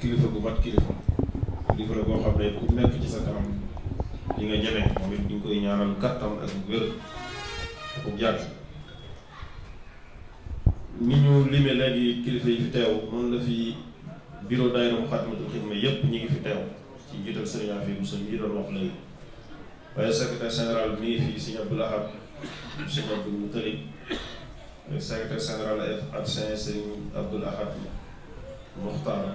kilifa gu mat kilifa kilifa la boo xam ne ku nekk ci sa kanam li nga ñeme moom it ñu koy ñaanal kattan ak wér ak jàpp ni ñu limee léegi kilifa yi fi teew noonu la fi bureau daayira Moukhaddamatoul Khidma yépp ñi ngi fi teew ci njiital sëriñ Afia Bousso mii doon wax léegi waaye secrétaire général mi fi sëñ Abdou Lahad sëñ Abdou Mutalib secrétaire Mokhtar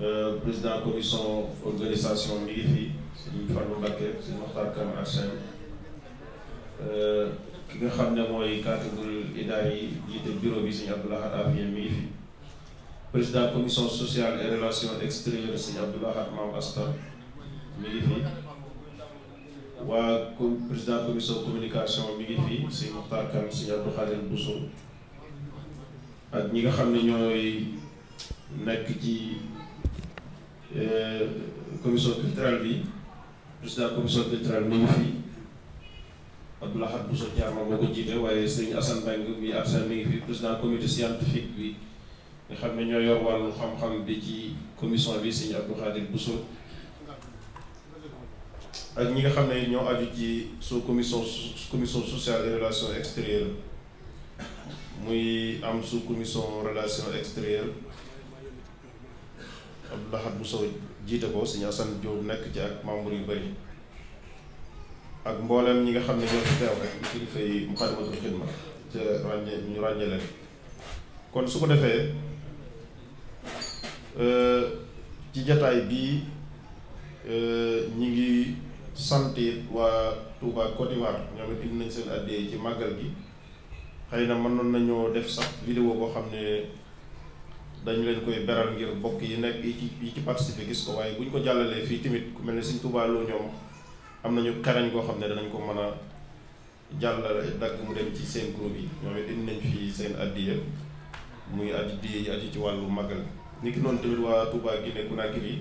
euh, président commission organisation mi ngi fi sëñ Fallou Mbacké sëñ Mokhtar Kane ak euh, ki nga xam ne mooy catégorie idaar yi jiite bureau bi sëñ Abdou Lahad Afia mi ngi fi président commission sociale et relations extérieures sëñ Abdou Lahad Mam Asta mi ngi fi waa président commission communication mi ngi fi sëñ Mokhtar Kane sëñ Abdou Khadir Bousso ak ñi nga xam ne ñooy nekk ci euh, commission culturelle bi président commission culturelle mi ngi fi Abdou Lahad Bousso Thiam moo ko jiite waaye sëñ Assane Mbengue bi absent mi ngi fi président comité scientifique bi nga xam ne ñoo yor wàllu xam-xam bi ci commission bi sëñ Abdou Khadir Bousso ak ñi nga xam ne ñoo aju ci sous commission commission sociale et relations extérieures muy am su commission relation extérieure Abdou Lahad Bousso jiite ko sëñ Assane Diop nekk ci ak membre yu bëri ak mboolem ñi nga xam ne ñoo ci teew rek kilifa yi Moukhaddamatoul Khidma ca ràññe ñu ràññe leen kon su ko defee euh, ci jataay bi euh, ñi ngi sant waa Touba Côte d'Ivoire ñoom it indi nañ seen àddee ci màggal gi xëy na mënoon nañoo def sax vidéo boo xam ne dañu leen koy beral ngir bokk yi nekk yi ci yi gis ko waaye bu ñu ko jàllalee fii timit ku mel ne Sëriñ Tuubaa loo ñoom am nañu xarañ koo xam ne danañ ko mën a jàllale dagg mu ci seen groupe yi ñoom it indi nañ fi seen addiya muy addiya yi aju ci wàllu màggal ni ki noonu tamit waa Touba Guinée Conakry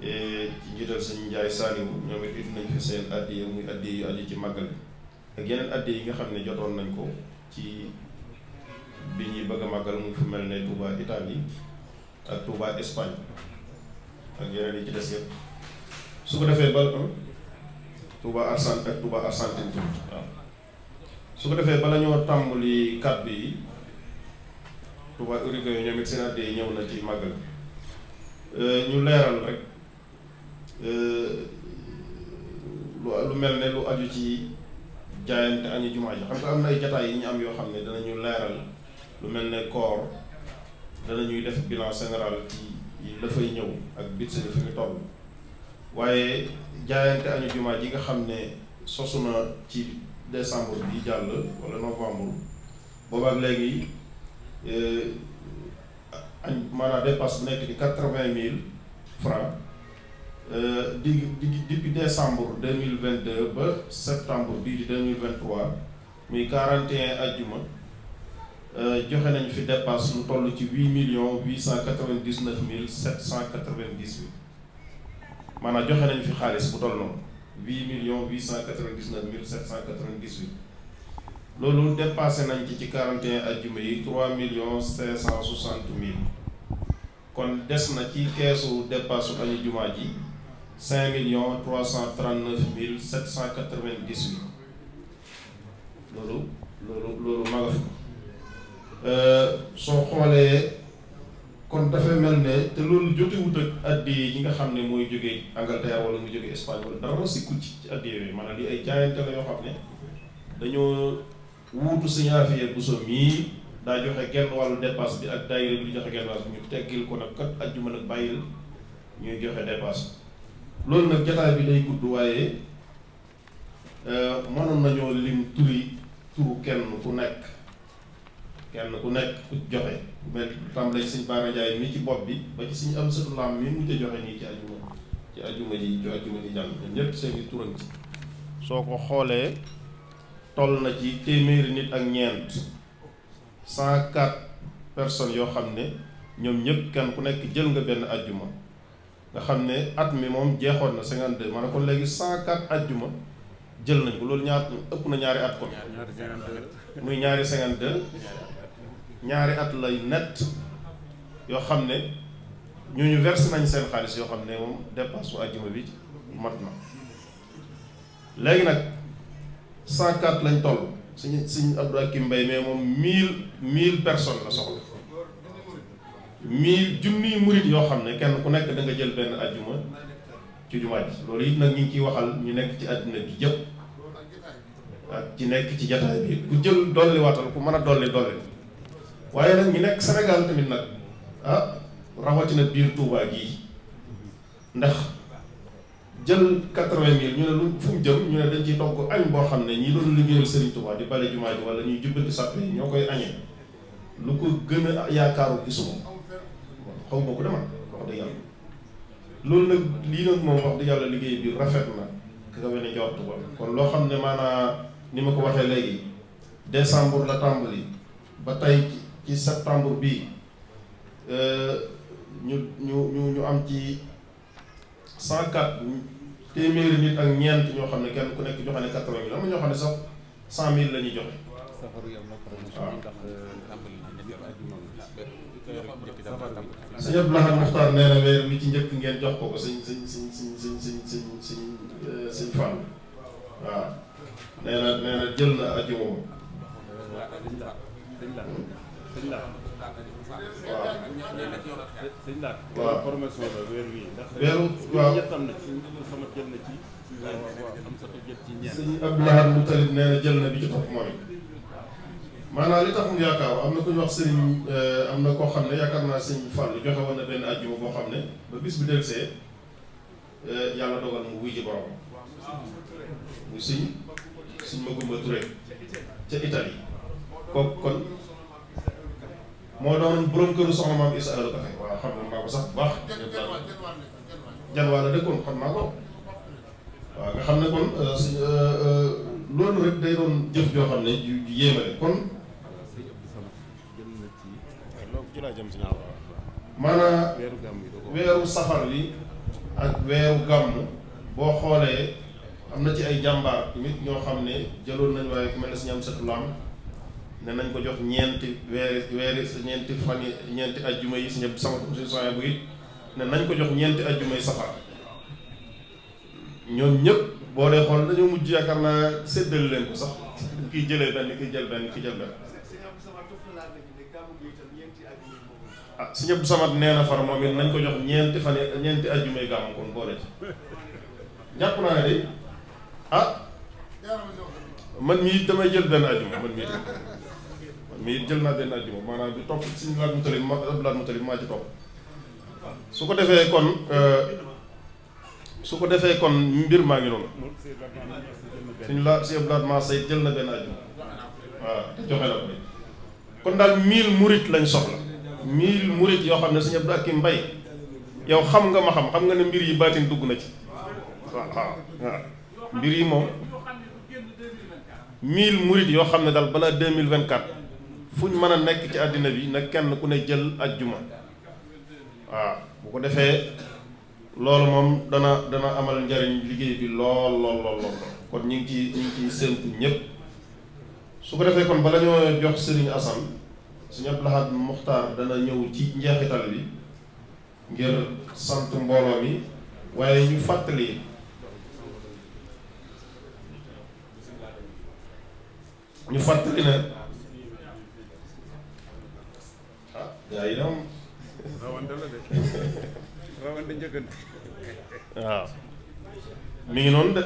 e, ci njiital sëñ Njaay Saaliwu ñoom it indi nañ fi seen addiya muy addiya yi aju ci màggal ak yeneen addiya yi nga xam ne jotoon nañ ko ci bi ñuy bëgg a màggal mu fi mel ne Touba Italie ak Touba Espagne ak yeneen yi ci des yëpp su ko defee bal Touba Argentine ak Touba Argentine tamit waaw su ko defee bala ñoo tàmbali kàddu yi Touba Uruguay ñoom it seen àdde yi ñëw na ci màggal euh, ñu leeral rek euh, lu mel ne lu aju ci jaayante añu jumaa ji xam nga am na ay jataay yi ñu am yoo xam ne danañu leeral lu mel ne koor ñuy def bilan général ci dafay ñëw ak bit seni fi ñu toll waaye jaayante añu jumaa ji nga xam ne sosu na ci décembre bi jàll wala novembre boobaak léegi euh, añ maanaam dépasse bu nekk di quatre-vingt mille francs Euh, di di depuis décembre deux mille vingt deux ba septembre bii di deux mille vingt trois muy quarante et un ajjuma euh, joxe nañ fi dépasse lu toll ci huit million huit cent quatre vingt dix neuf mille sept cent quatre vingt dix huit maanaam joxe nañ fi xaalis bu toll noonu huit millions huit cent quatre vingt dix neuf mille sept cent quatre vingt dix huit loolu dépassé nañ ci ci quarante et un ajjuma yi trois million cinq cent soixante mille kon des na ci keesu dépasse añu jumaa ji. cinq millions trois cent trente neuf mille sept cent quatre vingt dix huit loolu loolu loolu ma euh, soo xoolee kon dafay mel ne te loolu jotewut ak addi yi nga xam ne mooy jóge Angleterre wala mu jógee Espagne wala dara si kucc ci addi yooyu maanaam li ay jaayante la yoo xam ne dañoo wuutu Sëñ Afiya Buso mii daa joxe genn wàllu dépasse bi ak daayira bi joxe genn wàll bi ñu teggil ko nag kat ajjuma nag bàyyil ñuy joxe dépasse loolu nag jotaay bi day gudd waaye euh, mënoon nañoo lim turi turu kenn ku nekk kenn ku nekk ku joxe mel tàmbalee sëñ Baara Njaay mi ci bopp bi ba ci sëñ am satulaam mi mujj a joxe nii ci ajuma ci ajuma ji ci ajuma ji jàll ñoom ñépp seeni turam ci soo ko xoolee toll na ci téeméeri nit ak ñeent cent quatre personnes yoo xam ne ñoom ñépp kenn ku nekk jël nga benn ajuma nga xam ne at mi moom jeexoon na 52 maanaam kon léegi 104 ajjuma jël nañ ko loolu ñaar ëpp na ñaari at kon muy ñaari 52 ñaari at lay net yoo xam ne ñoo ñu verse nañ seen xaalis yoo xam ne moom dépense su ajjuma bi mat na léegi nag 104 lañ toll suñu suñu Abdou Akim Mbaye mais moom mil 1000 personnes la soxla mii junniy murit yoo xam ne kenn ku nekk da nga jël benn ajjuma ci jumaa ji loolu it nag ñu ngi ciy waxal ñu nekk ci àddina bi yëpp ak ci nekk ci jataay bi bu jël dolli waatal ku mën a dolli dolli waaye nag ñu nekk Sénégal tamit nag ah rawatina biir Touba gii ndax jël quatre-vingt mille ñu ne lu fu jël ñu ne dañ ciy togg añ boo xam ne ñi doon liggéeyal Serigne Touba di bale jumaa ji wala ñuy jubbanti sàppe yi ñoo koy añee lu ko gën a yaakaaru gisuma xaw ma ko dama dëgg loolu nag lii nag moom wax dëgg yàlla liggéey bi rafet na ki nga wene jortu ko kon loo xam ne maanaa ni ma ko waxee léegi décembre la tàmbali ba tey ci septembre bii euh, ñu ñu ñu ñu am ci cent quatre téeméeri nit ak ñeent ñoo xam ne kenn ku nekk joxe ne quatre vingt am ñoo xam ne sax cent mille la ñuy joxe waaw sëñ Abdou Lahad Muxtaar nee weer wi ci njëkk ngeen jox ko ko sëñ sëñ sëñ sëñ sëñ sëñ sëñ sëñ euh, sëñ waaw nee na nee jël na aju moom waaw la weer wi ndax weeru waaw am na ci sama jël na bi ci mooy maanaam li tax mu yaakaar am na ku wax sëriñ euh, am na koo xam ne yaakaar naa sëriñ Fall joxe woon na benn àjjuma boo xam ne ba bis bu dellusee euh, yàlla dogal mu wuy ji borom mu sëñ sëñ Magumba Touré ca Italie kooku kon moo doon borom këru soxna maam Issa Allo Kafe xam nga maa ko sax baax janwaa la dëkkoon xam naa ko waaw nga xam ne kon euh, loolu rek day doon jëf joo xam ne ju yéemale kon ci laa jëm weeru gàmm weeru safar li ak weeru gàmm boo xoolee am na ci ay jàmbaar tamit ñoo xam ne jëloon nañ waaye ku mel ne si ñam satu laam ne nañ ko jox ñeenti weeri weeri ñeenti fan yi ñeenti ajjuma yi si ñëpp sama suñu soxna bu it ne nañ ko jox ñeenti ajjuma yi safar ñoom ñëpp boo dee xool dañoo mujj yaakaar naa séddale leen ko sax kii jëlee benn kii jël benn kii jël benn ah si ñëpp samat nee na moom it nañ ko jox ñeenti fan ñeenti ajjumay gàmm kon boole ci jàpp naa ne de ah man mii it damay jël benn ajjuma man mii it jël naa benn ajjuma maanaam bi topp siñ laat mu talib ma maa ci topp su ko defee kon euh, su ko defee kon mbir maa ngi noonu suñ la si ëpp laat maa say jël na benn ajjuma waaw joxe la kon daal 1000 murit lañ soxla mille murit yoo xam ne sëñ Abdou Akim Mbay yow xam nga ma xam xam nga ne mbir yi baatin dugg na ci waaw waaw mbir yi moom mille murit yoo xam ne dal balaa deux mille vingt quatre fu ñu mën a nekk ci àddina bi nag kenn ku ne jël ajjuma waaw bu ko defee loolu moom dana dana amal njariñ liggéey bi lool lool lool kon ñu ngi ci ñu ngi ciy séntu ñépp su ko defee kon bala ñoo jox Serigne Assane Sëñ Abdou Lahad Muxtaar dana ñëw ci njeexital bi ngir sant mbooloo mi waaye ñu fàttali ñu fàttali ne ah gaa yi la waaw mi ngi noonu de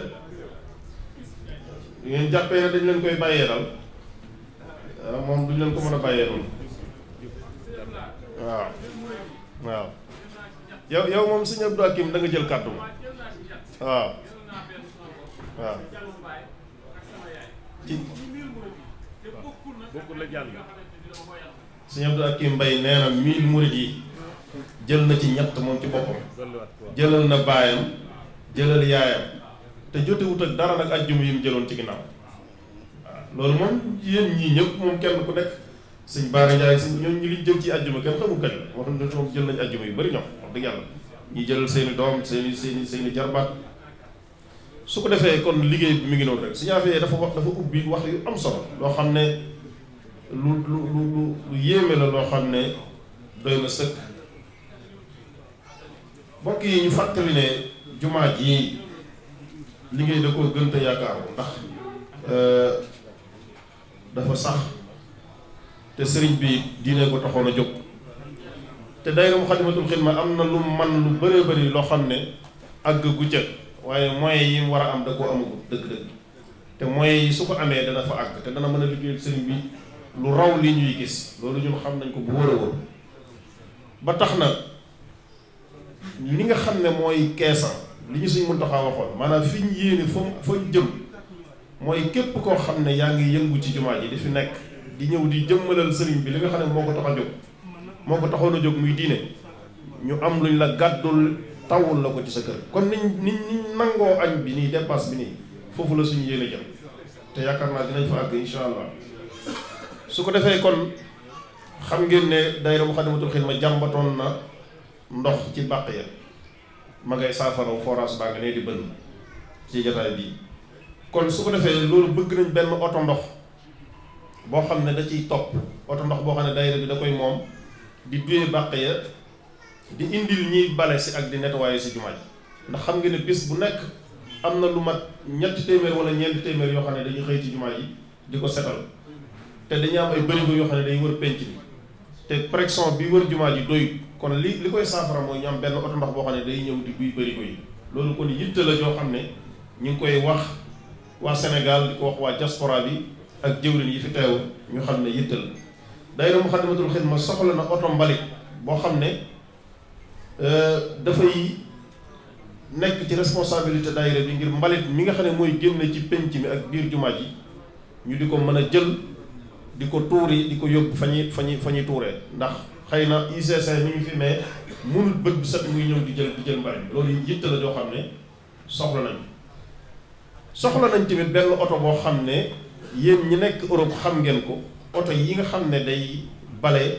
ngeen jàppee ne dañ leen koy bàyyee dal moom duñ leen ko mën a bàyyee noonu waaw waaw yow yow moom sëñ Abdou Hakim da nga jël kàddu ma waaw waaw ci bokkul la jàll sëñ Abdou Hakim Mbaye nee yi jël na ci ñett moom ci boppam jëlal na baayam jëlal yaayam te jotewut ak dara nag ajjuma yi mu jëloon ci ginnaaw loolu moom yéen ñii ñëpp moom kenn ku nekk sëñ Baara Ndiaye ak sëñ ñooñu liñ jël ci àjjuma kenn xamul kañ la waxoon nañ moom jël nañ àjjuma yu bëri ñoom wax dëgg yàlla ñu jël seeni doom seeni seeni seeni jarbaat su ko defee kon liggéey bi mi ngi noonu rek su a affaire dafa wax dafa ubbi wax yu am solo loo xam ne lu lu lu lu yéeme la loo xam ne doy na sëkk mbokk yi ñu fàttali ne jumaa ji liggéey da koo gën te yaakaar ndax euh, dafa sax. te sëriñ bi diine ko taxoon a jóg te daayira Muxaddamatul Xidma am na lu man lu baree bëri loo xam ne àgg gu ca waaye moyens yi war a am da koo amagul dëgg-dëgg te moyens yi su ko amee dana fa àgg te dana mën a liggéeyal sëriñ bi lu raw li ñuy gis loolu ñun xam nañ ko bu wóor a wóor ba tax na li nga xam ne mooy keesan li ñu suñ Muntaxa waxoon maanaam fi ñu yéene fa fa jëm mooy képp koo xam ne yaa ngi yëngu ci jumaa ji di fi nekk di ñëw di jëmmalal sëriñ bi li nga xam ne moo ko tax a jóg moo ko taxoon a jóg muy diine ñu am luñ la gàddul tawul la ko ci sa kër kon niñ niñ niñ nangoo añ bi nii dépasse bi nii foofu la suñu yéene jëm te yaakaar naa dinañ fa àgg incha allah su ko defee kon xam ngeen ne daayira Muxaddamatul Xidma jàmbatoon na ndox ci bàq ya ma ngay saafaraw forage baa nga nee di bënn ci jotaay bii kon su ko defee loolu bëgg nañ benn oto ndox boo xam ne da ciy topp oto ndox boo xam ne day bi da koy moom di duyee bàq ya di indil ñiy bale si ak di nettoyer si jumaa ji ndax xam nga ne bis bu nekk am na lu ma ñett téeméer wala ñeenti téeméer yoo xam ne dañuy xëy ci jumaa ji di ko setal te dañuy am ay bërigo yoo xam ne day wër penc bi te pression bi wër jumaa ji doyut kon li li koy saafara mooy ñu benn oto ndox boo xam ne day ñëw di duy bërigo yi loolu kon yitte la yoo xam ne ñu ngi koy wax waa Sénégal di ko wax waa diaspora ak jëwriñ yi fi teew ñu xam ne yittal daayira Muxaddamatul Xidma soxla na oto mbalit boo xam ne euh, dafay nekk ci responsabilité daayira bi ngir mbalit mi nga xam ne mooy génn ci penc mi ak biir jumaa ji ñu di ko mën a jël di ko tuuri di ko yóbbu fa ñuy fa ñuy fa ñuy tuuree ndax xëy na UCC mi ngi fi mais mënul bët bu set muy ñëw di jël di jël mbalit la joo xam ne soxla nañ soxla nañ tamit benn oto boo xam ne yéen ñi nekk Europe xam ngeen ko oto yi nga xam ne day bale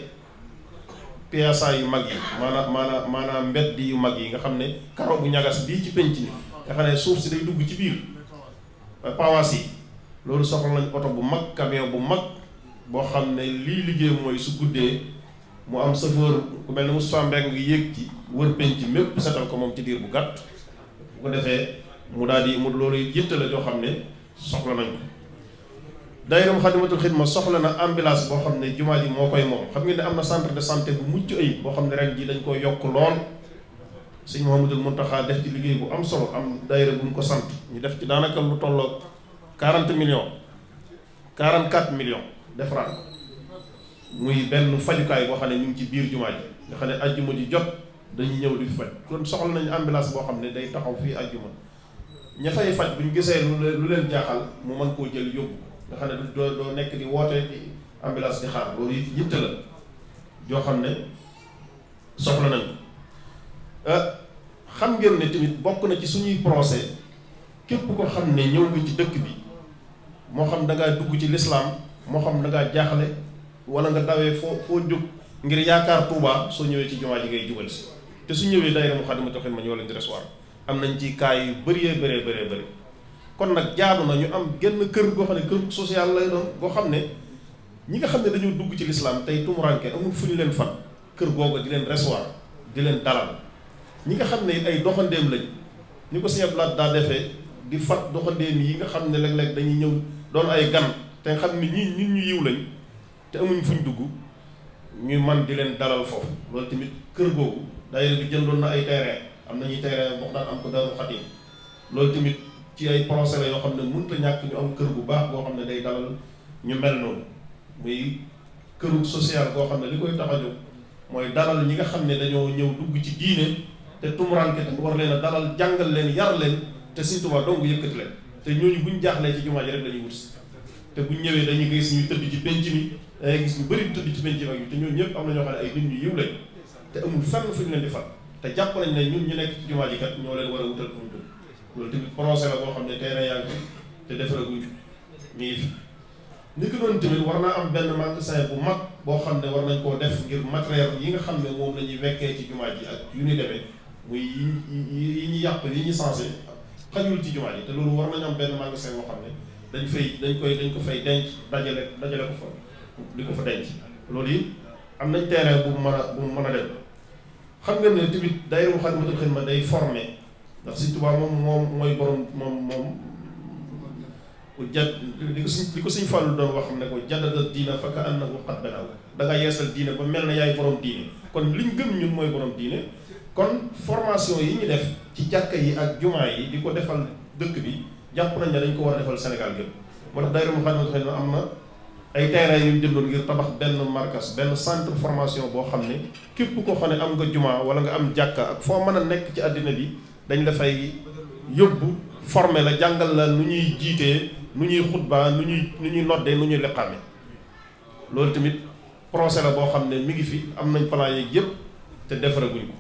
PSA yu mag yi maanaam maanaam maanaam mbedd yu mag yi nga xam ne karo bu ñagas bii ci penc ni nga suuf si day dugg ci biir euh, pawaas yi loolu soxla nañ oto bu mag camion bu mag boo xam ne lii liggéey mooy su guddee mu am chauffeur ku mel ne Moustapha Mbeng ngi yéeg ci wër penc mépp ko moom ci diir bu gàtt bu mu daal di mu loolu yitte la joo xam ne soxla nañ daayira Moukhaddamatoul Khidma soxla na ambulance boo xam ne jumaa ji moo koy moom xam ngeen ne am na centre de santé bu mucc ayib boo xam ne rek ji dañ koo yokk lool sëñ Mouhamadul Mountakha def ci liggéey bu am solo am daayira bu mu ko sant ñu def ci daanaka lu tolloo 40 millions 44 millions million ko muy benn fajukaay boo xam ne ñu ngi ci biir jumaa ji nga xam ne ajjuma ji jot dañuy ñëw di faj kon soxla nañu ambulance boo xam ne day taxaw fii ajjuma ña fay faj bu ñu gisee lu leen lu leen jaaxal mu mën koo jël yóbbu nga xam ne doo doo nekk di woote di ambulance di xaar loolu it yitte la joo xam ne soxla nañ euh, xam ngeen ne tamit bokk na ci suñuy procès képp ko xam ne ñëw nga ci dëkk bi moo xam dangaa dugg ci lislaam moo xam da ngaa jaaxle wala nga dawee foo foo jóg ngir yaakaar Touba soo ñëwee ci jumaa ji ngay jubal si te su ñëwee daayira Moukhaddamatoul ma ñoo leen di recevoir am nañ ci cas yu bëree bëree bëree bëri kon nag jaadu na ñu am genn kër goo xam ne kër social lay doon xam ne ñi nga xam ne dañoo dugg ci lislaam tey tumuranke amul fu ñu leen fat kër googu di leen recevoir di leen dalal ñi nga xam ne ay doxandeem lañ ñu ko siñeb daa defee di fat doxandeem yi nga xam ne léeg-léeg dañuy ñëw doon ay gan te xam ne ñi nit ñu yiw te amuñ fuñ dugg ñu man di leen dalal foofu loolu tamit kër googu daayira jëndoon na ay terrain am nañuy terrain wax daan am ko Daaru Xadim loolu tamit ci ay procès la yoo xam ne mun a ñàkk ñu am kër bu baax boo xam ne day dalal ñu mel noonu muy këru social boo xam ne li koy tax mooy dalal ñi nga xam ne dañoo ñëw dugg ci diine te tumuraanke te war leen a dalal jàngal leen yar leen te Sëriñ Tuubaa dong yëkkati leen te ñooñu buñ jaaxlee ci jumaa ji rek dañuy wut si te buñ ñëwee dañuy gis ñu tëdd ci penc mi dangay gis ñu bëri tëdd ci penc mi ak yu te ñooñu ñëpp am na ñoo xam ne ay nit ñu yiw lañ te amul fenn fu leen di fal te jàpp nañ ne ñun ñu nekk ci jumaa ji kat ñoo leen war a wutal loolu tamit projet la boo xam ne terrain yaa ngi te defaraguñ mi ngi fi ni ki noonu tamit war naa am benn magasin bu mag boo xam ne war nañ koo def ngir matériel yi nga xam ne moom la ñuy wekkee ci jumaa ji yu ni demee muy yi yi yàq yi ñu sensé xajul ci jumaa ji te loolu war nañ am benn magasin boo xam ne dañ fay dañ koy dañ ko fay denc dajale dajale ko fa li ko fa denc loolu yi am nañ terrain bu mu a bu mu mën a dem xam nga ne tamit day Moukhaddamatoul ma day former ndax Sëñ Tuubaa moom moom mooy borom moom moom ku jàdd li ko suñ li ko suñ fàllu doon wax xam ne ko jaddadal diina fa ka annahu qad banaw da nga yeesal diine ba mel na yaay borom diine kon liñ gën ñun mooy boroom diine kon formation yi ñu def ci jàkka yi ak jumaa yi di ko defal dëkk bi jàpp nañ ne dañ ko war a defal Sénégal gépp moo tax daayira Moukhaddamatoul Khidma am na ay terrain yu ñu jëndoon ngir tabax benn markas benn centre formation boo xam ne képp koo xam ne am nga jumaa wala nga am jàkka foo mën a nekk ci àddina bi dañ la fay yóbbu former la jàngal la nu ñuy jiitee nu ñuy xutba nu ñuy nu ñuy noddee nu ñuy liqaame loolu tamit procès la boo xam ne mi ngi fi am nañ plan yeeg yëpp te defaraguñ ko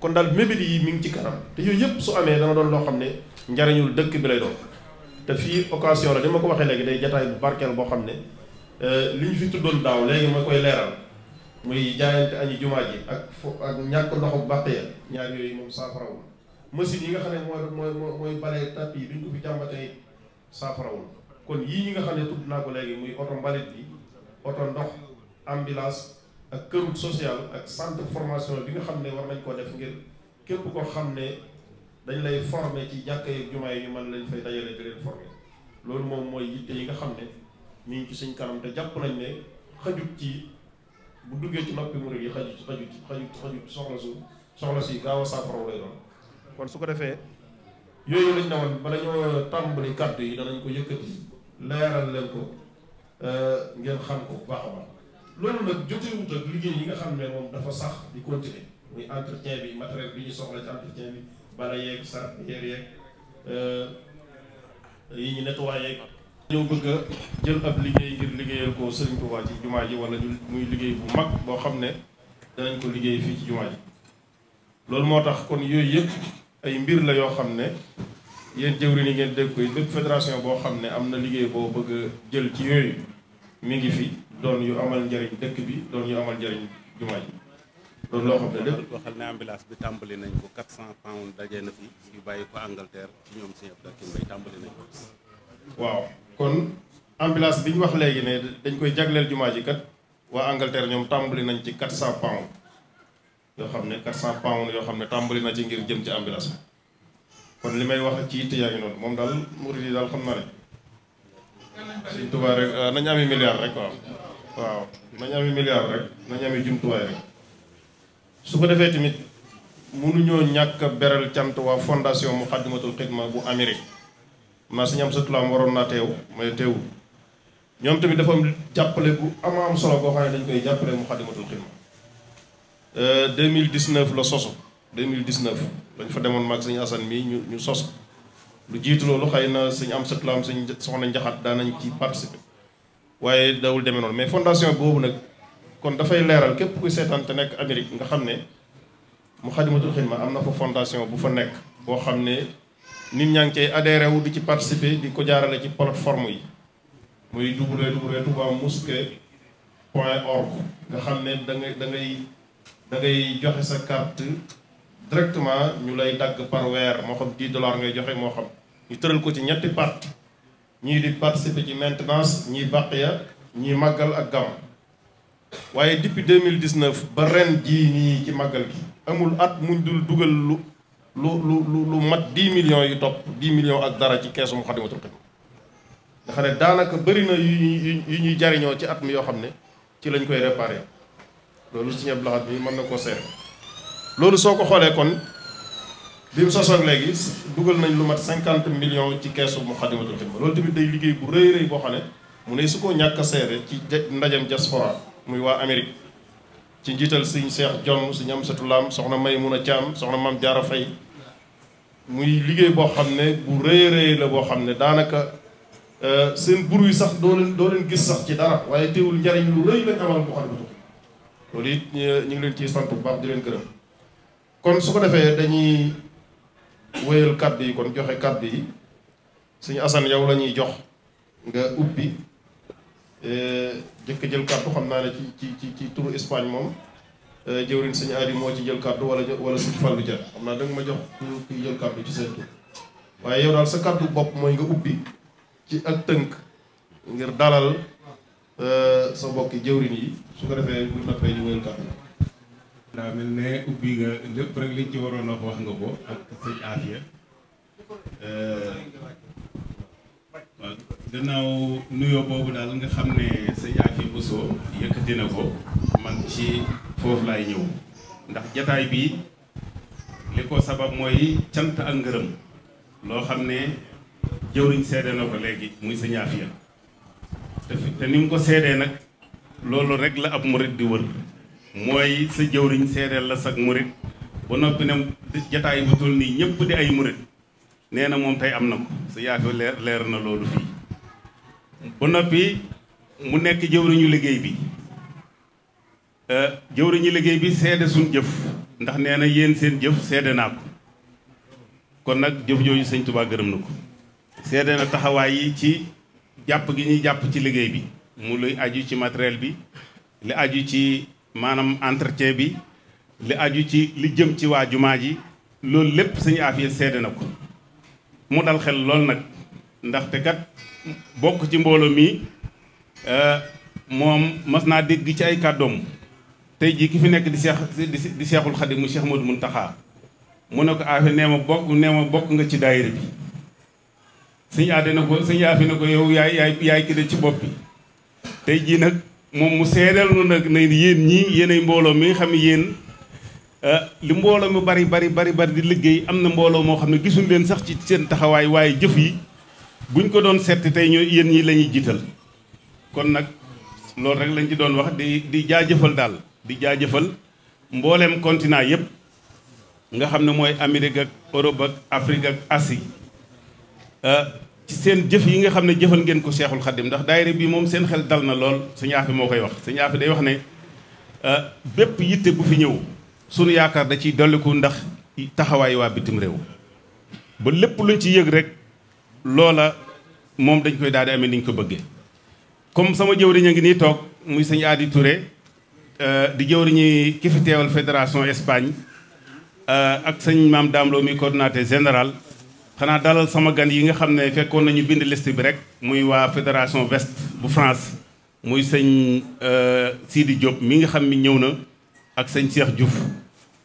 kon daal mébét yi mi ngi ci kanam te yooyu yëpp su amee dana doon loo xam ne njariñul dëkk bi lay doon te fii occasion la ni ma ko waxee léegi day jataay bu barkeel boo xam ne euh, li ñu fi tuddoon daaw léegi ma koy leeral muy jaayante añu jumaa ji ak fo ak ñàkk ndoxu bàq ya ñaar yooyu moom saafarawu machine yi nga xam ne mooy mooy mooy bale tapis yi duñ ko fi jàmbatee saafarawul kon yii ñi nga xam ne tudd naa ko léegi muy oto mbalit bi oto ndox ambulance ak kër social ak centre formation bi nga xam ne war nañ koo def ngir képp ko xam ne dañ lay former ci jàkka yi jumaa yi man lañ fay dajale di leen former loolu moom mooy yitte yi nga xam ne mi ngi ci suñ kanam te jàpp nañ ne xajut ci bu duggee ci noppi murid yi xajut ci xajut ci xajut soxla su soxla si gaaw a kon su ko defee yooyu lañ ne bala ñoo tàmbali kàddu yi danañ ko yëkkati leeral leen ko euh, ngeen xam ko bu baax a baax loolu nag ak liggéey yi nga xam ne moom dafa sax di continuer muy entretien bi matériel bi ñu soxla ci entretien bi bala yeeg sar yeer yeeg euh, yi ñu nettoyé ñoo bëgg a jël ab liggéey ngir liggéeyal ko Sëriñ Tuubaa ci jumaa ji wala muy liggéey bu mag boo xam ne danañ ko liggéey fii ci jumaa ji loolu moo tax kon yooyu yëpp ay mbir la yoo xam ne yéen jëwri ni ngeen dégg koy bépp fédération boo xam ne am na liggéey boo bëgg jël ci yooyu mi ngi fi doon yu amal njariñ dëkk bi doon yu amal njariñ jumaa ji loolu loo xam ne lépp ne ambulance bi tàmbali nañ ko 400 pounds dajee na fi yu bàyyi ko Angleterre ci ñoom sëñ Abdou waaw kon ambulance bi ñu wax léegi ne dañ koy jagleel jumaa ji kat waa Angleterre ñoom tàmbali nañ ci 400 pounds yoo xam ne 400 pounds yoo xam ne tàmbali na ci ngir jëm ci ambulance bi kon li may wax ci yitte yaa ngi noonu moom daal murid yi daal xam naa ne suñ tubaab rek euh, nañu ami milliard rek waaw waaw su ko defee tamit mënuñoo ñàkk a beral cant waa fondation Muqaddimatul Xidma bu Amérique ma si ñam sa tulaam waroon naa teew may teewul ñoom tamit dafa am jàppale bu am am solo boo xam ne dañ koy jàppale Muqaddimatul Xidma 2019 euh, la sosu 2019 dañ fa demoon maag sëñ Assane mii ñu ñu sos lu jiitu loolu xëy na sëñ am satulaam sëñ soxna njaxat daanañ ci participer waaye dawul deme noonu mais fondation boobu nag kon dafay leeral képp kuy seetaan te nekk Amérique nga xam ne Moukhaddamatoul Khidma am na ko fondation bu fa nekk boo xam ne nit ñaa ngi cay adhéré wu di ci participer di ko jaarale ci plateforme yi muy www touba mosquée point org nga xam ne da ngay da ngay joxe sa carte directement ñu lay dagg par weer moo xam 10 dollars ngay joxe moo xam ñu tëral ko ci ñetti parti ñii di participer ci maintenance ñii bàq ya ñii màggal ak gàmm waaye mille depuis 2019 ba ren jii nii ci màggal gi amul at mu dul dugal lu lu lu lu mat 10 millions yu topp 10 millions ak dara ci keesu Moukhaddamatoul Khidma nga xam ne daanaka bëri na yu ñuy yu ñuy jariñoo ci at mi yoo xam ne ci lañ koy réparé loolu Sëriñ Abdou Lahad bi mën na koo seet loolu soo ko xoolee kon bi mu sosoon léegi dugal nañ lu mat cinquante million ci keesu Moukhaddamatoul Khidma loolu tamit day liggéey bu rëy rëy boo xam ne mu ne su ko ñàkk a seere ci ndajam diaspora muy waa Amérique ci njiital Sëriñ Seex Jonn Sëriñ Amsatu Lam soxna may mun Maymuna Caam soxna Maam jaaro Fay muy liggéey boo xam ne bu rëy rëy la boo xam ne daanaka euh, seen buru sax doo leen doo leen gis sax ci dara waaye teewul njariñ lu rëy lañ amal Moukhaddamatoul loolu it ñu ngi leen ci sant bu baax di leen gërëm kon su ko defee dañuy wéyal kàddu yi kon joxe kàddu yi suñu asan yow la jox nga ubbi euh, jëkk jël kàddu xam naa ne ci ci ci turu Espagne moom euh, jëwriñ suñu aadi moo ci jël kàddu wala wala suñu fàllu jar xam naa danga ma jox pour kuy jël kàddu ci seen tur waaye yow daal sa kàddu bopp mooy nga ubbi ci ak tënk ngir dalal euh, sa mbokki jëwriñ yi su ko defee bu noppee ñu daa mel ne ubbi nga lépp rek liñ ci waroon ko wax nga ko ak sëñ Afia euh, waaw gannaaw nuyoo boobu daal nga xam ne sëñ Afia Bousso yëkkati na ko man ci foofu lay ñëw ndax jataay bi li ko sabab mooy cant ak ngërëm loo xam ne jëwriñ seede na ko léegi muy sëñ Afia te te ni mu ko seedee nag loolu rek la ab murit di wër mooy sa jëwriñ seedeel la sag murit ba noppi ne jataay bu nii ñëpp di ay murit nee na moom tey am na ko sa yaatu leer leer na loolu fii ba noppi mu nekk jëwriñu liggéey bi euh, jëwriñu liggéey bi seede suñ jëf ndax nee na yéen seen jëf seede naa ko kon nag jëf jooju sëñ Tuubaa gërëm na ko seede na taxawaay yi ci jàpp gi ñuy jàpp ci liggéey bi mu luy aju ci matériel bi li aju ci maanaam entretien bi li aju ci li jëm ci waa jumaa ji loolu lépp sëñ yi seede na ko mu dal xel lool nag ndaxte kat bokk ci mbooloo mi euh, moom mas naa dégg ci ay kàddoom tey jii ki fi nekk di seex di seexul xadim mu Cheikh Modou mu ne ko Afia nee neema bokk nee ma bokk nga ci daayira bi sëñ Afia ne ko sëñ Afia ne ko yow yaay yaay yaay ki ci bopp bi tey jii nag moom mu seedeel nu nag na yéen ñii yéenay mbooloo mi xam ne yéen ah, li mbooloo mi bari bari bari bari di liggéey am na mbooloo moo xam ne gisuñ leen sax ci seen taxawaay waaye jëf yi buñ ko doon seet tey ñoo yéen ñii la ñuy jiital kon nag loolu rek lañ ci doon wax di di jaajëfal daal di jaajëfal mbooleem continent yépp nga xam ne mooy Amérique ak Europe ak Afrique ak Asie ah, seen jëf yi nga xam ne jëfal ngeen ko Seexul Xaddim ndax daayira bi moom seen xel dal na lool sëñ Afe moo koy wax sëñ Afe day wax ne euh, bépp yitte bu fi ñëw sunu yaakaar da ciy dolliku ndax taxawaay waa bitim réew ba lépp luñ ci yëg rek loola moom dañ koy daal di amee ni ko bëggee comme sama jëwriñ a ngi nii toog muy sëñ Adi Touré euh, di jëwriñu ki fi teewal fédération Espagne euh, ak sëñ maam Daamloo mi coordonnateur général xanaa dalal sama gan yi nga xam ne fekkoon nañu bindi liste bi rek muy waa fédération Ouest bu France muy sëñ euh, Sidi Diop mi nga xam ni ñëw na ak sëñ Cheikh Diouf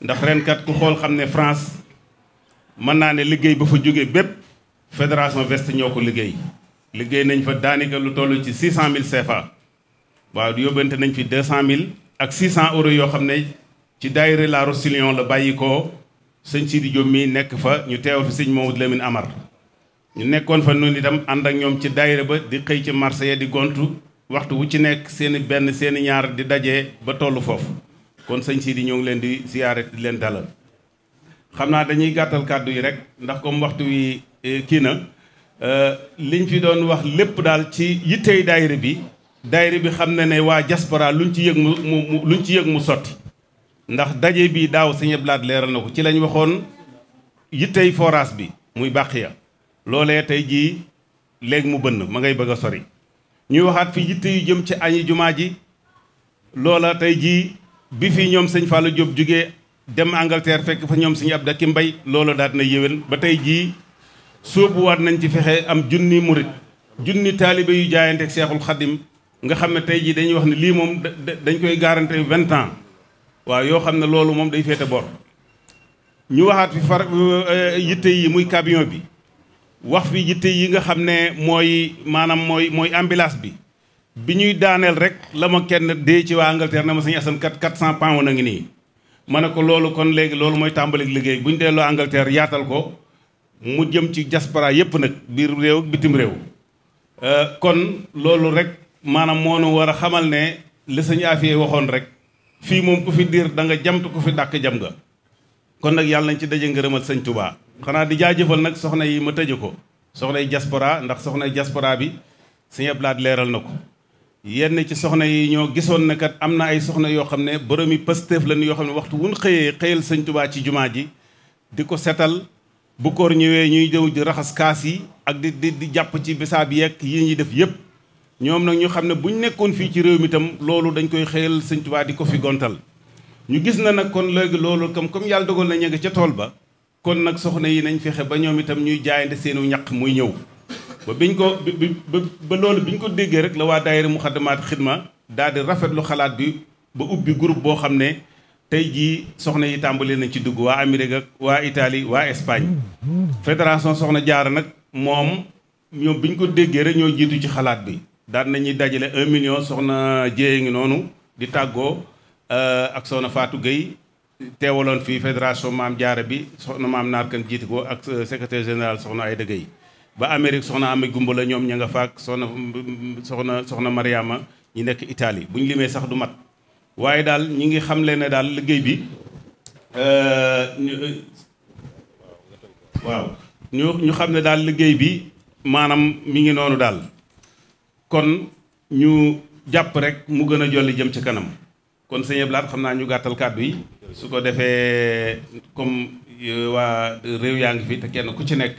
ndax renkat ku xool xam ne France mën naa ne liggéey ba fa jógee bépp fédération Ouest ñoo ko liggéey liggéey nañ fa daanaka lu toll ci 600000 CFA waaw yóbbante nañ fi 200000 ak 600 euros yoo xam ne ci daayira la Roussillon la bàyyi ko sëñ Sidi Diop mii nekk fa ñu teewal fi sëñ Maodo Lamine Amar ñu nekkoon fa noonu itam ànd ak ñoom ci daayira ba di xëy ci marché ya di gontu waxtu wu ci nekk seeni benn seeni ñaar di daje ba tollu foofu kon sëñ Sidi ñoo ngi leen di siyaare di leen dalal xam naa dañuy gàttal kàddu yi rek ndax kom waxtu wi e, kii na e, liñ fi doon wax lépp daal ci yittey daayira bi daayira bi xam na ne waa diaspora luñ ci yëg mu mu luñ ci yëg mu sotti ndax daje bii daaw sëñ Abdou leeral na ko ci lañ waxoon yittey forage bi muy Baxiya loolee tey jii léegi mu bënn ma ngay bëgg a sori ñuy waxaat fi yitte yu jëm ci añi jumaa ji loola tey jii bi fi ñoom sëñ Fallou Diop jógee dem Angleterre fekk fa ñoom sëñ Abdou ki mbay loola daat na yéwén ba tey jii sóobuwaat nañ ci fexe am junni murit junni taalibe yu jaayante ak Seexul Xadim nga xam ne tey jii dañuy wax ne lii moom dañ koy garanté vingt ans waaw yoo xam ne loolu moom day féete bor ñu waxaat fi far euh, yitte yi muy camion bi wax fi yitte yi nga xam ne mooy maanaam mooy mooy ambulance bi bi ñuy daaneel rek la ma kenn dee ci waa Angleterre na ma sañu asan kat quatre cent pounds na ngi nii ma ne ko loolu kon léegi loolu mooy tàmbalik liggéey bu ñu delloo Angleterre yaatal ko mu jëm ci diaspora yépp nag biir réew bitim réew euh, kon loolu rek maanaam moo nu war a xamal ne li sañu waxoon rek fii moom ku fi diir da nga jamt ku fi dàkk jam nga kon nag yàlla nañ ci daje ngërëmal sëñ Touba. xanaa di jaajëfal nag soxna yi ma tëje ko soxna soxnay diaspora ndax soxnay diaspora bi sëñ Ablaat leeral na ko yenn ci soxna yi ñoo gisoon na kat am na ay soxna yoo xam ne boromi Pastef lañu yoo xam ne waxtu wun xëyee xëyal sañ tubaa ci jumaa ji di ko setal bu koor ñëwee ñuy jëw di raxas kaas yi ak di di jàpp ci bisaab yeeg yi ñuy def yépp ñoom nag ñu xam ne bu ñu nekkoon fii ci réew mi tam loolu dañ koy xëyal sëñ di ko fi gontal ñu gis na nag kon léegi loolu comme comme yàlla dogal na ña nga ca tool ba kon nag soxna yi nañ fexe ba ñoom itam ñuy jaayante seenu ñaq muy ñëw ba ko ba loolu ko déggee rek la waa daayira Muxaddamaat Xidma daal di rafetlu xalaat bi ba ubbi groupe boo xam ne tey jii soxna yi tàmbali nañ ci dugg waa Amérique ak waa Italie waa Espagne soxna jaara nag moom ñoom biñ ko déggee rek ñoo jiitu ci xalaat bi daan nañuy dajale un million soxna Dieng ngi noonu di tàggoo euh, ak soxna faatu géey teewaloon fii fédération maam jaara bi soxna maam naar kan ko ak euh, secretaire général soxna Aïda Gueye ba Amérique soxna Amé Gumba la ñoom ña nga faak soxna soxna soxna Mariama ñi nekk Italie bu ñu limee sax du mat waaye daal ñi ngi xam leen ne daal liggéey bi euh, waaw ñu ñu xam ne daal liggéey bi maanaam mi ngi noonu daal kon ñu jàpp rek mu gën a jolli jëm ci kanam kon sëñ Abdou xam naa ñu gàttal kàddu yi su ko defee comme euh, waa réew yaa ngi fi te kenn ku ci nekk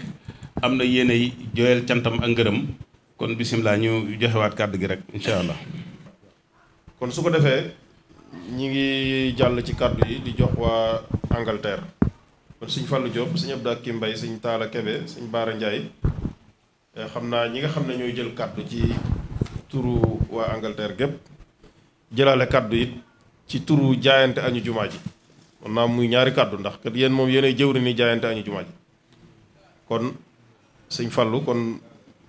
am na yéen ay jooyal cantam ak ngërëm kon laa ñu joxewaat kàddu gi rek incha allah. kon su ko defee ñi ngi jàll ci kàddu yi di jox waa Angleterre kon sëñ Fallou Diop sëñ Abdou Akim Mbaye sëñ Talla Kébé sëñ Baara Ndiaye. Euh, xam naa ñi nga xam ne ñooy jël kàddu ci turu waa Angleterre gépp jëlaale kàddu it ci turu jaayante añu jumaa ji mën naa muy ñaari kàddu ndax kat yéen moom yéenay jëwri ni jaayante añu jumaa ji kon sëñ Fallou kon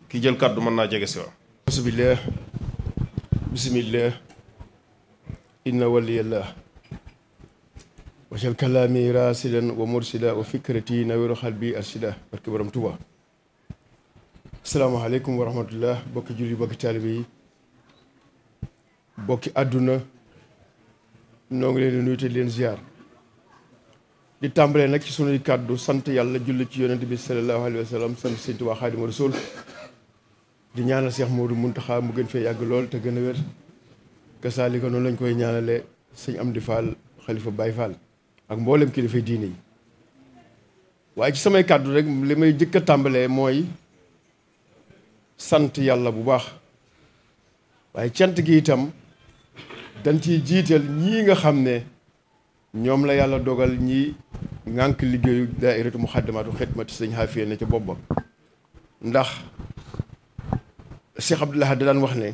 ki jël kàddu mën naa jege si wa bismillah bismillah inna waliyallah wajal kalaami raasilan wa mursila wa fikrati nawiru xalbi arsida barke borom Tuubaa salaamaaleykum wa rahmatullah bokki julli bokki taalibe yi bokki àdduna noo ngi leen di nuyu leen ziar di tàmbalee nag ci sunuy kàddu sant yàlla julli ci yonent bi sallallahu alayhi wa sallam sant Sëñ Tuubaa Xaadimu di ñaanal Seex Moodu Muntaxa mu gën fee yàgg lool te gën a wér kasaalika noonu lañ koy ñaanale sëñ Amdi Fall xalifa Baye Fall ak mboolem kilifa diine yi waaye ci samay kàddu rek li may jëkk a tàmbalee mooy sant yàlla bu baax waaye cant gi itam dañ ciy jiital ñii nga xam ne ñoom la yàlla dogal ñi ngànk liggéeyu daayiratu xet ma sëñ Xaafiya ci ca bobba ndax Cheikh Abdoul Ahad da daan wax ne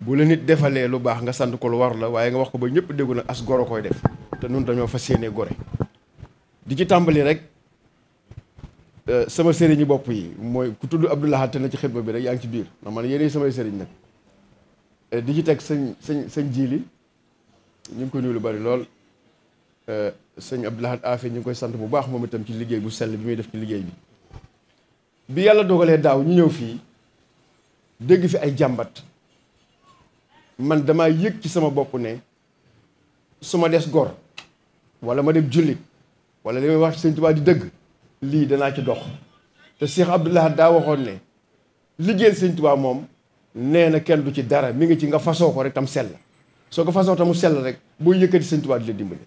bu la nit defalee lu baax nga sant ko lu war la waaye nga wax ko ba ñëpp déggu nag as goro koy def te nun dañoo fa yéene gore di ci tàmbali rek Euh, sama sëriñu bopp yi mooy ku tudd Abdou Lahad te na ci xidma bi rek yaa ngi ci biir ndax man yéenay samay sëriñ nag euh, di ci teg sëñ sëñ sëñ jiili ñu ngi koy nuyu lu bari lool euh, sëñ Abdou Lahad Afe ñu ngi koy sant bu baax moom itam ci liggéey bu sell bi muy def ci liggéey bi. bi yàlla dogalee daaw ñu ñëw fii dégg fi ay jàmbat man damaa yëg ci sama bopp ne su ma des gor wala ma dem jullit wala li may wax sëñ Tuubaa di dëgg. lii danaa ci dox te Cheikh Abdullah daa waxoon ne liggéeyal sëñ moom nee na kenn du ci dara mi ngi ci nga fasoo ko rek tam sell soo ko fasoo tam mu sell rek boo yëkkati sëñ Tuubaa di la dimbali.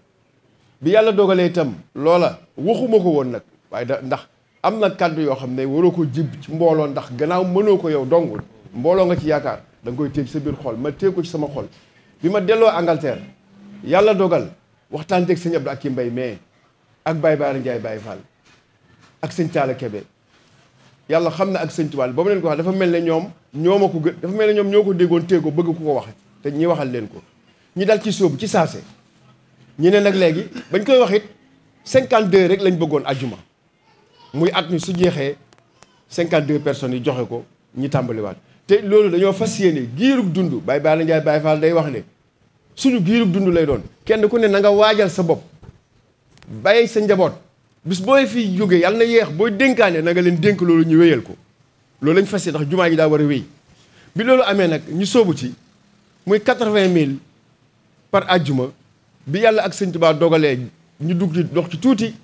bi yàlla dogalee itam loola waxuma ko woon nag waaye da ndax am na kàddu yoo xam ne waroo ko jib ci mbooloo ndax gannaaw mënoo ko yow dongul mbooloo nga ci yaakaar danga koy téeg sa biir xol ma téeg ko ci sama xol bi ma delloo Angleterre yàlla dogal waxtaan ak sëñ Abdou ak mbay mais ak Baye Baara Ndiaye Baye Fall. ak sëñ Talla Kébé yàlla xam na ak sëñ Tuubaa ba mu leen ko wax dafa mel ne ñoom ñooma ma ko gën dafa mel ne ñoom ñoo ko déggoon téye ko bëgg ku ko waxe te ñi waxal leen ko ñi dal ci sóobu ci saase ñu ne nag léegi bañ koy wax it 52 rek lañ bëggoon ajjuma muy at mi su jeexee 52 personnes yi joxe ko ñi tàmbaliwaat te loolu dañoo fas yéene giirug dund bay Baye Bala Ndiaye Baye Fall day wax ne suñu giirug dund lay doon kenn ku ne na nga waajal sa bopp bàyyi sa njaboot. bis booy fi jógee yàlla na yeex booy dénkaane na nga leen dénk loolu ñu wéyal ko loolu lañ fas yéene ndax jumaa ji daa war a wéy bi loolu amee nag ñu soobu ci muy quatre-vingt mille par àjjuma bi yàlla ak sëñ Tuubaa dogalee ñu dugg ci dox ci tuuti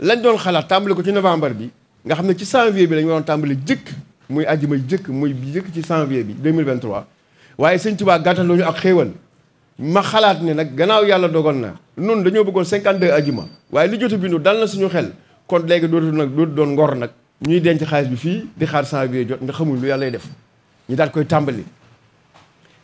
lañ doon xalaat tàmbali ko ci novembre bi nga xam ne ci janvier bi lañ waroon tàmbali jëkk muy àjjuma jëkk muy jëkk ci janvier bi 2023 waaye sëñ Tuubaa gàttal ñu ak xéewal ma xalaat ne nag gannaaw yàlla dogal na noonu dañoo bëggoon 52 ajuma waaye li jot a bindu dal na suñu xel kon léegi dootul nag dootu doon ngor nag ñuy denc xaalis bi fii di xaar saa bi jot nga xamul lu yàlla def ñu daal koy tàmbali.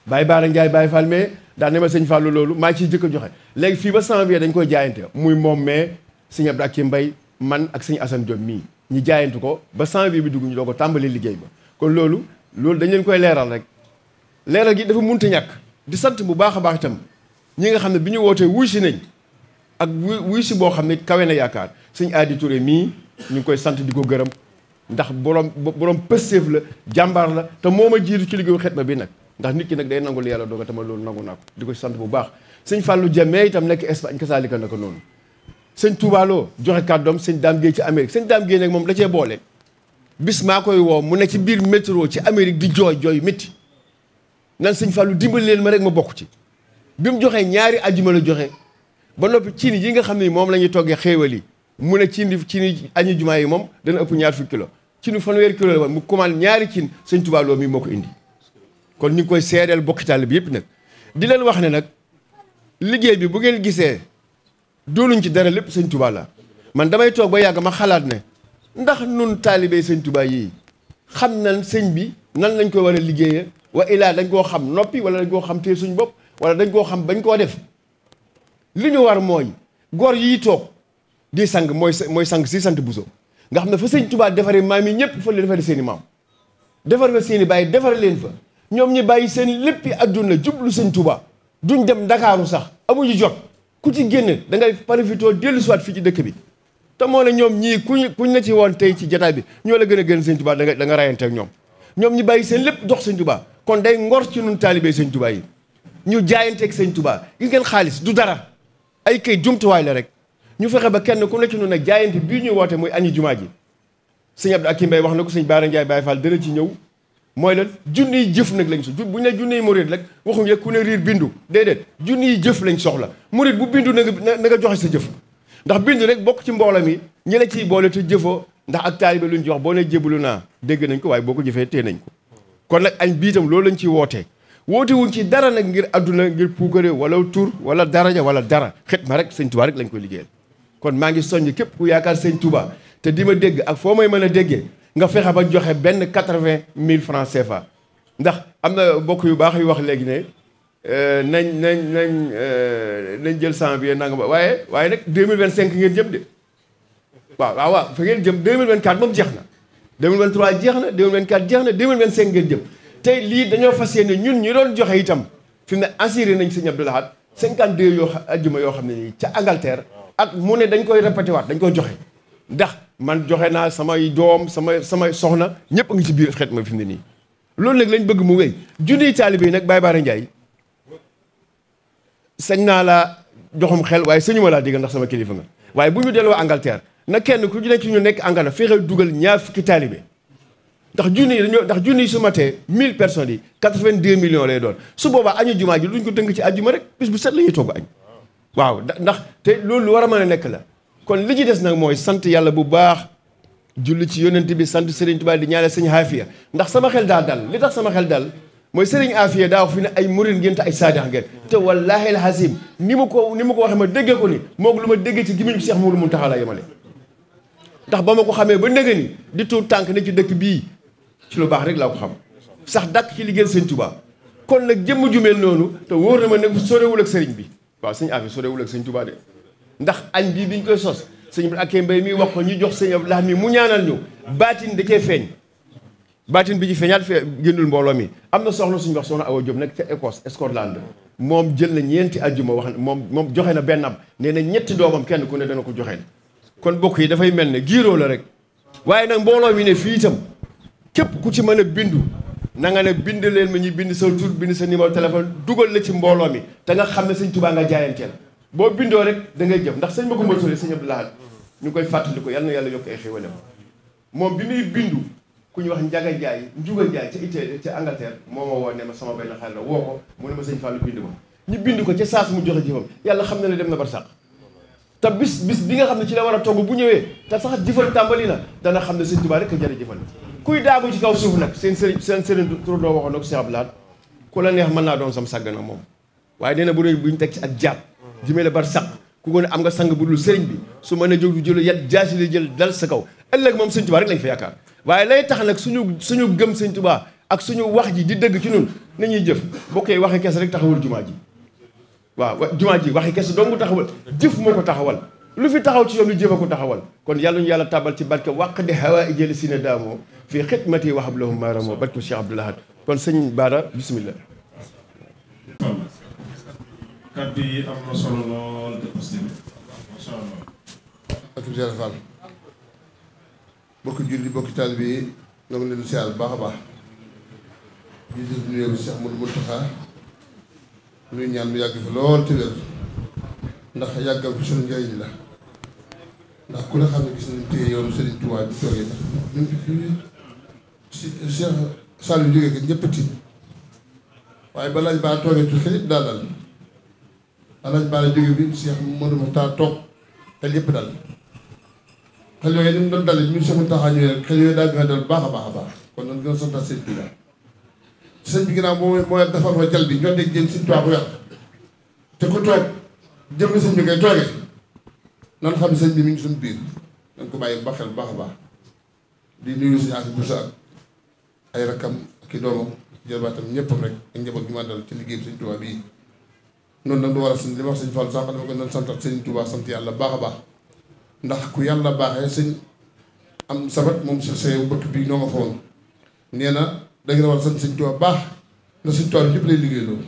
Baye Baara Ndiaye baay Fall mais daan ne ma sëñ Fallou loolu maa ciy jëkk a joxe léegi fii ba janvier dañ koy jaayante muy moom mais sëñ Abdou Akim mbay man ak sëñ Assane Diop mii ñu jaayantu ko ba janvier bi dugg ñu ko tàmbali liggéey ba kon loolu loolu dañ leen koy leeral rek leeral gi dafa munta ñàkk di sant bu baax a baax itam ñi nga xam ne bi ñu wootee wuy si nañ ak wuy si boo xam ne kawe na yaakaar sëñ Adi Touré mii ñu ngi koy sant di ko gërëm ndax borom borom pëstéef la jàmbaar la te moom ma jiitu ci liggéeyu xet ma bi nag ndax nit ki nag day nangul yàlla doog a loolu nangu naa ko di ko sant bu baax sëñ Fallou Diame itam nekk Espagne kasaalika na ko noonu sëñ Touba Lo joxe kàddoom sëñ Dame Gueye ci Amérique sëñ Dame nag moom da cee boole bis maa koy woo mu ne ci biir métro ci Amérique di jooy jooy métti nan sëñ Fallou dimbali leen ma rek ma bokk ci bi mu joxee ñaari ajjuma la joxe ba noppi ciin yi nga xam ne moom la ñuy toggee xéewal yi mu ne ciin ciini añu jumaa yi moom dana ëpp ñaar fukki kilo cinu fanweeri kilo la woon mu commande ñaari cin sëñ Tuubaa mii moo ko indi kon ñu ngi koy seedeel bokki taal bi yëpp nag di leen wax ne nag liggéey bi bu ngeen gisee dooluñ ci dara lépp sëñ Tuubaa man damay toog ba yàgg ma xalaat ne ndax nun taalibey sëñ Tuubaa xam nañ sëñ bi nan lañ koy war a liggéeye wa illaa dañ koo xam noppi wala dañ koo xam te suñ bopp wala dañ koo xam bañ koo def li ñu war mooy góor yii toog di sang mooy mooy sang si sant Bousso nga xam ne fa sëñ tubaa defaree maam yi ñëpp fa la seeni maam defar na seeni i bàyyi defar leen fa ñoom ñi bàyyi seen léppi àdduna jublu sëñ tubaa duñ dem ndakaaru sax amuñu jot ku ci génn da ngay profitoo dellu siwaat fi ci dëkk bi te moo ñoom ñii kuñ kuñ na ci woon tey ci jataay bi ñoo la a gën sëñ Tuubaa da nga da nga ñoom ñoom ñu bàyyi seen lépp jox sëñ Tuubaa kon day ngor ci ñun taalibee sëñ tubaa yi ñu jaayanteeg sëñ tubaa gis ngeen xaalis du dara ay kay jumtuwaay la rek ñu fexe ba kenn ku nekk ñun nag jaayante bii ñuy woote muy añi jumaa ji sëñ Abdou Akim Mbaye wax na ko sëñ Baara Ndiaye Baye Fall dana ci ñëw mooy lan junniy jëf nag lañ so bu ñu ne junniy murid rek waxuñu ku ne riir bindu déedéet yi jëf lañ soxla murid bu bindu na nga na nga joxe sa jëf ndax bindu rek bokk ci mbooloo mi ñi la ciy boole te jëfoo ndax ak taalibe lu ñu ci wax boo ne jébalu naa dégg nañ ko waaye boo ko jëfee tee nañ ko kon nag añ bii itam loolu lañ ci wootee woote ci dara nag ngir adduna ngir puukaree wala tur wala daraja wala dara xit ma rek sëñ Touba rek lañ koy liggéeyal kon maa ngi soññ képp ku yaakaar sëñ tubaa te di ma dégg ak foo may mën a déggee nga fexe ba joxe benn quatre-vingt mille francs CFA ndax am na bokk yu baax yu wax léegi ne euh, nañ nañ nañ euh, nañ jël cent bi nanga ba waaye nag deux mille vingt cinq ngeen jëm de waaw waaw waaw fa ngeen jëm 2024 moom jeex na 2023 jeex na 2024 jeex na 2025 ngeen jëm tey lii dañoo fas yéene ñun ñu doon joxe itam fi mu ne assuré nañ sëñ Abdou Lahad 52 yoo ajjuma yoo xam ne nii ca Angleterre ak mu ne dañ koy répété waat dañ koy joxe ndax man joxe naa samay doom samay samay soxna ñëpp ngi ci biir xeet ma fi mu ne nii loolu nag lañ bëgg mu wéy junniy taalibe yi nag baay Bara Ndiaye sañ naa laa joxum xel waaye sañu ma laa dégg sama kilifa nga waaye bu ñu delloo Angleterre na kenn ku ne ci ñu nekk Ankara fexe dugal ñaar fukki taalibe ndax junni yi dañoo ndax junni yi su matee mille personnes yi quatre-vingt-deux millions lay doon su boobaa añu jumaa ji duñ ko tënk ci àjjuma rek bis bu set la togg añ waaw ndax te loolu lu war a mën a nekk la kon li ci des nag mooy sant yàlla bu baax julli ci yonent bi sant Serigne Touba di ñaanal sëñ Afia ndax sama xel daa dal li tax sama xel dal mooy Serigne Afia daa wax fi ne ay murid ngeen te ay saadax ngeen ko ni mu ko lu ma déggee ci gémmiñu Cheikh Mourou Mountakha ndax ba ma ko xamee ba nëgë ni di tuut tànk ne ci dëkk bii ci lu baax rek laa ko xam sax dakk ci liggéeyal sëñ Touba kon nag jëmm ju mel noonu te wóor na ma ne sorewul ak sëriñ bi waaw sëñ Afia sorewul ak sëñ tubaa de ndax añ bii biñ koy sos sëñ bi ak mbay mi wax ko ñu jox sëñ Abdou Lahad mi mu ñaanal ñu baatin da cee feeñ baatin bi ci feeñaat fee génnul mbooloo mi am na soxna suñu wax soxna Awa Diop nag ca Écosse Scotland moom jël na ñeenti àjjuma wax moom moom joxe na benn am nee na ñetti doomam kenn ku ne dana ko joxeel kon bokk yi dafay mel ne giiroo la rek waaye nag mbooloo mi ne fii itam képp ku ci mën a bindu na nga ne bind leen ma ñu bind sa tur bind sa numéro téléphone dugal la ci mbooloo mi te nga xam ne sëñ Tuubaa nga jaayanteel boo bindoo rek da ngay jëf ndax sëñ Makumba Touré sëñ Abdou laal ñu koy fàttali ko yàlla na yàlla yokk ay xéwalam moom bi muy bindu ku ñu wax Njaga jaay Njuga Njaay ca Italie ca Angleterre moo ma woo ne ma sama benn na la woo ko mu ne ma sëñ bind ma ca saas mu joxe jëfam yàlla xam na ne dem na barsàq te bis bis bi nga xam ne ci la war a togg bu ñëwee te sax jëfal tàmbali na dana xam ne sëñ Tuubaa rek a jëre jëfal kuy daagu ci kaw suuf nag seen sëriñ seen sëriñ tur doo waxoon ak Cheikh Abdou Lahad ku la neex mën naa doon sam sàgg na moom waaye nee na bu dee bu ñu teg ci ak jaab jëmale bar sàq ku ko ne am nga sang bu dul sëriñ bi su mën a jóg du jël yat jaasi la jël dal sa kaw ëllëg moom sëñ Tuubaa rek lañ fa yaakaar waaye lay tax nag suñu suñu gëm sëñ Tuubaa ak su ñu wax ji di dëgg ci ñun nañuy jëf bokkee waxe kes rek taxawul jumaa ji waaw jumaa ji waxi kese dong taxawal jëf moo ko taxawal lu fi taxaw ci yoon lu jëf ko taxawal kon yàlla ñu yàlla tabal ci barke wàq di hawa ijëli si na daamoo fii xidmati wa hablahum maaramoo barke Cheikh Abdoul Ahad kon sëñ Bara bismillah kaddu yi am na solo lool te posté macha allah. atum baax a baax luy ñaan mu yàgg fi loolu te wér ndax yàggal fi suñu njëriñ la ndax ku ne xam ne gis nañ téye yoonu Serigne Touba bi toogee na ñu si Cheikh Saliou jógee ñëpp tiit waaye ba laaj baa toogee tu bi Cheikh Modou Makhtar toog xel yëpp dal xel yooyu ni mu doon dalee ñun tax taxaw ñëwee rek xel yooyu daa gën a dal baax a baax a baax kon nag gën a santaat Serigne Touba sëñ bi ginnaaw moom moo yor defar wa jal bi ñoo dégg jën si tubaab weer te ku toog jëm ni sëñ bi ngay toogee nan xam sëñ bi mu ngi suñu biir dañ ko bàyyi ba xel bu baax a baax di nuyu si asi busa ak ay rakkam ak i doomam jërbaatam ñëppam rek ak njaboot gi ma àndal ci liggéey bi sëñ Tuubaa bii noonu nag du war a wax sëñ Fall sànq dama ko doon santat sëñ Tuubaa sant yàlla baax baax ndax ku yàlla baaxee sëñ am sabat moom sa sayo bëkk bi noo nga fa woon nee da ngeen war a sant sëñ Tuubaa baax na sëñ Tuubaa lépp lay liggéey loolu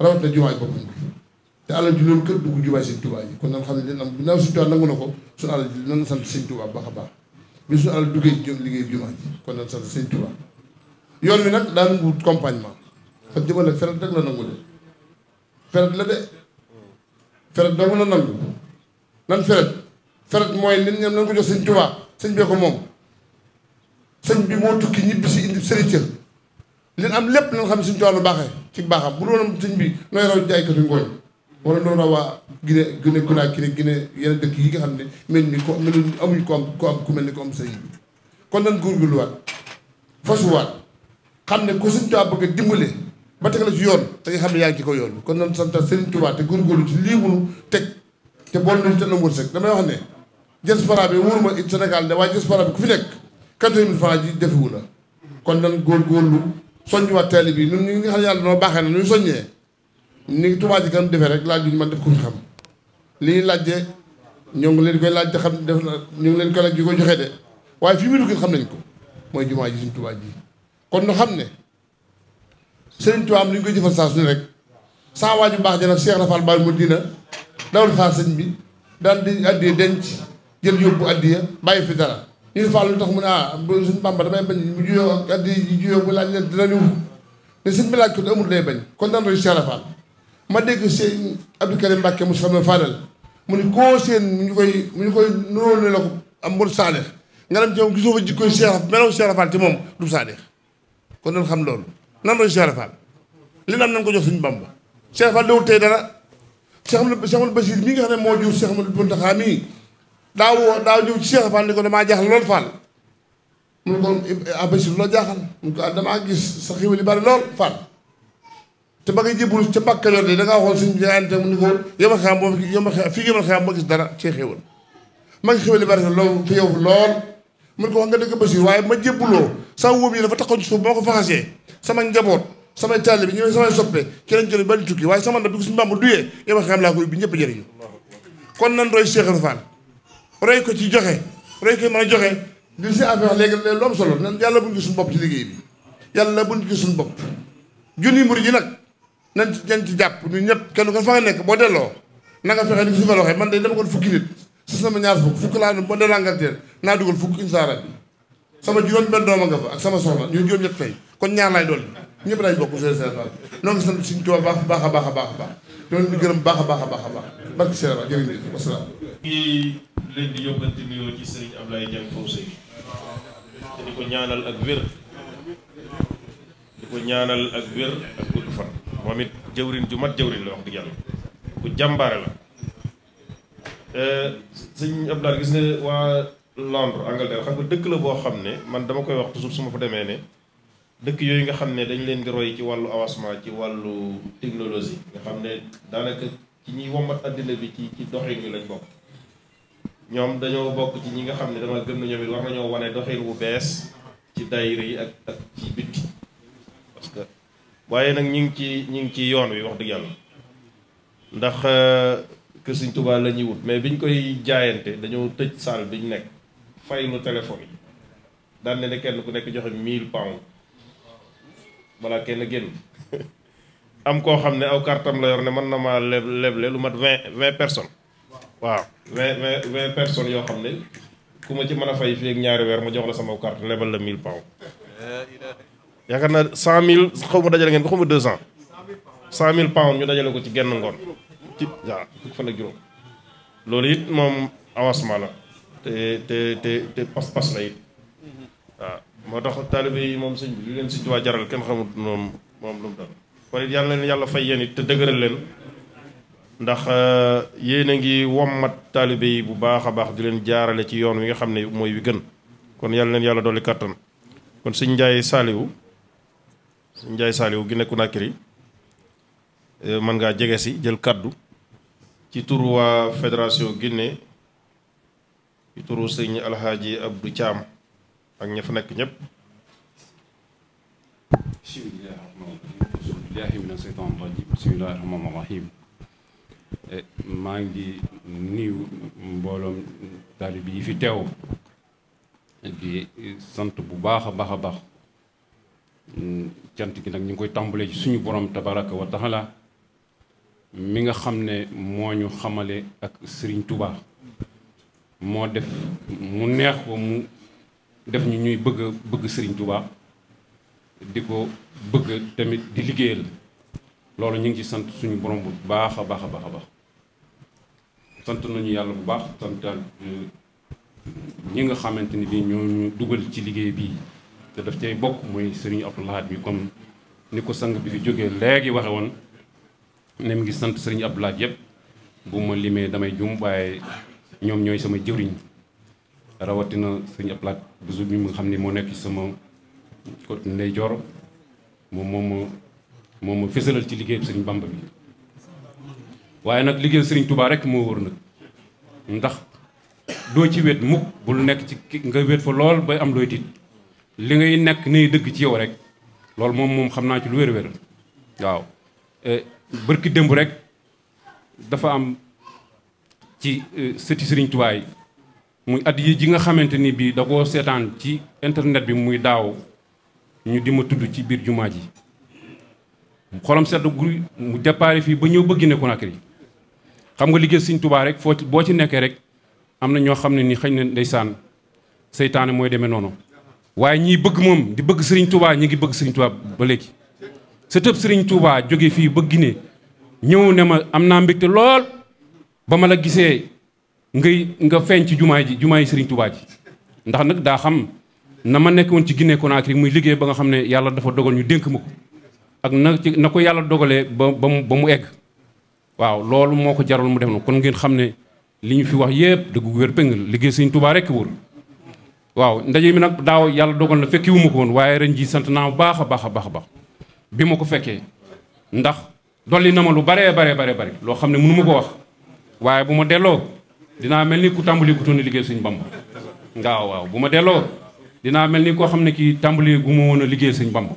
rawat na jumaay dugg jumaay sëñ Tuubaa kon nan xam ne leen am bu naaw sëñ Tuubaa nangu na ko suñu alal ji sant sëñ Tuubaa baax a baax bi suñu alal duggee jëm liggéey jumaa ji kon nan sant sëñ Tuubaa yoon wi nag daa nangu accompagnement ak jëmale feret rek la nangu feret la de feret dong la nangu nan feret feret mooy nit ñam nan ko jox sëñ Tuubaa sëñ bee ko moom sëñ bi moo tukki ñibbi si indi sëriñ leen am lépp lan xam ne suñu coon baaxee ci baaxam bu doonam sëñ bi nooy raw jaaykatuñ ngooñ wala doon raw waa Guinée Guinée Conakry Guinée yeneen dëkk yi nga xam ne mel ni ko mel ni amuñ ko am ku mel ni ko am sëñ kon nan góorgóorluwaat fasuwaat xam ne ku suñ coon bëgg dimbale ba teg la ci yoon te xam ne yaa ngi ko yoon kon nan sant Sëriñ Tuubaa te góorgóorlu ci lii munu teg te bool nañu te na wërsëg damay wax ne diaspora bi wóoruma it senegal ne waaye diaspora bi ku fi nekk quatorze mille francs ji defewu la kon góor góorgóorlu soññuwaat teel bi ñun ñi nga xam yàlla noo baaxee na ñu soññee ni ngi Touba Ca Kanam defee rek laaj duñu man def ko xam li ñuy laajte ñoo ngi leen koy laaj te xam def na ñoo ngi leen koy laaj di ko joxee de waaye xam nañ ko mooy jumaa ji suñu Touba ji kon nu xam ne Sëriñ Touba am lu ñu koy jëfal saa su ne rek saa waaju baax jana Cheikh Rafal Baye mu dina dawal xaar señ bi daal di addiyee denc jël yóbbu addiya bàyyi fi dara ñu ne Fall lu tax mu ne ah suñu Bàmba damay bañ mu juyoo ak addi yi juyoo mu laaj leen dina ñëw mais suñu bi laaj ko amul day bañ kon daan ma dégg sëñ Abdou Karim Mbacke mu xam ne mu ne koo seen mu mu ko am mbur saadeex nga dem ci moom gisoo fa jikkoy Cheikh melaw Cheikh du saadeex kon nan doon Cheikh Fall li naan nañ ko jox suñu Bàmba Cheikh Fall dawul tey dara Cheikh Amadou Bachir mi nga xam ne moo jur Cheikh Amadou Mountakha mii daaw woo daaw ñëw ci Cheikh Fall ni ko damaa jaaxal lool Fall mu ne ko abasir loo jaaxal mu ne ko ah, sa xiwal yi bari lool te ba nga jébul ca Mbàkke Kajoor de da ngaa ko yoma xam boo yoma ma gis dara cee xéwal ma ngi xiwal yi bari lool fi yow lool mu ne ko wax nga dëgg basir waaye ma jébbuloo sa wóom yi dafa taxoon ci suuf boo ko faxasee sama njaboot samay taali bi ñëw samay soppe ci lañ jëlee bari tukki waaye sama na bi ko suñu Bàmba duyee yoma xam laa koy bi ñëpp jëriñu kon nan roy Cheikh Fall roy ko ci joxe roy ko mën a joxe li si affaire léegi lu am solo nan yàlla buñ gis suñu bopp ci liggéey bi yàlla buñ gis suñu bopp junni murid yi nag nan ci jàpp ñun ñëpp kenn ko fa nekk boo delloo na nga fexe su ma waxee man de dama fukki nit si sama ñaar fukk fukk laa ne boo delloo Angleterre naa dugal fukk insa rabbi sama juróom benn dooma nga fa ak sama soxna ñun juróom ñett fay kon ñaar laay doon ñëpp laay bokk seen seen noo ngi sant suñu Tuubaa baax baax baax a baax a baax doon di gërëm baax a baax a baax a baax barki Sénégal jërëjëf wasalaam. ngi leen di yóbbante nuyoo ci sëriñ Ablaye Dieng Fawcet yi te di ko ñaanal ak wér di ko ñaanal ak wér ak gudd fan moom it jëwrin ju mat jëwrin la wax dëgg yàlla ku jàmbaare la euh, sëñ Abdoulaye gis nga waa Londres Angleterre xam nga dëkk la boo xam ne man dama koy wax toujours su ma fa demee ne dëkk yooyu nga xam ne dañ leen di roy ci wàllu avancement ci wàllu technologie nga xam ne daanaka ci ñuy wombat àddina bi ci ci doxin wi lañ bokk ñoom dañoo bokk ci ñi nga xam ne dama gëm na ñoom it war nañoo wane doxin wu bees ci daayira yi ak ak ci biti parce que waaye nag ñi ngi ci ñi ngi ci yoon wi wax dëgg yàlla ndax euh, kër Sëñ Tuubaa la ñuy wut mais bi biñ koy jaayante dañoo tëj bi ñu nekk fay nu téléphone yi daan ne kenn ku nekk joxe 1000 pounds balaa kenn génn am koo xam ne aw kartam la yor ne mën na maa leb leble lu mat vingt vingt personnes waaw vingt vingt vingt personnes yoo xam ne ku ma ci man a fay fii ñaari weer ma jox la sama carte lebal la mille pounds yaakaar naa cent mille xaw ma dajale ngeen ko xaw ma deux cent cent mille pounds ñu dajale ko ci genn ngoon ci waaw fukki fan juróom loolu it moom avancement la te te te pas-pas la it waaw moo tax taalibe yi moom sëñ bi li leen sëñ waa jaral kenn xamut moom moom lu mu doon kon it yàlla fay yéen it te dëgëral leen ndax euh, yéen a ngi wommat taalibe yi bu baax a baax di leen jaarale ci yoon wi nga xam ne mooy wi gën kon yàlla leen yàlla dolli kàttan kon sëñ Njaay Saaliwu sëñ Njaay Saaliwu gi nekku Nakiri euh, mën ngaa jege si jël kàddu ci turu waa fédération Guinée ci turu sëñ Alxaaji Abdou Thiam ak ña fa nekk ñëpp. bismillaahi rahmaani rahiim bismillaahi eh, mina seytaani rajiim bismillaahi rahmaani rahiim maa ngi nuyu mbooloom taalibe yi fi teew di sant bu baax a baax a baax cant gi nag ñu ngi koy tàmbalee ci suñu borom tabaraka wa taala mi nga xam ne moo ñu xamale ak Sëriñ Tuubaa moo def mu neex ko mu def ñu ñuy bëgg bëgg sëriñ Touba di ko bëgg tamit di liggéeyal loolu ñu ngi ci sant suñu borom bu baax a baax a baax a baax sant nañu yàlla bu baax sant euh, ñi nga xamante ni bii ñoo ñu dugal ci liggéey bii te daf cay bokk mooy sëriñ Abdou Lahad bi comme ni ko sang bi fi jógee léegi waxe woon ne mu ngi sant sëriñ Abdou Lahad yëpp bu ma limee damay jum waaye ñoom ñooy sama jëwriñ rawatina sëñ Ablaat Buso bi mu nga xam ni moo nekk ci sama côté ndeyjoor moom moom ma moom ma fësalal ci liggéey sëñ Bamba bi waaye nag liggéey sëriñ Touba rek moo wër nag ndax doo ci wet mukk bul nekk ci nga wet fa lool bay am looy tiit li ngay nekk ni dëgg ci yow rek loolu moom moom xam naa ci lu wér-wér waaw e, bërki démb rek dafa am ci e, sëti sëriñ Touba yi muy at yi ji nga xamante ni bii da koo seetaan ci internet bi muy daaw ñu di ma tudd ci biir jumaa ji xolam sedd guri mu départ fii ba ñëw bëgg ne Conakry xam nga liggéey Sëñ Tuubaa rek foo boo ci nekkee rek am na ñoo xam ne ni xëy na ndeysaan seytaane mooy demee noonu waaye ñiy bëgg moom di bëgg Sëriñ Tuubaa ñi ngi bëgg Sëriñ Tuubaa ba léegi sa tëb Sëriñ Tuubaa jóge fii ba Guinée ñëw ne ma am naa mbégte lool ba ma la gisee ngay nga feeñ ci jumaa ji jumaa yi sëriñ tubaa ji ndax nag daa xam na ma nekk woon ci Guinée Conakry muy liggéey ba nga xam ne yàlla dafa dogal ñu dénk ma ko ak na ci na ko yàlla dogalee ba ba mu ba mu egg waaw loolu moo ko jaral mu dem na kon ngeen xam ne li ñu fi wax yépp dëgg wér péng liggéey sëriñ tubaa rekk wóor waaw ndaje mi nag daaw yàlla dogal na fekki ma ko woon waaye ren ji sant naa bu baax a baax a baax bi ma ko fekkee ndax dolli na ma lu baree baree baree bare loo xam ne mënu ma ko wax waaye bu dinaa mel ni ku tàmbali ku toon liggéey sëñ bamba ngaaw waaw bu ma delloo dinaa mel ni koo xam ne kii tàmbali gu ma woon a liggéey sëñ bamba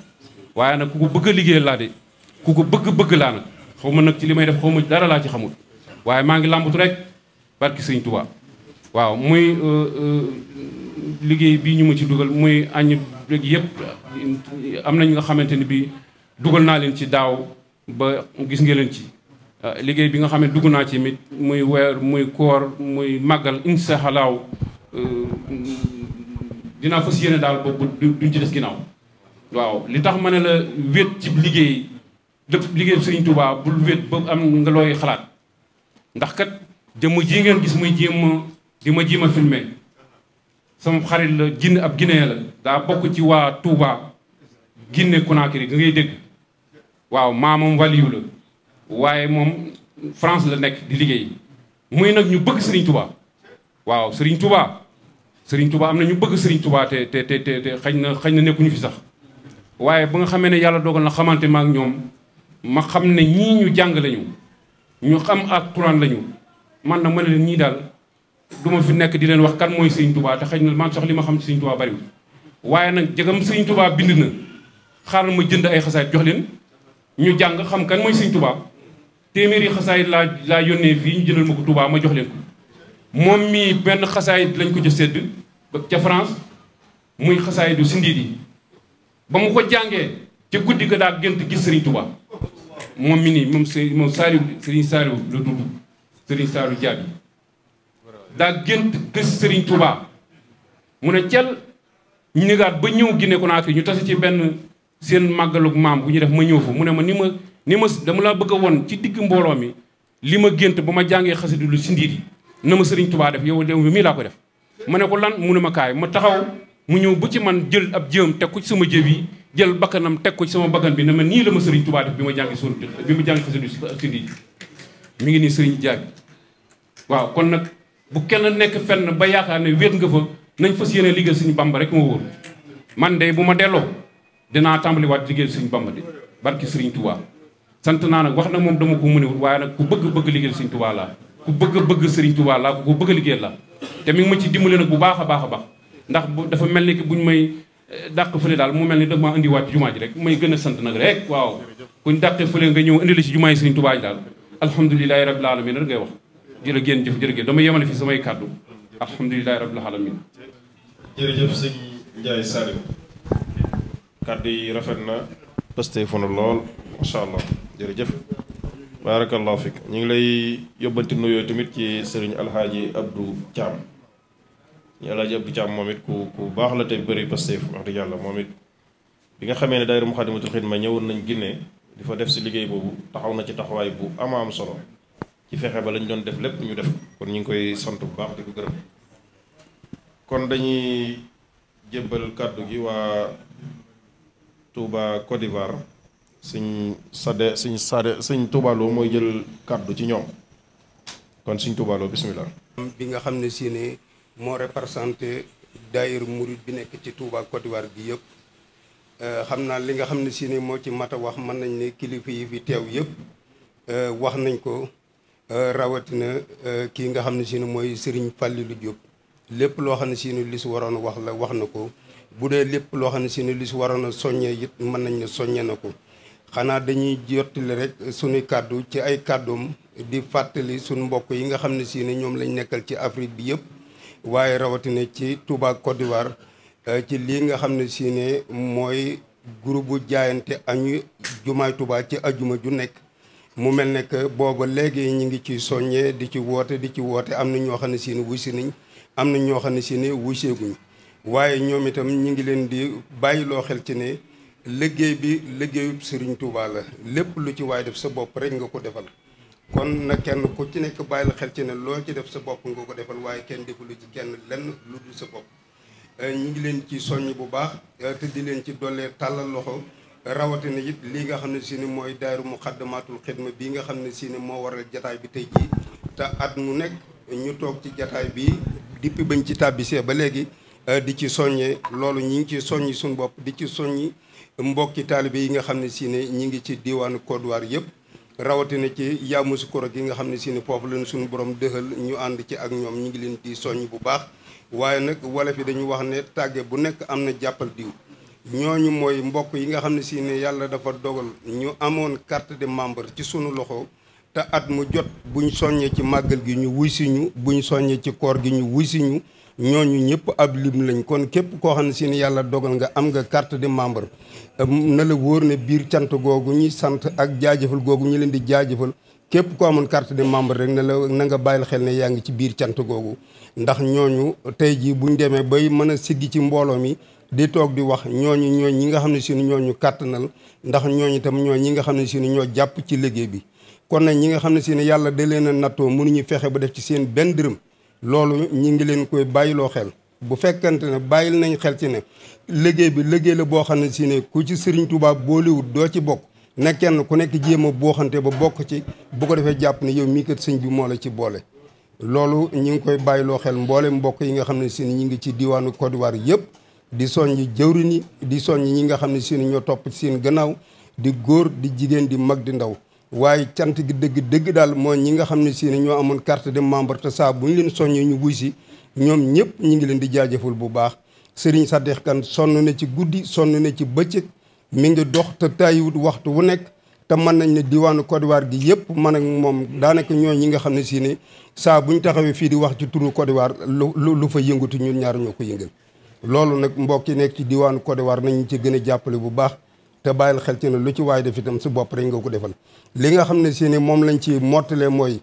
waaye nag ku ko bëgg a liggéey laa de ku ko bëgg-bëgg laa nag xaw ma nag ci li may def xaw ma dara laa ci xamul waaye maa ngi làmbatu rek barki sëñ Tuubaa waaw muy euh, euh, liggéey bii ñu ma ci dugal muy añ rek yëpp am nañu nga xamante ni bii dugal naa leen ci daaw ba gis nga leen ci Euh, liggéey bi nga xam ne dugg naa ci mit muy weer muy koor muy màggal insa euh, dinaa fas yéene daal boobu duñ ci des ginnaaw waaw li tax ma ne la wéet ci liggéey dëpp liggéey Serigne Touba bul wéet ba am nga looy xalaat ndax kat jëmm ji ngeen gis muy jéem di ma jéem a filmé sama xarit la Guinée ab Guinée la daa bokk ci waa Touba Guinée Conakry gi ngay dégg waaw maamam waliyu la waaye moom France la nekk di liggéey muy nag ñu bëgg Serigne Touba waaw sëriñ Touba sëriñ tubaa am na ñu bëgg Serigne Touba te te te te xañ na xañ na nekkuñu fi sax waaye ba nga xamee ne yàlla dogal na xamante ma ak ñoom ma xam ne ñii ñu jàng lañu ñu xam ak Quran lañu man nag ma ne leen ñii daal du ma fi nekk di leen wax kan mooy Serigne Touba te na man sax li ma xam ci Serigne Touba bariwul waaye nag jegam Serigne tubaa bind na xaaral ma jënd ay xasaay jox leen ñu jàng xam kan mooy Serigne Touba. téeméeri xasaayit laa laa yónnee fii ñu jëlal ma ko Touba ma jox leen ko moom mii benn xasaayit lañ ko jox sedd ba ca France muy xasaayitu sindiit yi ba mu ko jàngee ca guddi ga daa gént gis Serigne Touba moom mi nii moom moom Saliou Serigne Saliou la tudd Serigne Saliou Diaby daa gént mu ne cel ñu nigaat ba ñëw Guinée Conakry ñu tase ci benn seen màggalug maam bu ñu def ma ñëw fa mu ne ma ni ma. ni ma dama laa bëgg a woon ci digg mbooloomi li ma gént ba ma jàngee xasida lu si ndiir yi na ma sëriñ tubaa def yow yow mii laa ko def ma ne ko lan mu ne ma kaay ma taxaw mu ñëw bu ci man jël ab jëm teg ko ci sama jëb yi jël bakkanam teg ko sama bakkan bi ne ma nii la ma sëriñ tubaa def bi ma jàngi suur bi ma jàngi xasida lu si yi mi ngi nii sëriñ jaabi waaw kon nag bu kenn nekk fenn ba yaakaar ne wéet nga fa nañ fas yéene liggéey suñu bamba rek ma wóor man bu ma delloo dinaa tàmbaliwaat liggéey suñu bamba de barki sëriñ tubaa sant naa nag wax na moom dama ko mënewut waaye nag ku bëgg bëgg liggéeyal sëriñ Tuubaa laa ku bëgg bëgg sëriñ Tuubaa laa ku ko bëgg liggéeyal la te mi ngi ma ci dimbale nag bu baax a baax a baax ndax bu dafa mel ni ki buñ may eh, dàq fële daal mu mel ni da maa indiwaat ci jumaa ji rek may gën a sant nag rek waaw kuñ dàqee fële nga ñëw indi la ci jumaa yi sëriñ Tuubaa ji daal alhamdulilahi rabbil alamin rek ngay wax jërë géen jëf jërë géen dama yemale fi samay kàddu alhamdulilahi rabbil alamin jërëjëf sëñ Ndiaye Salim kàddu yi rafet na pëste fonu lool macha allah jërëjëf barakallahu fik ñu ngi lay yóbbanti nuyoo tamit ci sëriñ alxaaji abdou thiam ñu alxaaji abdou thiam moom it ku ku baax la te bëri pasteef wax dëgg yàlla moom it bi nga xamee ne daayira muxaddamatul xidma ñëwoon nañ Guinée difa def si liggéey boobu taxaw na ci taxawaay bu ama am solo ci fexe ba lañ doon def lépp ñu def kon ñu ngi koy sant bu baax di ko gërëm kon dañuy jébbal kàddu gi waa Touba Côte d'Ivoire suñ sade suñ sade suñ tuubaaloo mooy jël kàddu ci ñoom kon suñ tuubaaloo bismillah bi nga xam ne si moo représenté daayir murid bi nekk ci Touba Côte d'Ivoire bi yëpp euh, xam naa li nga xam ne si moo ci mat a wax mën nañ ne kilifa yi fi teew yëpp euh, wax nañ ko euh, rawatina kii nga xam ne si ne mooy Serigne Fallilou Diop lépp loo xam ne si li si waroon wax la wax na ko bu dee lépp loo xam ne si ne li si waroon a soññee it mën nañ ne soññee na ko xanaa dañuy jottali rek suñu kàddu ci ay kàddum di fàttali suñu mbokk yi nga xam ne si ne ñoom lañu nekkal ci Afrique bi yëpp waaye rawatina ci Touba Côte d'Ivoire euh, ci lii nga xam ne si ne mooy groupe bu jaayante añu jumaay Touba ci ajuma ju nekk mu mel ne que booba léegi ñu ngi ci soññee di ci woote di ci woote am na ñoo xam ne si ne wusi nañ am na ñoo xam ne si ne wuseeguñ waaye ñoom itam ñu ngi leen di bàyyiloo xel ci ne liggéey bi liggéeyub Serigne Touba la lépp lu ci waay def sa bopp rek nga ko defal kon na kenn ku ci nekk bàyyil xel ci ne loo ci def sa bopp nga ko defal waaye kenn defalu ci kenn lenn lu dul sa bopp euh, ñu ngi leen ci soññ bu baax euh, te di leen ci dollee tàllal loxo rawatina yit lii nga xam ne si ni mooy daaru muxaddamaatul xidma bii nga xam ne si ni moo waral jataay bi tey jii te at mu nekk ñu toog ci jataay bi dippi bañ ci tàbbisee ba léegi euh, di ci soññee loolu ñu ngi ci soññi suñu bopp di ci soññi mbokki taalibe yi nga xam ne si ne ñi ngi ci diwaanu koduwaar d'Ivoire yëpp rawatina ci koro gi nga xam ne si ne foofu leen suñu borom dëxal ñu ànd ci ak ñoom ñu ngi leen di soññ bu baax waaye nag wala yi dañu wax ne tàgge bu nekk am na jàppal diw ñooñu mooy mbokk yi nga xam ne si yàlla dafa dogal ñu amoon carte de membre ci suñu loxo te at mu jot buñ soññee ci màggal gi ñu wuy si ñu buñ soññee ci koor gi ñu wuy si ñu ñooñu ñëpp ab lim lañ kon képp koo xam ne si yàlla dogal nga am nga carte de membre na la wóor ne biir cant googu ñuy sant ak jaajëfal googu ñu leen di jaajëfal képp ko amul carte de membre rek na la nanga bàyyil xel ne yaa ngi ci biir cant googu ndax ñooñu tey jii buñ demee bay mën a siggi ci mbooloo mi di toog di wax ñooñu ñooñ ñi nga xam ne sinu ñooñu kàttanal ndax ñooñu itam ñoo ñi nga xam ne sinu ñoo jàpp ci liggéey bi kon nag ñi nga xam ne si ne yàlla da leen a nattoo mënuñu fexe ba def ci seen benn dërëm loolu ñi ngi leen koy bàyyiloo xel bu fekkante ne bàyyil nañu xel ci ne liggéey bi liggéey la boo xam ne si ne ku ci Serigne Touba boolewut doo ci bokk na kenn ku nekk jéema a booxante ba bokk ci bu ko defee jàpp na yow mii kat sëñ bi moo la ci boole. loolu ñu ngi koy bàyyiloo xel mboolem mbokk yi nga xam ne si ñu ngi ci diwaanu Côte d'Ivoire yëpp di soññ jëwriñ yi di soññ ñi nga xam ne si ñoo topp ci seen gannaaw di góor di jigéen di mag di ndaw. waaye cant gi dëgg dëgg daal mooy ñi nga xam ne si ñoo amoon carte de membre te saa bu ñu leen soññee ñu wuy si ñoom ñëpp ñu ngi leen di jaajëful bu baax. sëriñ dex Kane sonn na ci guddi sonn na ci bëccëg mi ngi dox te taayiwut waxtu wu nekk te mën nañ ne diwaanu Côte gi yëpp man ak moom daanaka ñoo ñi nga xam ne si ne saa bu ñu taxawee fii di wax ci turu Côte d'Ivoire lu lu fa yëngatu ñun ñaar ñoo ko yëngal loolu nag mbokk yi nekk ci diwaanu Côte d'Ivoire nañu ci gën a jàppale bu baax te bàyyil xel ci ne lu ci waay def itam si bopp rek nga ko defal li nga xam ne si moom lañu ci mottalee mooy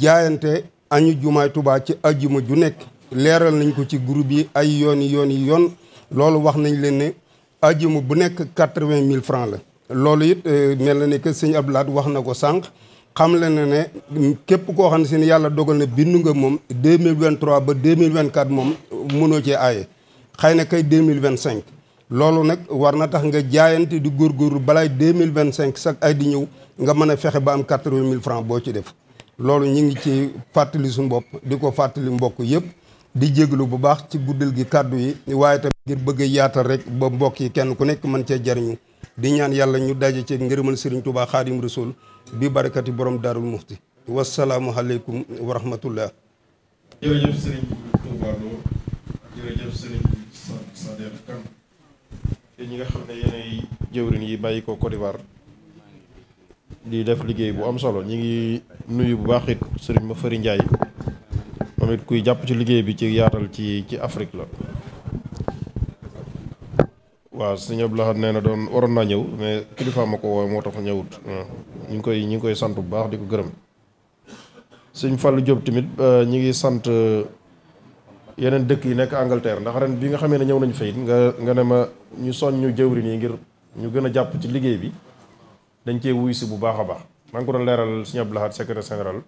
jaayante añu jumaay Tuubaa ci ajjuma ju nekk leeral nañ ko ci groupe yi ay yoon yi yoon yi yoon loolu wax nañ leen ne ajuma bu nekk quatre-vingt mille francs la loolu it euh, mel na ne que sëñ Abdoulaye wax na ko sànq xam le na ne képp koo xam ne si ne yàlla dogal na bind nga moom deux mille vingt ba deux mille vingt quatre moom mënoo cee aaye xëy na kay deux mille vingt cinq loolu nag war na tax nga jaayante di góorgóorlu balaay deux mille vingt cinq sax ay di ñëw nga mën a fexe ba am quatre-vingt mille francs boo ci def loolu ñu ngi ci fàttali suñu mbopp di ko fàttali mbokk yëpp di jéglu bu baax ci guddil gi kàddu yi waaye tamit ngir bëgg yaatal rek ba mbokk yi kenn ku nekk mën cee jariñu di ñaan yàlla ñu daje ci ngërëmal Sëriñ Tuubaa Xaadim Rasuul bi barakati borom daarul muxti wasalaamu aleykum wa rahmatullah jërëjëf Sëriñ Tuubaa Lo jërëjëf Sëriñ Sadex te ñi nga xam ne yéenay jëwrin yi bàyyi ko di def liggéey bu am solo ñi ngi nuyu bu baax Sëriñ Ma Fari Njaay moom kuy jàpp ci liggéey bi ci yaatal ci ci Afrique la waaw sëñ Abdou Lahad nee na doon waroon naa ñëw mais kilifa ma ko woo moo tax ñëwut ñu koy ñu ngi koy sant bu baax di ko gërëm sëñ Fallou Diop tamit euh, ñu ngi sant euh, yeneen dëkk yi nekk Angleterre ndax ren bi nga xamee ne ñëw nañu fayit nga nga ne ma ñu soñ ñu jëwrin yi ngir ñu gën a jàpp ci liggéey bi dañ cee wuy si bu baax a baax maa ngi ko doon leeral sëñ Abdou Lahad secrétaire général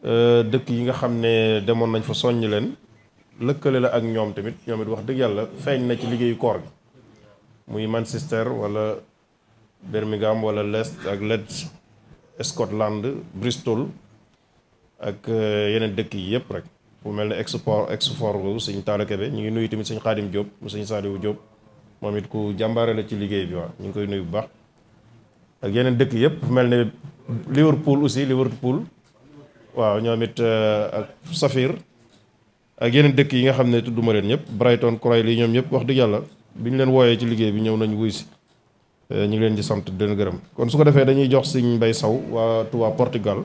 Euh, dëkk yi nga xam ne demoon nañ fa soññ leen lëkkale la ak ñoom tamit ñoom it wax dëgg yàlla feeñ na ci liggéeyu koor bi muy Manchester wala Birmingham wala Leeds ak Leeds Scotland Bristol ak euh, yeneen dëkk yi yëpp rek fu mel ne export export boobu sëñ Talla Kebe ñu ngi nuyu tamit sëñ Xaadim Diop mu sëñ Saaliwu Diop moom it ku jàmbaare la ci liggéey bi waa ñu ngi koy nuyu bu baax ak yeneen dëkk yëpp fu mel ne Liverpool aussi Liverpool waaw ñoom it eh, ak Safir ak yeneen dëkk yi nga xam ne tudduma leen ñëpp Brighton Croy lii ñoom ñëpp wax dëgg yàlla bi ñu leen wooyee ci liggéey bi ñëw nañu wuy si eh, ñu ngi leen di sant di leen gërëm kon su ko defee dañuy jox Sëñ Mbay Saw waa Touba Portugal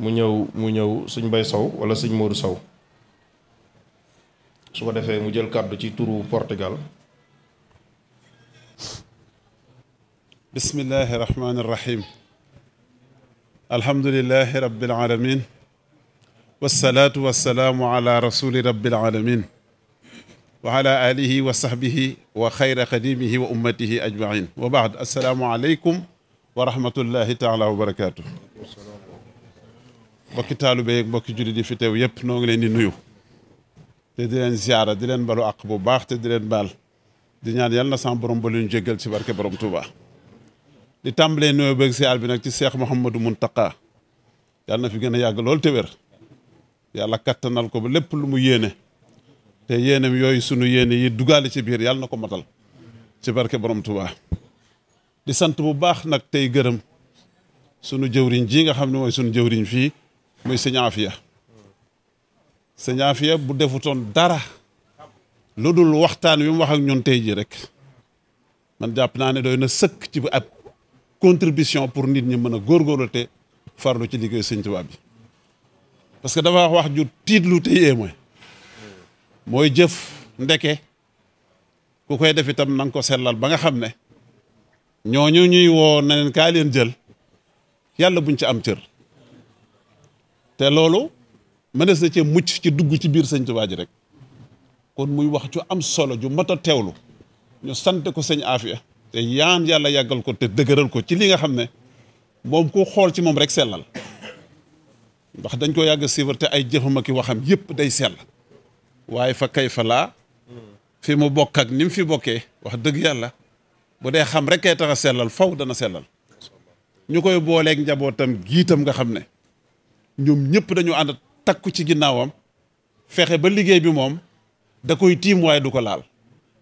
mu ñëw mu ñëw Sëñ Mbay Saw wala Sëñ Modou Saw su ko defee mu jël kàddu ci turu Portugal bismillahi rahmaani rahim alhamdulilahi rabbil alamin wassalaatu wassalaamu ala rasuli rabbil alamin wa ala alihi wa sahbihi wa xayra xadimihi wa ummatihi ajmain wa baad assalaamu aleykum wa rahmatullahi taala wa barakaatu mbokki taalibe yeeg mbokki jullit yi fi teew yëpp noo ngi leen di nuyu te di leen ziara di leen balu àq bu baax te di leen baal di ñaan yàlla na sama borom ba lu ñu jéggal ci barke borom Touba di tàmbalee nuyoo bëgg siyaar bi nag ci seex Mouhamadou Mountakha yàlla na fi gën a yàgg lool te wér yàlla kattanal ko ba lépp lu mu yéene te yéenem yooyu sunu yéene yi dugaale ci biir yàlla na ko matal ci barke borom Touba. di sant bu baax nag tey gërëm sunu jëwriñ jii nga xam ne mooy sunu jëwriñ fii muy sëñ Afia sëñ Afia bu defutoon dara lu dul waxtaan wi mu wax ñun tey jii rek man jàpp naa ne doy na sëkk ci at contribution pour nit ñi mën a góorgóorlu te farlu ci liggéey sëñ Tuubaa bi parce que dafa wax ju tiitlu te yee mooy mooy jëf ndeke ku koy def itam na nga ko sellal ba nga xam ne ñooñu ñuy woo na kaa leen jël yàlla buñ ci am cër te loolu mënees na cee mucc ci dugg ci biir sëñ Tuubaa ji rek kon muy wax ju am solo ju mat a teewlu ñu sant ko sëñ Afia te yaan yàlla yàggal ko te dëgëral ko ci li nga xam ne moom ku xool ci moom rek sellal ndax dañ ko yàgg siiwar te ay jëfam ak waxam yëpp day sell waaye fa kay fa laa fi mu bokk ak ni mu fi bokkee wax dëgg yàlla bu dee xam rek kay tax a sellal faw dana sellal ñu koy booleeg njabootam giitam nga xam ne ñoom ñëpp dañu ànd takku ci ginnaawam fexe ba liggéey bi moom da koy tiim waaye du ko laal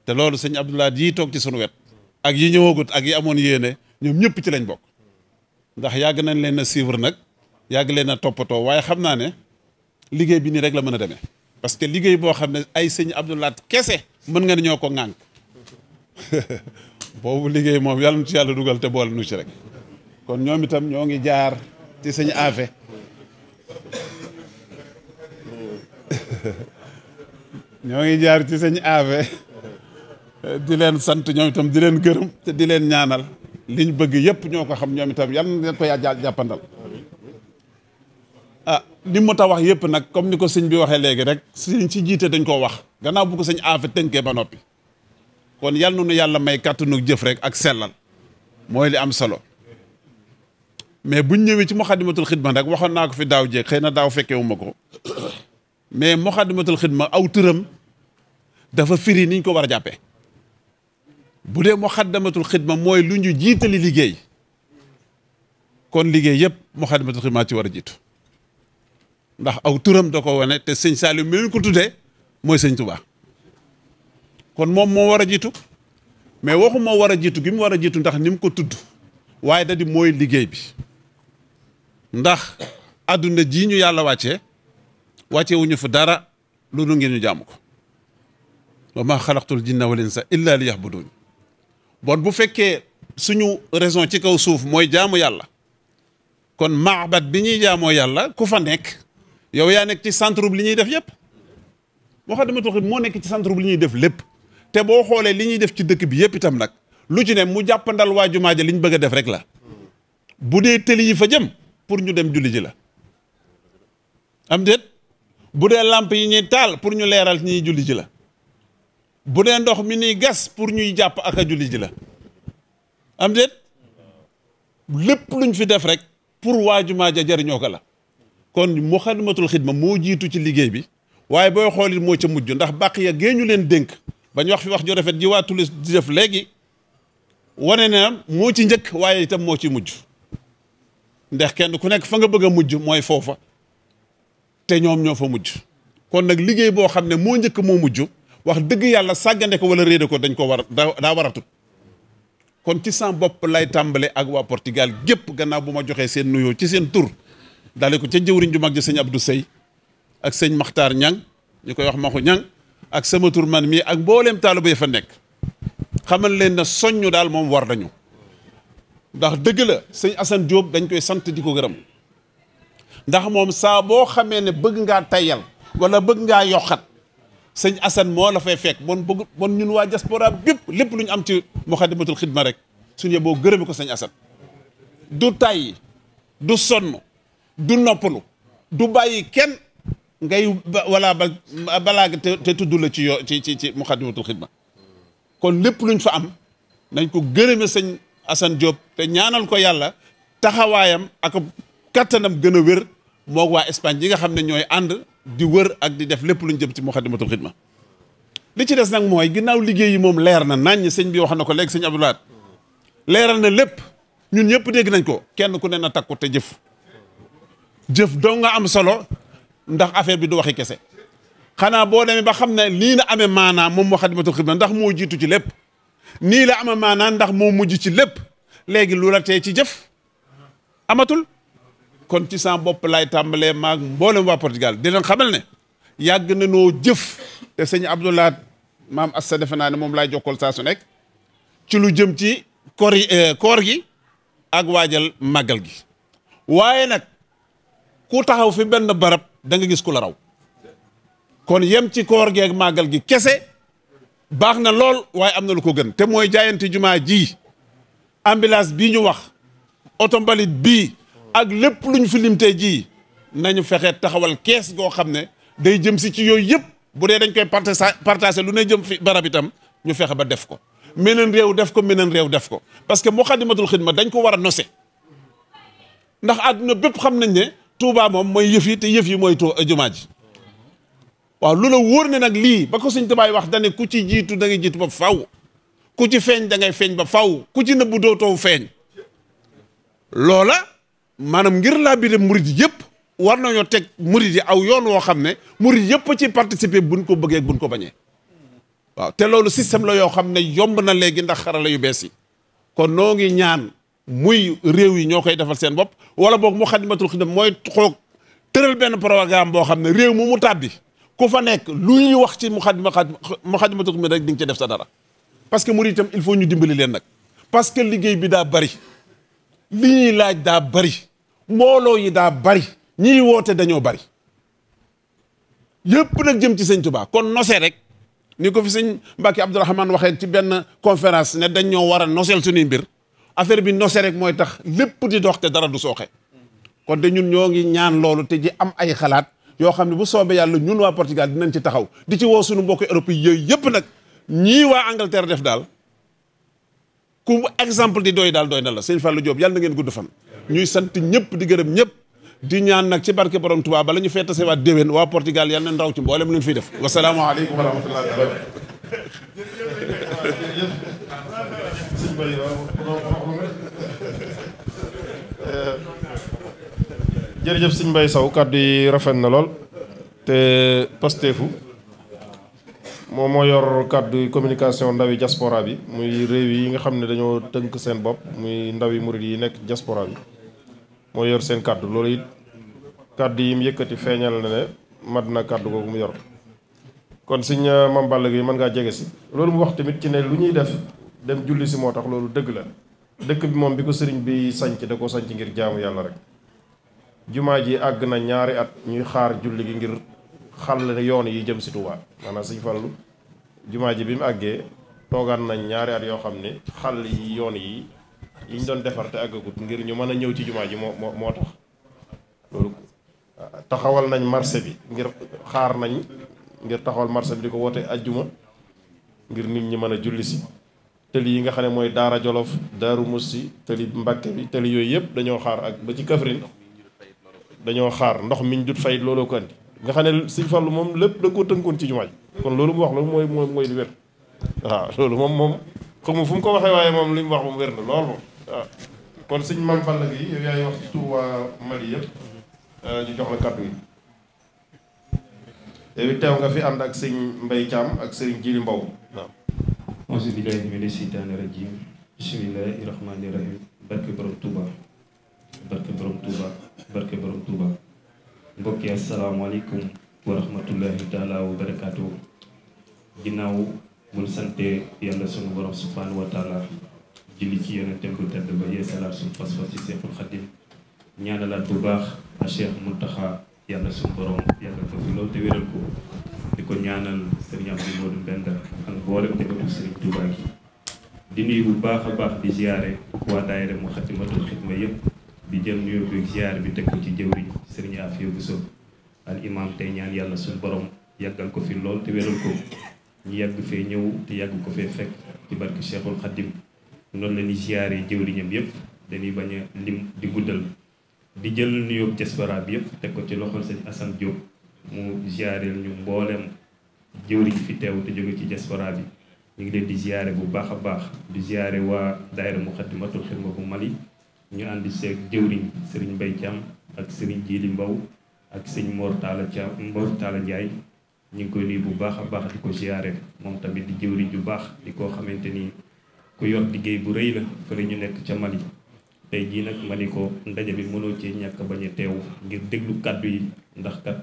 te loolu sëñ Abdoulaye yi toog ci sunu wet ak yi ñëwagut ak yi amoon yéene ñoom ñëpp ci lañ bokk ndax yàgg nañ leen a nag yàgg leen a toppatoo waaye xam naa ne liggéey bi nii rek la mën a demee parce que liggéey boo xam ne ay sëñ Abdou kese mën nga ne ñoo ko ŋànk boobu liggéey moom yàlla nu ci yàlla dugal te bool nu ci rek kon ñoom itam ñoo ngi jaar ci sëñ Afe ngi jaar ci sëñ di leen sant ñoom itam di leen gërëm te di leen ñaanal liñ bëgg yëpp ñoo ko xam ñoom itam yal na ko yaa jàppandal ah li mu ta wax yëpp nag comme ni ko sëñ bi waxee léegi rek sëñ ci jiite dañ koo wax gannaaw bu ko sëñ aafe tënkee ba noppi kon yal na nu yàlla may kàttanu jëf rek ak sellal mooy li am solo mais buñ ñëwee ci Moukhaddamatoul Khidma rek waxoon naa ko fi daaw jéeg xëy na daaw fekkee wu ma ko mais Moukhaddamatoul Khidma aw turam dafa firi niñ ko war a jàppee. bu dee muxaddamatul xidma mooy lu ñu jiitali liggéey kon liggéey yëpp muxaddamatul xidma ci war a jiitu ndax aw turam da ko wane te sëñ Saliou mi leen ko tuddee mooy sëñ Touba kon moom moo war a jiitu mais waxuma war a jiitu gi mu war a jiitu ndax ni mu ko tudd waaye da di mooy liggéey bi ndax àdduna ji ñu yàlla wàcce wàccewuñu wuñu fa dara loolu ngeen ñu jàmm ko wa ma xalaqtul jinna wal insa illa li yaxbuduun bon bu fekkee suñu raison ci kaw suuf mooy jaamu yàlla kon maabat bi ñuy jaamoo yàlla ku fa nekk yow yaa nekk ci centre bi li ñuy def yëpp moo xam dama toxi moo nekk ci centre bi li ñuy def lépp te boo xoolee li ñuy def ci dëkk bi yëpp itam nag lu ci ne mu jàppandal waa jumaa ja li ñu bëgg a def rek la bu dee tëli yi fa jëm pour ñu dem julli ji la am déet bu dee làmp yi ñuy taal pour ñu leeral ñuy julli ji la bu dee ndox mi ni gas pour ñuy jàpp ak julli ji la am déet lépp luñ fi def rek pour waajumaa ja jariñoo ko la kon mu Moukhaddamatoul Khidma moo jiitu ci liggéey bi waaye booy xool it moo ca mujj ndax bàq ya gée ñu leen dénk bañ wax fi wax ju rafet ji waa Tulis di def léegi wane na moo ci njëkk waaye itam moo ci mujj ndex kenn ku nekk fa nga bëgg a mujj mooy foofa te ñoom ñoo fa mujj kon nag liggéey boo xam ne moo njëkk moo mujj wax dëgg yàlla sàggande ko wala réede ko dañ ko war daa war a tut kon ci sama bopp lay tàmbale ak waa portigal gépp gannaaw bu ma joxee seen nuyoo ci seen tur daale ko ca jëwriñ ju mag ji sëñ du Sey ak sëñ Maxtaar Ñang ñu koy wax Maxu Ñang ak sama tur man mii ak mbooleem taaliba ya fa nekk xamal leen na soññu daal moom war nañu ndax dëgg la sëñ Assane Diop dañ koy sant di ko gërëm ndax moom saa boo xamee ne bëgg ngaa tayal wala bëgg ngaa yokkat sëñ Assane moo la fay fekk bon bëgg bon ñun waa diaspora bépp lépp lu ñu am ci Moukhaddamatoul Khidma rek suñu boo gërëme ko sëñ asan du tàyyi du sonn du noppalu du bàyyi kenn ngay wala ba balaa te te tudd la ci yoo ci ci ci Moukhaddamatoul Khidma kon lépp luñ fa am nañ ko gërëme sëñ Assane Diop te ñaanal ko yàlla taxawaayam ak kattanam gën a wér moog waa Espagne yi nga xam ne ñooy ànd di wër ak di def lépp luñ jëm ci Muxaddamatul Xidma li ci des nag mooy ginnaaw liggéey moom leer na naññ sëñ bi wax na ko léegi sëñ Abdou Lahad leeral na lépp ñun ñëpp dégg nañ ko kenn ku ne na takku te jëf jëf doo nga am solo ndax affaire bi du waxi kese xanaa boo demee ba xam ne lii la amee maanaam moom Muxaddamatul Xidma ndax moo jiitu ci lépp nii la amee maanaam ndax moo mujj ci lépp léegi lu la tee ci jëf amatul kon ci sama bopp laay tàmbalee maag mboolem waa Portugal dinañ xamal ne yàgg na noo jëf te sëñ Abdoulaat maam Assa defe naa ne moom laay jokkool saa su nekk ci lu jëm ci koor eh, koor gi ak waajal màggal gi waaye nag ku taxaw fi benn barab danga gis ku la raw kon yem ci koor gi ak màggal gi kese baax na lool waaye am na lu ko gën te mooy jaayante jumaa ji ambulance bii ñu wax oto mbalit bii ak lépp luñ fi lim tey jii nañu fexe taxawal kees goo xam ne day jëm si ci yooyu yëpp bu dee dañ koy partagé lu ne jëm fi barab itam ñu fexe ba def ko meneen réew def ko meneen réew def ko parce que Moukhaddamatoul Khidma dañ ko war a nose ndax àdduna bépp xam nañ ne Touba moom mooy yëf yi te yëf yi mooy euh, jumaa ji waaw lu la wóor ne nag lii ba ko suñ tabaay wax dane ku ci jiitu da ngay jiitu ba faw ku ci feeñ da ngay feeñ ba faw ku ci doo dootoo feeñ loola maanaam ngir laa bi de murid yëpp war nañoo teg murid yi aw yoon woo xam ne murid yëpp ci participer buñ ko bëggee buñ ko bañee waaw te loolu système la yoo xam ne yomb na léegi ndax xarala yu bees yi kon noo ngi ñaan muy réew yi ñoo koy defal seen bopp wala boog mu xadimatul xidam mooy xoog tëral benn programme boo xam ne réew mu mu tàbbi ku fa nekk lu ñuy wax ci mu xadima mu xadimatul xidam rek di nga ci def sa dara parce que murid itam il faut ñu dimbali leen nag parce que liggéey bi daa bari li ñuy laaj daa bari mbooloo yi daa bari ñiy woote dañoo bari yëpp nag jëm ci sëñ tubaa kon nosee rek ni ko fi sëñ Mbàkke Abdourahmane waxeen ci benn conférence ne dañ ñoo war a noseel suñuy mbir affaire bi nosee rek mooy tax lépp di dox te dara du sooxe kon de ñun ñoo ngi ñaan loolu te ji am ay xalaat yoo xam ni bu soobee yàlla ñun waa Portugal dinañ ci taxaw di ci woo suñu mbokk Europe yi yooyu yëpp nag ñii waa Angleterre def daal ku exemple di doy daal doy na la sëñ Fallou Diop yàlla na ngeen gudd fan ñuy sant ñëpp di gërëm ñëpp di ñaan nag ci barke borom Touba bala ñu fee tasewaat déwén waa Portugal yàlla na raw ci mboolem lu ñu fiy def wasalaamaaleykum wa rahmatullahi wa Sow kàddu yi rafet na lool te pasteefu moom moo yor kàddu communication ndawi diaspora bi muy réew yi nga xam ne dañoo tënk seen bopp muy ndawi murid yi nekk diaspora bi moo yor seen kàddu loolu it kàddu yi mu yëkkati feeñal na ne mat na kàddu googu mu yor kon suñ euh, mam bàll gi mën ngaa jege si loolu mu wax tamit ci ne lu ñuy def dem julli si moo tax loolu dëgg la dëkk bi moom bi ko sëriñ bi sanc da ko sanc ngir jaamu yàlla rek jumaa ji àgg na ñaari at ñuy xaar julli gi ngir xàll yoon yi jëm si Tuubaa maanaam Sëñ Fallu jumaa ji bi mu àggee toogaat nañ ñaari at yoo xam ne xàll yi yoon yi yi ñu doon defar te àggagut ngir ñu mën a ñëw ci jumaa ji moo moo moo tax taxawal nañ marché bi ngir xaar nañ ngir taxawal marché bi di ko woote ajjuma ngir nit ñi mën a julli si tëli yi nga xam ne mooy Daara Jolof Daaru Musi tëli Mbàkke bi tëli yooyu yëpp dañoo xaar ak ba ci Kaffrine dañoo xaar ndox miñ jut fayit looloo ko andi nga xam ne Sëñ Fallu moom lépp da koo tënkoon ci jumaa ji kon loolu mu wax loolu mooy mooy mooy li wér waaw loolu moom moom xamu fu mu ko waxee waaye moom li mu wax moom wér na lool moom kon suñ Mame Balla Gueye yow yaay wax ci tur waa yëpp euh, ñu jox la kàddu yi yow teew nga fi ànd ak sëñ Mbaye Thiam ak sëriñ Jili Mbow waaw auzu billaahi mina seytaani rajiim bismillaahi rahmaani rahiim barke borom Touba barke borom Touba wa rahmatullahi taala wa barakaatu ginnaaw buñ sante yàlla sunu borom subhanahu wa taala julli ci yonenteem bu tedd ba yeesalaat suñu fas-fas ci seexul xadim ñaanalaat bu baax a cheikh muntaxa yàlla suñu borom yàlla ko fi loolu te wéral ko di ko ñaanal sëriñ Abdou Modou Mbenda ak mboolem njabootu sëriñ Tuubaa gi di nuyu bu baax a baax di ziare waa daayira mu xatimatul xidma yëpp di jël nuyoo bi ziare bi teg ko ci jëwriñ sëriñ Afia Bousso al imam tey ñaan yàlla suñu borom yàggal ko fi lool te wéral ko ñu yàgg fee ñëw te yàgg ko fee fekk ci barke Cheikhul Khadim noonu la ñuy ziyaare jëwriñam yëpp dañuy bañ a lim di guddal di jël nuyoo diaspora bi yëpp teg ko ci loxol sëñ Assane Diop mu ziyaareel ñu mbooleem jëwriñ fi teew te jóge ci diaspora bi ñu ngi leen di ziyaare bu baax a baax di ziyaare waa daayira Muxaddamatul Xidma bu Mali ñu àndi seek jëwriñ Serigne Mbaye Thiam ak sëriñ Serigne Djili Mbaw ak sëñ Mor Talla Thiam Mor Talla Ndiaye ñu ngi koy lii bu baax a baax di ko ziare moom tamit di jëwriñ ju baax di koo xamante ni ku yor liggéey bu rëy la fële ñu nekk ca Mali tey jii nag ma ni ko ndaje bi mënoo cee ñàkk bañ a teew ngir déglu kàddu yi ndax kat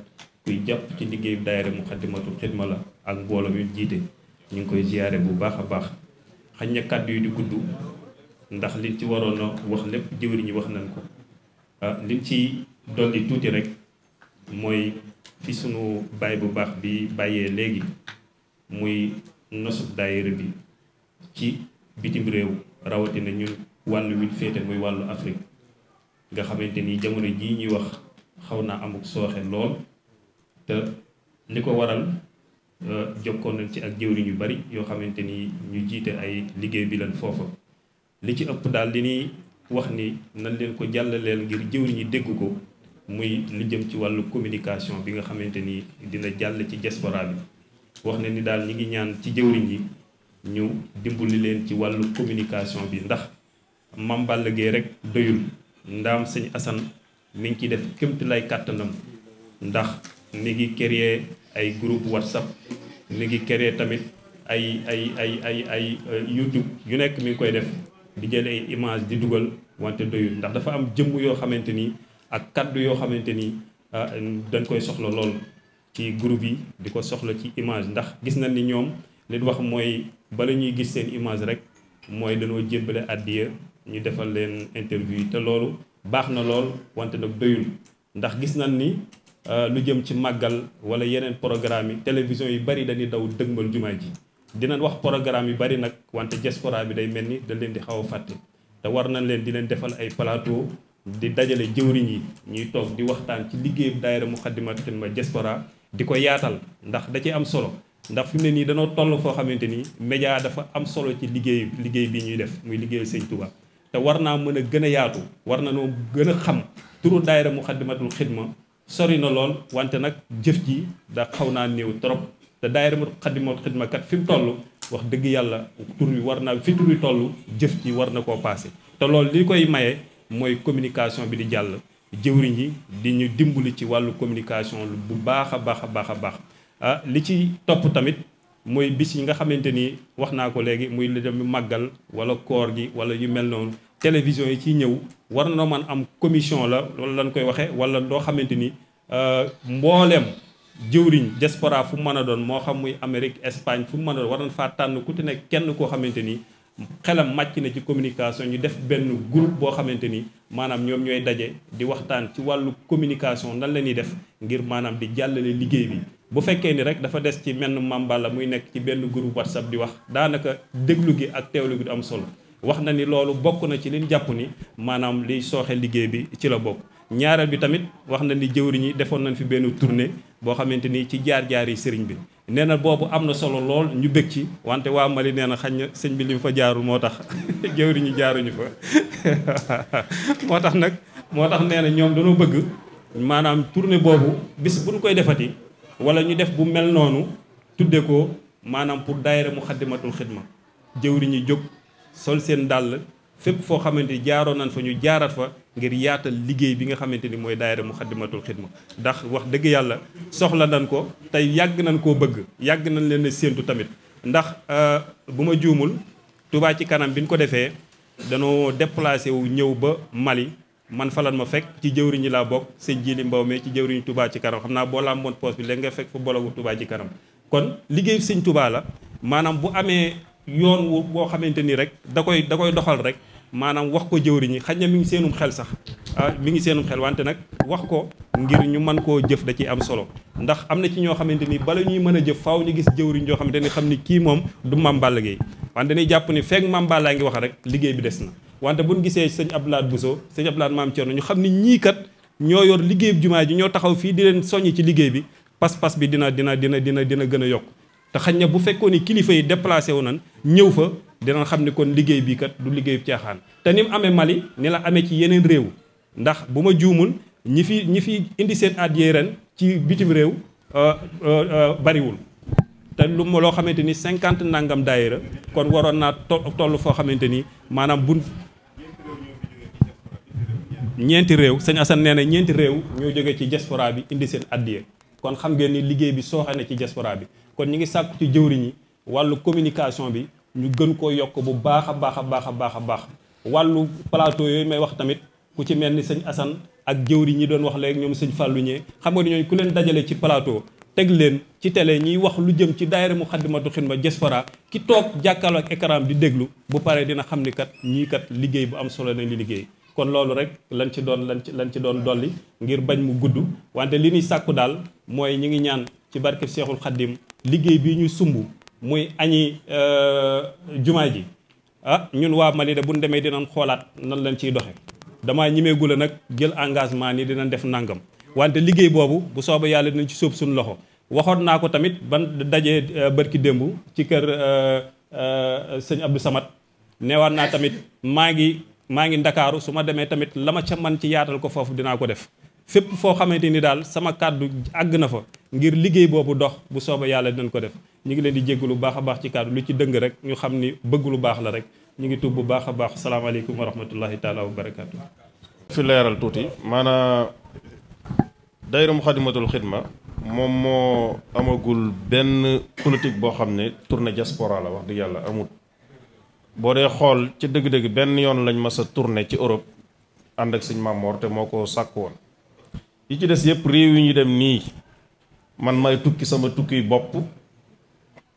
kuy jàpp ci liggéey daayira Muxaddamatul Xidma la ak mbooloo mu jiite ñu ngi koy ziare bu baax a baax xañ na kàddu yi di gudd ndax li ci waroon a wax lépp jëwriñ ñi wax nañ ko ah liñ ci dolli tuuti rek. mooy fi sunu baay bu baax bi bàyyee léegi muy nosub daayira bi ci bitim réew rawatina ñun wàll wiñ féete muy wàllu Afrique nga xamante ni jamono jii ñuy wax xaw naa amuk sooxe lool te li ko waral euh, jokkoon nañ ci ak jëwriñ yu bari yoo xamante ni ñu jiite ay liggéey bi lan foofa li ci ëpp daal li ni wax ni na leen ko jàll leen ngir jëwriñ yi dégg ko muy lu jëm ci wàllu communication bi nga xamante ni dina jàll ci diaspora bi wax na ni daal ñi ngi ñaan ci jëwriñ yi ñu dimbali leen ci wàllu communication bi ndax Mame Balla rek doyul ndaam sëñ Asan mi ngi ciy def kémtu lay kàttanam ndax mi ngi créer ay groupe whatsapp mi ngi créer tamit ay ay ay ay ay euh, youtube yu nekk mi ngi koy def di jël ay image di dugal wante doyul ndax dafa am jëmm yoo xamante ni ak kàddu yoo xamante ni ah, dañ koy soxla lool ci groupe yi di ko soxla ci image ndax gis nañ ni ñoom li wax mooy bala ñuy gis seen image rek mooy dañoo jébbale àddiya ñu defal leen interview yi te loolu baax na lool wante nag doyul ndax gis nañ ni ah, lu jëm ci màggal wala yeneen programme yi télévision yu bari dañuy daw dëgmal jumaa ji dinañ wax programme yu bari nag wante diaspora bi day mel ni dañ leen di xaw a fàtte te war nañ leen di leen defal ay plateau di dajale jëwriñ yi ñuy toog di waxtaan ci liggéey daayira Moukhaddamatoul Khidma diaspora di ko yaatal ndax da ci am solo ndax fi mu ne nii danoo toll foo xamante ni média dafa am solo ci liggéey liggéey bi ñuy def muy liggéey Sëñ Tuubaa te war naa mën a gën a yaatu war na noo gën a xam turu daayira Moukhaddamatoul Khidma sori na lool wante nag jëf ji da xaw naa néew trop te daayira Moukhaddamatoul Khidma kat fi mu toll wax dëgg yàlla tur wi war naa fi tur wi toll jëf ji war na koo paase mooy communication bi di jàll jëwriñ yi di ñu dimbali ci wàllu communication bu baax a baax a baax a baax ah li ci topp tamit mooy bis yi nga xamante ni wax naa ko léegi muy lu dem màggal wala koor gi wala yu mel noonu télévision yi ciy ñëw war na man am commission la loolu lañ koy waxee wala loo xamante ni euh, mbooleem jëwriñ diaspora fu mu mën a doon moo xam muy Amérique Espagne fu mu mën a doon war nañ faa tànn ku te kenn koo xamante ni xelam màcc na ci communication ñu def benn groupe boo xamante ni maanaam ñoom ñooy daje di waxtaan ci wàllu communication nan la ñuy def ngir maanaam di jàllale liggéey bi. bu fekkee ni rek dafa des ci menn mamba la muy nekk ci benn groupe whatsapp di wax daanaka déglu gi ak teewlu gi du am solo wax na ni loolu bokk na ci liñ jàpp ni maanaam liy sooxe liggéey bi ci la bokk. ñaareel bi tamit wax na ni jëwriñ yi defoon nañ fi benn tournée boo xamante ni ci jaar-jaar yi bi. nee na boobu am na solo lool ñu bëgg ci wante waa Mali nee na xañ na sëñ bi li mu fa jaarul moo tax jëwriñu jaaruñu fa moo tax nag moo tax nee na ñoom dañoo bëgg maanaam tournée boobu bis bu ñu koy defati wala ñu def bu mel noonu tudde ko maanaam pour daayira mu xaddimatul xidma jëwriñu jóg sol seen dàll fépp foo xamante ni jaaroon nañ fa ñu jaarat fa ngir yaatal liggéey bi nga xamante ni mooy daayira Muxaddamatul Xidma ndax wax dëgg yàlla soxla nañ ko tey yàgg nañ koo bëgg yàgg nañ leen a séentu tamit ndax euh, bu ma juumul Touba ci kanam bi ñu ko defee danoo déplacé wu ñëw ba Mali man lan ma fekk ci jëwriñ laa bokk sëñ Jili Mbaw me ci jëwriñu tubaa ci kanam xam naa boo làmboon poos bi léegi nga fekk fa bologu tubaa ci kanam kon liggéey sëñ Touba la maanaam bu amee yoon boo xamante ni rek da koy da koy doxal rek maanaam wax ko jëwriñ yi xaj na mi ngi seenum xel sax ah mi ngi seenum xel wante nag wax ko ngir ñu mën koo jëf da ciy am solo ndax am na ci ñoo xamante ni bala ñuy mën a jëf faw ñu gis jëwriñ joo xamante ni xam ni kii moom du Mame Balla Gueye wante dañuy jàpp ni feeg Mame Balla ngi wax rek liggéey bi des na wante bu buñ gisee sëñ Abdoulaye Bousso sëñ Abdoulaye Mame na ñu xam ni ñii kat ñoo yor liggéey jumaa ji ñoo taxaw fii di leen soññ ci liggéey bi pas-pas bi dina dina dina dina dina gën a yokk te xañ na bu fekkoon ni kilifa yi déplacé wu nan ñëw fa dinañ xam ni kon liggéey bi kat du liggéeyu caaxaan te ni mu amee Mali ni la amee ci yeneen réew ndax bu ma juumul ñi fi ñi fi indi seen addiyee ren ci bitim réew euh, euh, euh, bariwul te lu ma loo xamante ni cinquante nangam daayira kon waroon naa toll foo xamante ni maanaam bun ñeenti réew sëñ Assane nee na ñeenti réew ñoo jógee ci diaspora bi indi seen addiyee kon xam ngeen ni liggéey bi soo na ci diaspora bi kon ñu ngi sàkku ci jëwriñ yi wàllu communication bi ñu gën koo yokk bu baax a baax a baax a baax a baax wàllu plateau yooyu may wax tamit ku ci mel ni sëñ Assane ak jëwriñ ñi doon wax léegi ñoom sëñ Fallou ñee xam nga ni ñooñu ku leen dajale ci plateau teg leen ci télé ñiy wax lu jëm ci daayira Moukhaddamatoul Khidma diaspora ki toog jàkkaarloo ak écran di déglu bu paree dina xam ni kat ñii kat liggéey bu am solo nañ li liggéey kon loolu rek lañ ci doon lañ ci lañ ci doon dolli ngir bañ mu gudd wante li ñuy sàkku daal mooy ñi ngi ñaan ci barke Seexul Xaddim liggéey bi ñu sumb muy añi euh, jumaa ji ah ñun waa Mali de bu ñu demee dinañ xoolaat nan lañ ciy doxe damaa ñimeegu la nag jël engagement ni dinañ def nangam wante liggéey boobu bu sooba yàlla dinañ ci sóob suñu loxo waxoon naa ko tamit ban dajee euh, bërki démb ci kër euh, sëñ Abdou Samad neewaat naa tamit maa ngi maa ngi ndakaaru su ma demee tamit la ma ca man ci yaatal ko foofu dinaa ko def fépp foo xamante ni daal sama kàddu àgg na fa ngir liggéey boobu dox bu sooba yàlla dinañ ko def ñu ngi leen di jégg lu baax a baax ci kàddu lu ci dëng rek ñu xam ni bëgg lu baax la rek ñu ngi tuub bu baax a baax salaamaaleykum wa rahmatullahi taala wa barakaatu fi leeral tuuti maanaam dayru Muxaddamatul Xidma moom moo amagul benn politique boo xam ne tournée diaspora la wax di yàlla amut boo dee xool ci dëgg-dëgg benn yoon lañ mas a tournée ci Europe ànd ak sëñ Mamor te moo ko sàkk woon yi ci des yëpp réew yi ñu dem nii man may tukki sama tukki bopp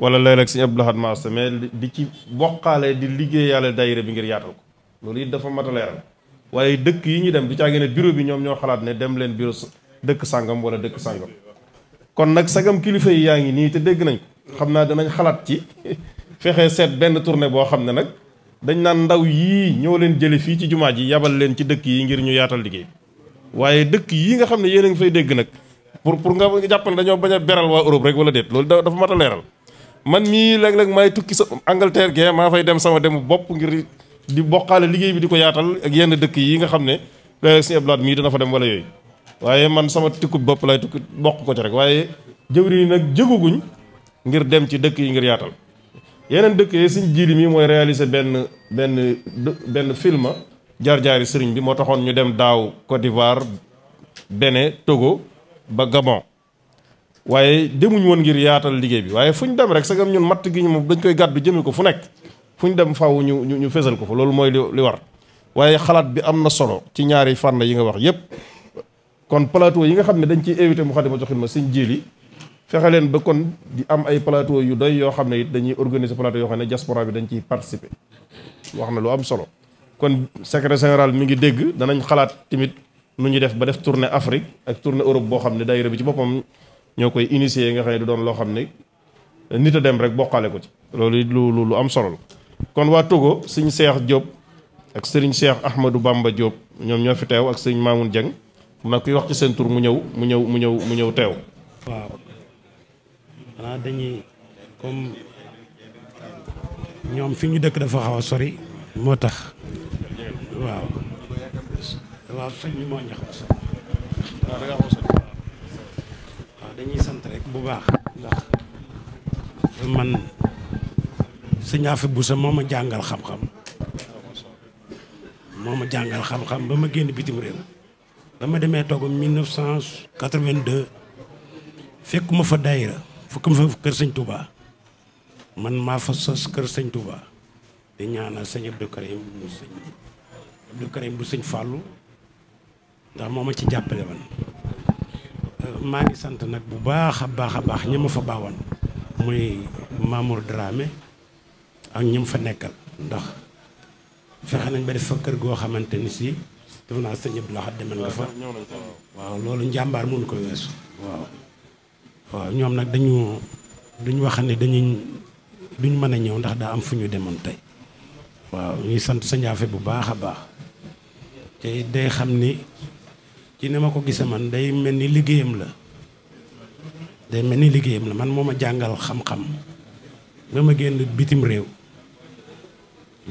wala léeg-léeg sëñ Abdou Lahad Massa di ci bokkaale di liggéey yàlla daayira bi ngir yaatal ko loolu it dafa mat waaye dëkk yi ñu dem du caagee ne biro bi ñoom ñoo xalaat ne dem leen bureau dëkk sàngam wala dëkk sàngam kon nag sagam kilifa yi yaa ngi nii te dégg nañ ko xam naa danañ xalaat ci fexe seet benn tournée boo xam ne nag dañ naan ndaw yii ñoo leen jële fii ci jumaa ji yabal leen ci dëkk yi ngir ñu yaatal liggéey waaye dëkk yii nga xam ne yéen a ngi fay dégg nag pour pour nga jàpp ne dañoo bañ a beral waa Europe rek wala déet loolu dafa mat a leeral man mii léeg-léeg maay tukki sa Angleterre gee maa fay dem sama dem bopp ngir di bokkaale liggéey bi di ko yaatal ak yenn dëkk yi nga xam ne Sëñ Abdou dana fa dem wala yooyu waaye man sama tukku bopp lay tukki bokk ko ci rek waaye jëwri yi nag jëguguñ ngir dem ci dëkk yi ngir yaatal yeneen dëkk yi suñ jiili mii mooy réaliser benn benn benn film jaar-jaari sëriñ bi moo taxoon ñu dem daaw Côte d'Ivoire bene Togo ba Gabon waaye demuñ woon ngir yaatal liggéey bi waaye fu ñu dem rek sagam ñun matt gi ñu moom dañ koy gàddu jëme ko fu nekk fu ñu dem faaw ñu ñu fesal ko fa loolu mooy li war waaye xalaat bi am na solo ci ñaari fànn yi nga wax yépp kon plateau yi nga xam ne dañ ciy éviter mu Moukhaddamatoul ma sëñ jili fexe leen ba kon di am ay plateau yu doy yoo xam ne it dañuy organiser plateau yoo xam ne diaspora bi dañ ciy participer wax na lu am solo kon secrétaire général mi ngi dégg danañ xalaat tamit lu ñu def ba def tournée Afrique ak tournée Europe boo xam ne day bi ci boppam ñoo koy initier nga xam ne du doon loo xam ne nit a dem rek boqaale ko ci. loolu it lu lu am solo kon waa Togo sëñ Cheikh Diop ak sëriñ Cheikh Ahmadou Bamba jóob ñoom ñoo fi teew ak sëriñ maamul Dieng nag kuy wax ci seen tur mu ñëw mu ñëw mu ñëw mu ñëw teew. waaw xanaa dañuy comme ñoom fi ñu dëkk dafa xaw a sori. moo tax waaw sëñ bi moo ñax dañuy sant rek bu baax ndax man sëñ Afi Boussa moo ma jàngal xam-xam moo ma jàngal xam-xam ba ma génn bitim réew ba ma demee toog 1982 fekk ma fa daayira fekk ma fa kër sëñ Touba man maa fa sos kër sëñ Touba di ñaanal sëñ Abdou Karim bu sëñ bu sëñ Fallou ndax moo ma ci jàppale woon euh, maa ngi sant nag bu baax a baax a baax ñi ma fa baawoon muy Mamour Dramé ak ñi fa nekkal ndax fexe nañ ba def fa kër goo xamante ni si def naa sëñ Abdou Lahad demal nga fa waaw loolu njàmbaar mënu ko weesu waaw ñoom nag dañu duñ wax ne dañuñ duñ mën a ñëw ndax daa am fu ñu demoon tey waaw ñuy sant sëñ Afe bu baax a baax te day xam ni ci ni ma ko gisee man day mel ni liggéeyam la day mel ni liggéeyam la man moo ma jàngal xam-xam ba ma génn bitim réew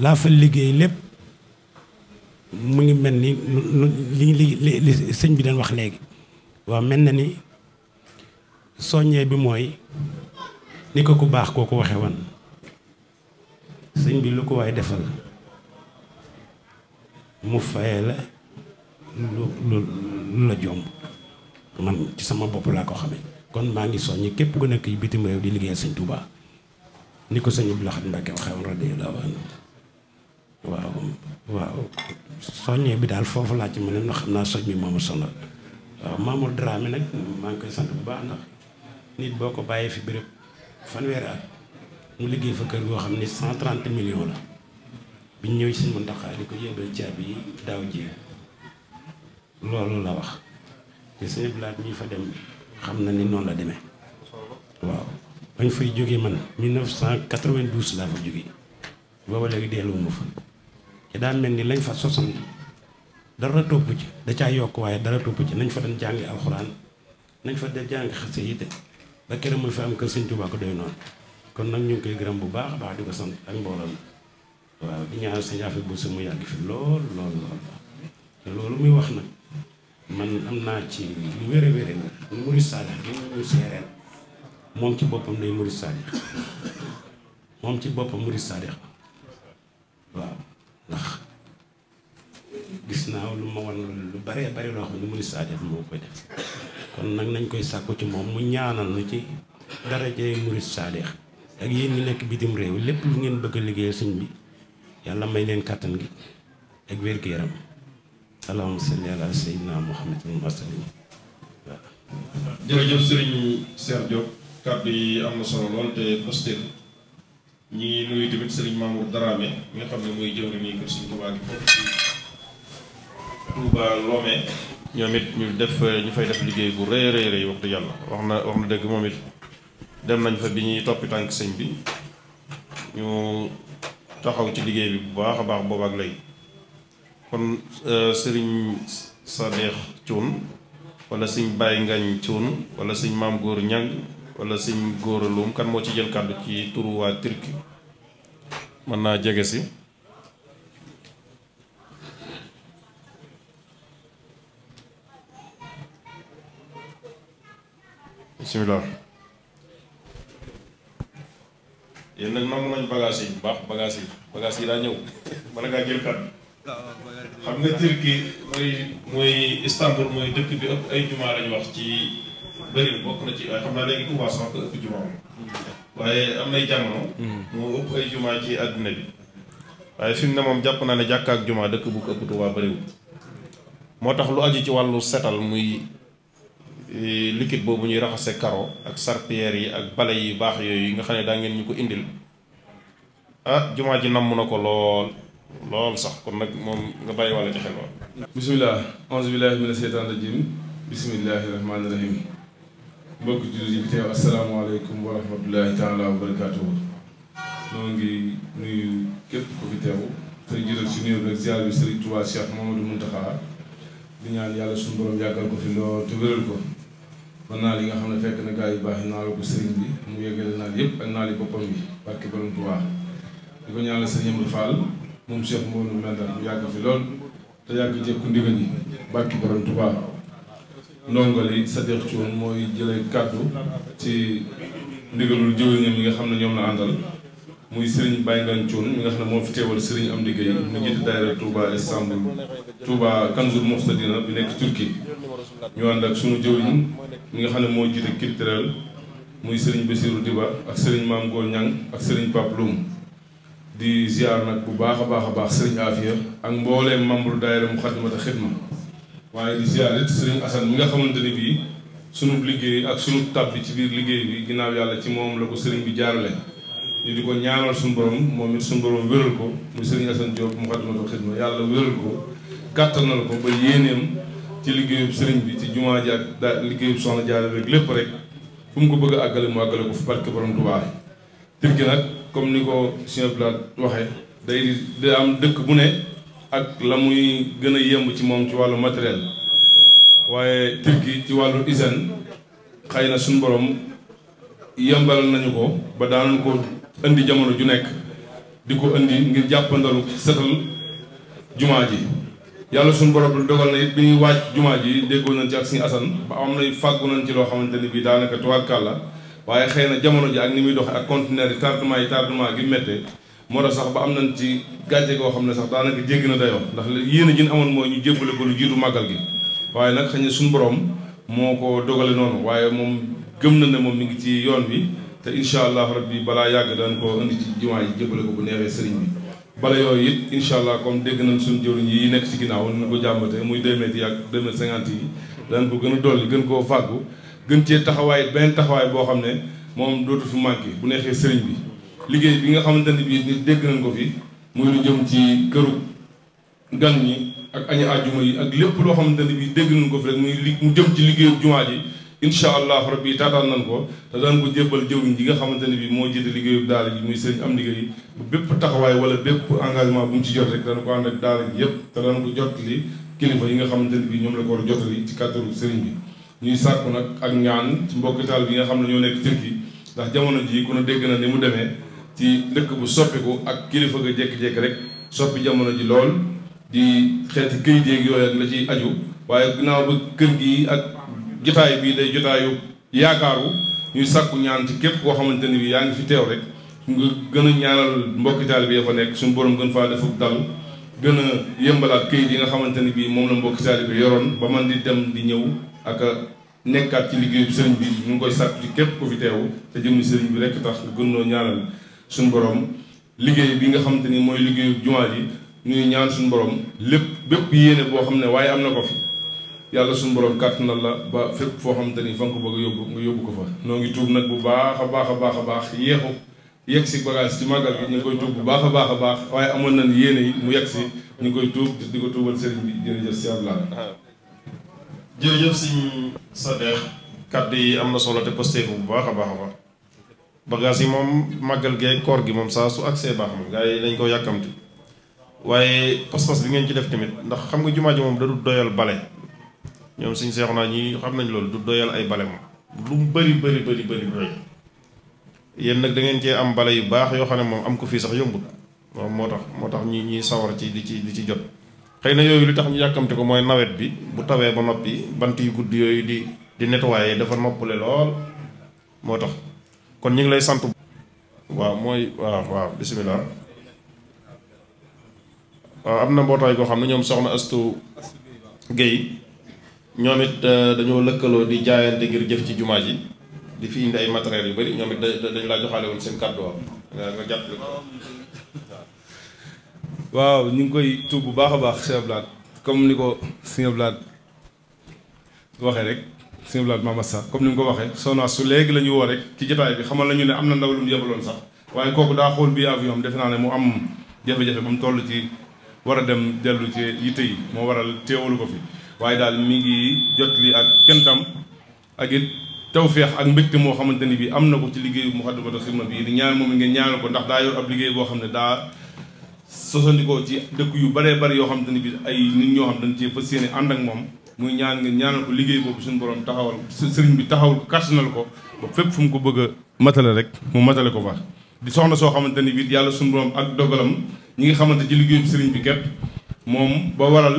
laa fa liggéey lépp mu ngi mel ni li li li sëñ bi dañ wax léegi. waaw mel na ni soññee bi mooy ni ko ko baax kooku waxe woon. sëñ bi lu ko waay defal mu faye la lu lu la jomb man ci sama bopp laa ko xamee kon maa ngi soññi képp ku nekk bitim réew di liggéeyal sëñ Touba ni ko sëñ Abdou Lahad Mbacké waxee radiyallahu anhu waaw waaw soññee bi daal foofu laa ci mel ne xam naa soñ bi moomu sonal waaw Mamour Dramé nag maa ngi koy sant bu baax ndax nit boo ko bàyyee fi béréb fanweeri at mu liggéey fa kër goo xam ne cent trente million la bi ñu ñëwee suñu Muntaxa ko yebal caabi yi daaw jéeg loolu la wax te suñu blaat ñi fa dem xam na ni noonu la demee waaw bañ fay jógee man 1992 laa fa jógee booba léegi delluwuma fa te daa mel ni lañ fa sosoon dara topp ci da caa yokk waaye dara topp ci nañ fa doon jàngi alxuraan nañ fa da jàngi xasida yi te ba keroog muy fa am kër Sëñ Tuubaa ko doy noonu kon nag ñu ngi koy gërëm bu baax a baax di ko sant ak mbooloo mi waaw di ñaanal sëñ Afia Bousso mu yàgg fi lool lool te loolu muy wax nag man am naa ci lu wér a wér a wér moom ci boppam day murid saalix moom ci boppam murid saalix waaw ndax gis naa lu ma wan lu baree bari loo xam ne murid saalix moo koy def kon nag nañ koy sàkku ci moom mu ñaanal nu ci daraje murid saalix ak yéen ñi nekk bitim réew lépp lu ngeen bëgg a liggéeyal sëñ bi yàlla may leen kàttan gi ak wér-gu-yaram allahumma salli ala sayyidina muhammadin masalim waaw jërëjëf sëriñ Cheikh Diop kàddu yi am na xam ne mooy jëwri nii kër sëriñ Tuubaa gi foofu Touba Lomé ñoom it ñu def ñu fay def liggéey bu rëy rëy rëy wax dëgg yàlla wax na wax na dëgg moom it dem nañ fa bi ñuy toppi tànk sëñ bi ñu taxaw ci liggéey bi bu baax a baax boobu ak lay kon euh, sëriñ Sadeex Cuun wala sëñ Baye Ngañ Cuun wala sëñ Maam Góor Ñang wala sëñ Góor kan moo ci jël kàddu ci turu waa Turki mën naa jege si bismillah yéen nag nangu nañu bagage yi bu baax bagage yi bagage yi daa ñëw mën ngaa jël kat xam nga Turquie mooy mooy Istanbul mooy dëkk bi ëpp ay jumaa lañu wax ci bëri bokk na ci xam naa léegi Touba sax ko ëpp jumaa waaye am nay jamono hmm. moo ëpp ay jumaa ci àdduna bi waaye fi mu ne moom jàpp naa ne jàkka ak jumaa dëkk bu ëpp Touba bëriwul moo tax lu aju ci wàllu setal muy Eh, liquide boobu ñuy raxase karo ak serpillière yi ak bale yi baax yooyu nga xam ne daa ngeen ñu ko indil ah jumaa ji namm na ko lool lool sax kon nag moom nga bàyyi walla ci xel wa bismillah onze billahi mina seytaan rajim bismillahi rahmaani rahim mbokk jullit yi bi teew asalaamaaleykum wa ñaan yàlla suñu borom yàggal ko fi lool te wéral ko ba naal yi nga xam ne fekk na gaa yu baax yi naalu ko sëriñ bi mu yëgale naal yëpp ak naal yi boppam bi barke borom Tuubaa di ko ñaanal sëriñ Amady Fall moom Cheikh Mawone Mbendal mu yàgg fi lool te yàgg jëkku ndigal yi barke borom Tuubaa ndongali Sadiq Thioune mooy jëlee kàddu ci ndigalul jëwriñam yi nga xam ne ñoom la àndal muy Serigne Baye Ngan Thioune mi nga xam ne moo fi teewal Serigne Amdi Gueye mu jiite daayira Touba Istanbul Touba Kanzul Muqtadina bi nekk Turquie ñu ànd ak sunu jëwriñ mi nga xam ne moo jiite culturel muy Serigne Bassirou Diba ak Serigne Mame Goor Niang ak Serigne Pape Loum di ziar nag bu baax a baax a baax Serigne Afia ak mbooleem ma daayira Moukhaddamatoul Khidma waaye di ziar it Serigne Assane mi nga xamante ni bii sunu liggéey ak sunu tab bi ci biir liggéey bi ginnaaw yàlla ci moom la ko Serigne bi jaarale. ñu di ko ñaanal suñu borom moom it suñu borom wéral ko mu sëriñ Assane Diop Moukhaddamatoul Khidma yàlla wéral ko kàttanal ko ba yéeneem ci liggéeyub sëriñ bi ci jumaa ji ak daa liggéeyub soxna jaara rek lépp rek fu mu ko bëgg a àggale mu àggale ko fu barke borom Tuubaa kër gi nag comme ni ko Cheikh Blad waxee day da am dëkk bu ne ak la muy gën a yemb ci moom ci wàllu matériel waaye Turquie ci wàllu hygiène xëy na suñu borom yembal nañu ko ba daanu ko indi jamono ju nekk di ko indi ngir jàppandalu setal jumaa ji yàlla suñu borom dogal na it bi ñuy wàcc jumaa ji déggoo na ci ak suñu asan ba am nay fàggu nañ ci loo xamante ni bii daanaka tubaarkàlla waaye xëy na jamono ji ak ni muy doxe ak conteneur yi tardement yi tardement gi métte moo tax sax ba am nañ ci gàcce goo xam ne sax daanaka jégg na dayoo ndax yéen a jin amoon mooy ñu jébbale ko lu jiitu màggal gi waaye nag xëy suñu borom moo ko dogale noonu waaye moom gëm na ne moom mi ngi ci yoon bi te incha allah rabbi balaa yàgg daan koo indi ci jumaa yi jëbale ko bu neexee sëriñ bi bala yooyu it incha allah comme dégg nañ suñu jëwriñ yi nekk ci ginnaaw nu ko jàmbatee muy deux mètres yi ak deux mètres cinquante yi daan ko gën a dolli gën koo fàggu gën cee taxawaay benn taxawaay boo xam ne moom dootu fi manqué bu neexee sëriñ bi liggéey bi nga xamante ne bii ni dégg nañ ko fi muy lu jëm ci këru gan ñi ak añu àjjuma yi ak lépp loo xamante ne bii dégg nañ ko fi rek muy li mu jëm ci liggéeyu jumaa ji incha allah rabbi taataan nan ko te daan ko jébbal jëwriñ ji nga xamante ne bi moo jiite liggéeyu daara ji muy sëriñ am liggéey bu bépp taxawaay wala bépp engagement bu mu ci jot rek dana ko ànd ak ji yépp te daan ko jot li kilifa yi nga xamante ne bi ñoom la ko war a jotali ci kàttalu sëriñ bi ñuy sàkku nag ak ñaan ci mbokki taal bi nga xam ne ñoo nekk Turquie ndax jamono jii ku ne dégg na ni mu demee ci dëkk bu soppiku ak kilifa ga jékki-jékki rek soppi jamono ji lool di xeeti këyit yeeg yooyu ak la ciy aju waaye ginnaaw jotaay bii day jotaayu yaakaaru ñuy sàkku ñaan ci képp koo xamante ni bi yaa ngi fi teew rek nga gën a ñaanal mbokki taalibe ya fa nekk suñu borom gën faa defuk dal gën a yëmbalaat këyit yi nga xamante ni bii moom la mbokki taalibe yoroon ba man di dem di ñëw ak nekkaat ci liggéeyu sëriñ bi ñu ngi képp ku fi te jëmmi sëriñ bi rek tax nga gën noo ñaanal suñu liggéey bi nga xamante ni mooy liggéeyu jumaa ji ñuy ñaan suñu borom lépp bépp yéene boo xam ne waaye am na ko fi yàlla suñu borom kàttanal la ba fépp foo xamante ni fa nga ko bëgg a yóbbu nga yóbbu ko fa noo ngi tuub nag bu baax a baax a baax a baax yeexu yegg si bagage ci màggal bi ñu ngi bu baax a baax a baax waaye amoon nañ yéene yi mu yegg si ñu ngi koy tuub di ko tuubal sëriñ bi jërëjëf si Abdoulaye. jërëjëf sëriñ Sadex kàddu yi am na solo te posté ko bu baax a baax a baax bagage yi moom màggal gee koor gi moom saa su accès baax na gars yi dañ ko yàkkamti waaye pas-pas bi ngeen ci def tamit ndax xam nga jumaa ji moom da du doyal bale ñoom suñ seexu naa ñi xam nañ loolu du doyal ay bale moom lu mu bëri bëri bëri bëri doy nag dangeen ngeen am bale yu baax yoo xam ne moom am ko fii sax yombul moo tax moo tax ñi ñuy sawar ci di ci di ci jot xëy na yooyu li tax ñu yàkkamte ko mooy nawet bi bu tawee ba noppi bant yu gudd yooyu di di nettoyer dafa noppale lool moo tax kon ñu ngi lay sant waaw mooy waaw bisimilah am na mbootaay goo xam ne ñoom soxna Astu Guèye ñoom it euh, dañoo lëkkaloo di jaayante ngir jëf ci jumaa ji di fi indi ay matériels yu bari ñoom it dañ laa joxaale woon seen kàddu waaw nga jàppale ko waaw ñu ngi koy tuub bu baax a baax sëñ Ablaat comme ni ko sëñ Ablaat waxee rek sëñ Ablaat Mama sax comme ni mu ko waxee soxna su léegi la ñu woo rek ci jotaay bi xamal nañu ne am na ndaw lu mu yebaloon sax waaye kooku daa xool bi avion am defe naa ne mu am jafe-jafe ba mu toll ci war a dem dellu ci yitte yi moo waral teewalu ko fi waaye daal mi ngi jot li ak kentam ak it tawféex ak mbégte moo xamante ni bi am na ko ci liggéeyu Moukhaddamatoul Khidma bi di ñaan moom ngeen ñaanal ko ndax daa yor ab liggéey boo xam ne daa sosandikoo ci dëkk yu baree bari yoo xamante ni bi ay nit ñoo xam dañ cee fas yéene ak moom muy ñaan ngeen liggéey boobu suñu borom taxawal sëriñ bi taxawal ko kàttanal ko ba fu mu ko bëgg a matale rek mu matale ko fa di soxna soo xamante ni bi yàlla suñu borom ak dogalam ñi nga xamante ci liggéeyu sëriñ bi képp moom ba waral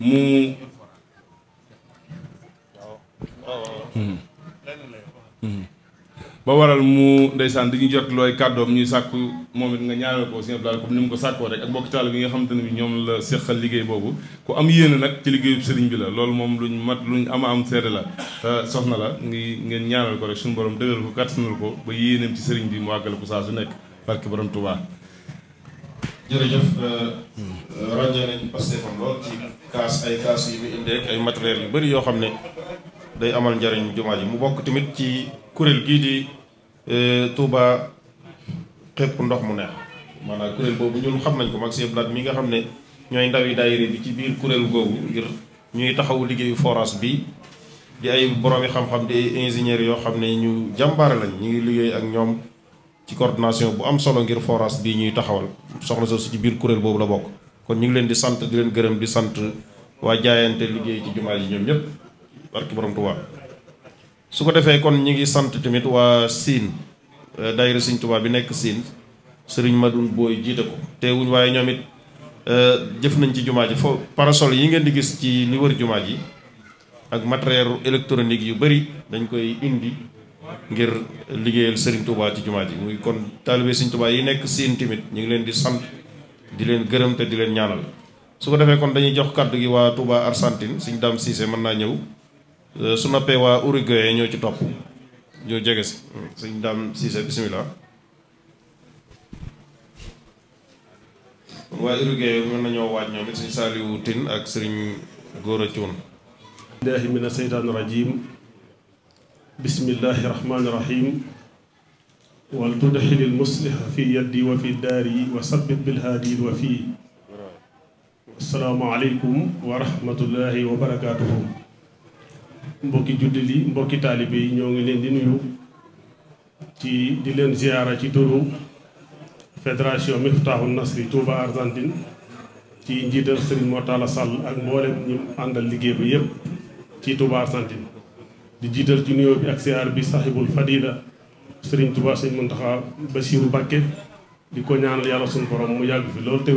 mu ba waral mu ndeysaan di ñu jot looy kàddoom ñuy sàkku moom it nga ñaanal ko sëñ Abdoulaye comme ni mu ko sàkkoo rek ak mbokki taalibe yi nga xamante ne bi ñoom la seqal liggéey boobu ku am yéene nag ci liggéeyub sëriñ bi la loolu moom luñ mat luñ ama am seede la te soxna la ngi ngeen ñaanal ko rek suñu borom dëggal ko kattanal ko ba yéeneem ci sëriñ bi mu àggale ko saa su nekk barke borom Tuubaa jërëjëf euh, ràññee nañ parce que lool ci kaas ay kaas yi ay matériels yu bëri yoo xam ne day amal njariñ jumaa ji mu bokk tamit ci kuréel gii di e, tuuba xëpp ndox mu neex maanaam kuréel boobu ñun xam nañ ko mag si blaat mi nga xam ne ñooy ndawi daayira bi ci biir kuréel googu ngir ñuy taxawu liggéeyu forage bi di ay boroomi xam-xam di ay ingénieurs yoo xam ne ñu jàmbaare lañ ñu ngi liggéey ak ñoom ci coordination bu am solo ngir forage bi ñuy taxawal soxna soosu ci biir kuréel boobu la bokk kon ñu ngi leen di sant di leen gërëm di sant waa jaayante liggéey ci jumaa ji ñoom ñëpp barki borom Tuubaa su ko defee kon ñu ngi sant tamit waa siin eh, daayira Sëriñ Tuubaa bi nekk siin sëriñ Madoun Booy jiite ko teewuñ waaye ñoom it eh, jëf nañ ci jumaa ji fo parasol yi ngeen di gis ci li jumaa ji ak matériel électronique yu bëri dañ koy indi ngir liggéeyal Serigne Touba ci jumaa ji muy kon taalibe Serigne Touba yi nekk siin tamit ñu ngi leen di sant di leen gërëm te di leen ñaanal su ko defee kon dañuy jox kàddu gi waa Touba Argentine Serigne Dame Cissé mën naa ñëw Euh, su noppee waa Uruguay ñoo ci topp ñoo jege si sëñ Dame Cissé bisimilah waa Uruguay mën nañoo waaj ñoom it sëñ Saliou Tine ak sëriñ Gora Thioune billahi min aseytaan rajim bismillahi rahmaani rahim wal tudxil almuslih fi yaddi wa fi daari wa sabbit bilhaadi wa fii assalaamu aleykum wa wa barakaatuhu mbokki jullit li mbokki taalibe yi ñoo ngi leen di nuyu ci di leen ziyaara ci turu fédération Miftahul Nasri Touba Argentine ci njiital Serigne Mortala Sall ak mboolem ñu àndal liggéey bi yépp ci Touba Argentine di jiital ci nuyoo bi ak ziyaar bi sahibul fadila Serigne Touba Serigne Mountakha Bassirou Mbacké di ko ñaanal yàlla suñu borom mu yàgg fi loolu te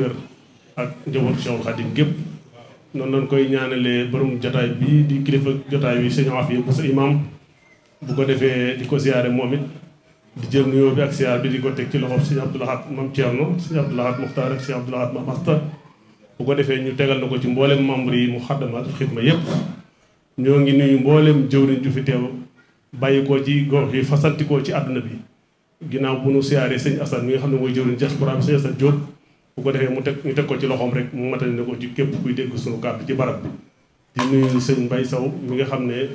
ak njabootu Cheikhul Khadim gépp noonu lañ koy ñaanalee borom jotaay bi di kilifa jotaay bi sëñ Afia bu sa imam bu ko defee di ko siyaare moom it di jël nuyoo bi ak siyaar bi di ko teg ci loxo sëñ Abdou Lahad Mame Thierno sëñ Abdou Lahad Mokhtar ak sëñ Abdou Lahad bu ko defee ñu tegal na ko ci mboolem membre yi mu xaddamaat xidma yépp ñoo ngi nuyu mbooleem jëwriñ ju fi teew bàyyi ko ci gox yi fasantikoo ci àdduna bi ginnaaw bu nu siyaaree sëñ Assane mi nga xam ne mooy jëwriñ diaspora bi sëñ Assane Diop bu ko defee mu teg ñu teg ko ci loxoom rek mu matale ne ko ci képp kuy dégg suñu kàddu ci barab bi di nuyu sëñ Mbaye Sow mi nga xam ne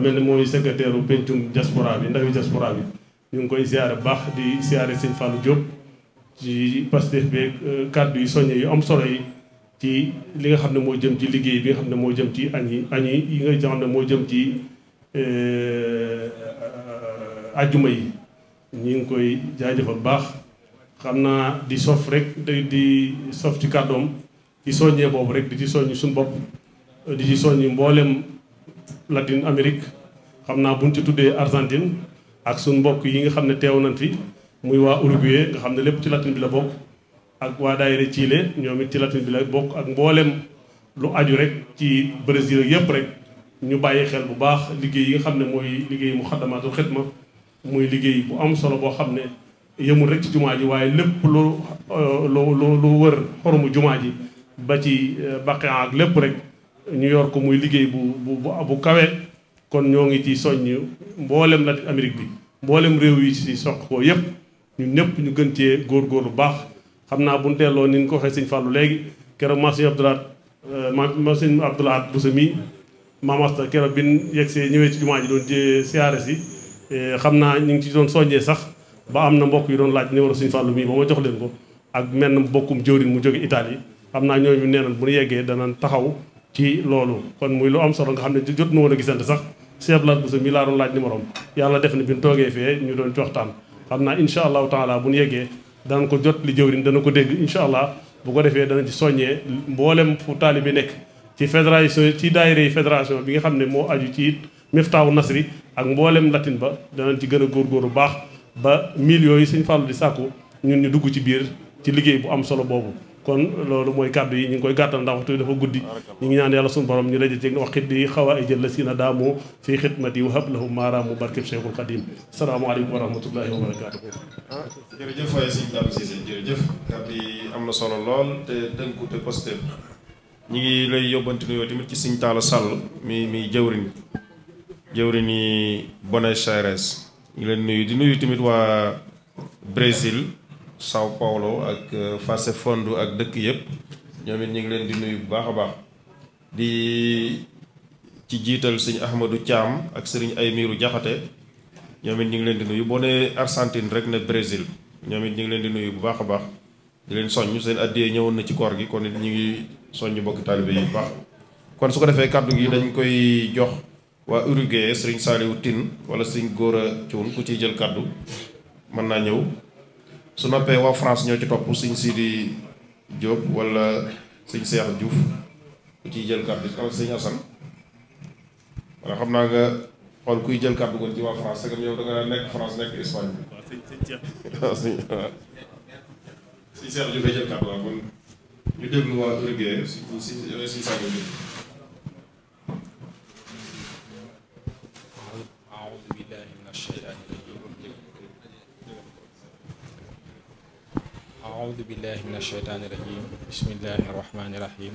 mel ne mooy secrétaire u pencum diaspora bi ndawi diaspora bi ñu ngi koy ziare baax di ziare sëñ Fallou Diop ci Pastef bi euh, kàddu yi soññe am solo yi ci li nga xam ne moo jëm ci liggéey bi nga xam ne moo jëm ci añ yi añ yi nga xam moo jëm ci euh, ajjuma yi ñu ngi koy jaajëfal baax xam naa di sof rek di di sof ci kàddoom di soññee boobu rek di ci soññ suñu bopp di ci soññ mboolem Latin Amérique xam naa buñ ci tuddee Argentine ak suñ mbokk yi nga xam ne teew nañ fi muy waa Uruguay nga xam ne lépp ci Latin bi la bokk ak waa daayira Chile ñoom it ci Latin bi bokk ak mboolem lu aju rek ci Brésil yépp rek ñu bàyyi xel bu baax liggéey yi nga xam ne mooy liggéey mu xet ma muy liggéey bu am solo boo xam ne yëmul rek ci jumaa ji waaye lépp lu euh, lu lu lu wër xoromu jumaa ji ba ci euh, baqe ak lépp rek ñu yor ko muy liggéey bu bu bu kawe kon ñoo ngi ci soññ mboolem Latin Amérique bi mboolem réew yi ci soq ko yépp ñun ñëpp ñu gën góor góor lu baax xam naa bu ñu delloo ni ñu ko waxee sëñ Fallou léegi keroog Massi Abdoulaat euh, Massi Abdoulaat bu semi Maam Asta keroog bi ñu yegsee ñëwee ci jumaa ji doon jee siyaare si xam naa ñu ngi ci doon soññee sax ba am na mbokk yu doon laaj numéro Sëñ Fallou mii ba ma jox leen ko ak menn mbokkum jëwriñ mu jóge Italie xam naa ñooñu neenan bu ñu yeggee danañ taxaw ci loolu kon muy lu am solo nga xam ne jot na woon a gisante sax Cheikh Blas Bousso mii laa doon laaj numéro yàlla def na bi ñu toogee fee ñu doon ci waxtaan xam naa incha allahu taala bu ñu yeggee danañ ko jot li jëwriñ dana ko dégg incha allah bu ko defee dana ci soññee mboolem fu taali bi nekk ci fédération ci daayira yi bi nga xam ne moo aju ci Miftaahu Nasri ak mboolem latin ba danañ ci gën a góorgóoru baax ba mille yooyu suñ fàllu di sàkku ñun ñu dugg ci biir ci liggéey bu am solo boobu kon loolu mooy kàddu yi ñu ngi koy gàttal ndax waxtu dafa guddi ñu ngi ñaan yàlla suñu borom ñu daje ci wax xit di xaw a jël la si na daamoo fii xidmati wa hab lahum maaraamu barkib Cheikhul Khadim salaamaaleykum wa rahmatullahi wa barakaatu ah jërëjëf waaye sëñ Dame Cissé jërëjëf kàddu am na solo lool te tënku te posté ñu ngi lay yóbbanti nuyoo tamit ci sëñ Talla Sall mi mi jëwriñ jëwriñ yi Buenos Aires ñu leen nuyu di nuyu tamit waa bresil São Paulo ak euh, Face Fondo ak dëkk yëpp ñoom it ñu ngi leen di nuyu bu baax a baax di ci jiital sëñ Ahmadou caam ak sëriñ Aymiru Jaxate ñoom it ñu ngi leen di nuyu boo nee Argentine rek ne Brésil ñoom it ñu ngi leen di nuyu bu baax a baax di leen soñ soññ seen addiyee ñëwoon na ci koor gi kon it ñu ngi soññ bokki taalibe yi bu baax kon su ko defee kàddu gi dañ koy jox waa Uruguay sëriñ Saliou Tine wala sëriñ Gora Thioune ku ciy jël kàddu mën naa ñëw su noppee waa France ñoo ci topp sëriñ Sidi Diop wala sëriñ Cheikh Diouf ku ci jël kàddu wala sëriñ Assane wala xam naa nga xool kuy jël kàddu kon ci waa France segam yow da nga nekk France nekk Espagne bi. waaw sëñ sëñ Cheikh. waaw sëñ waaw. sëñ Cheikh Diouf jël kàddu waaw kon ñu déglu waa Uruguay sëñ sëñ Saliou Tine. أعوذ بالله من الشيطان الرجيم بسم الله الرحمن الرحيم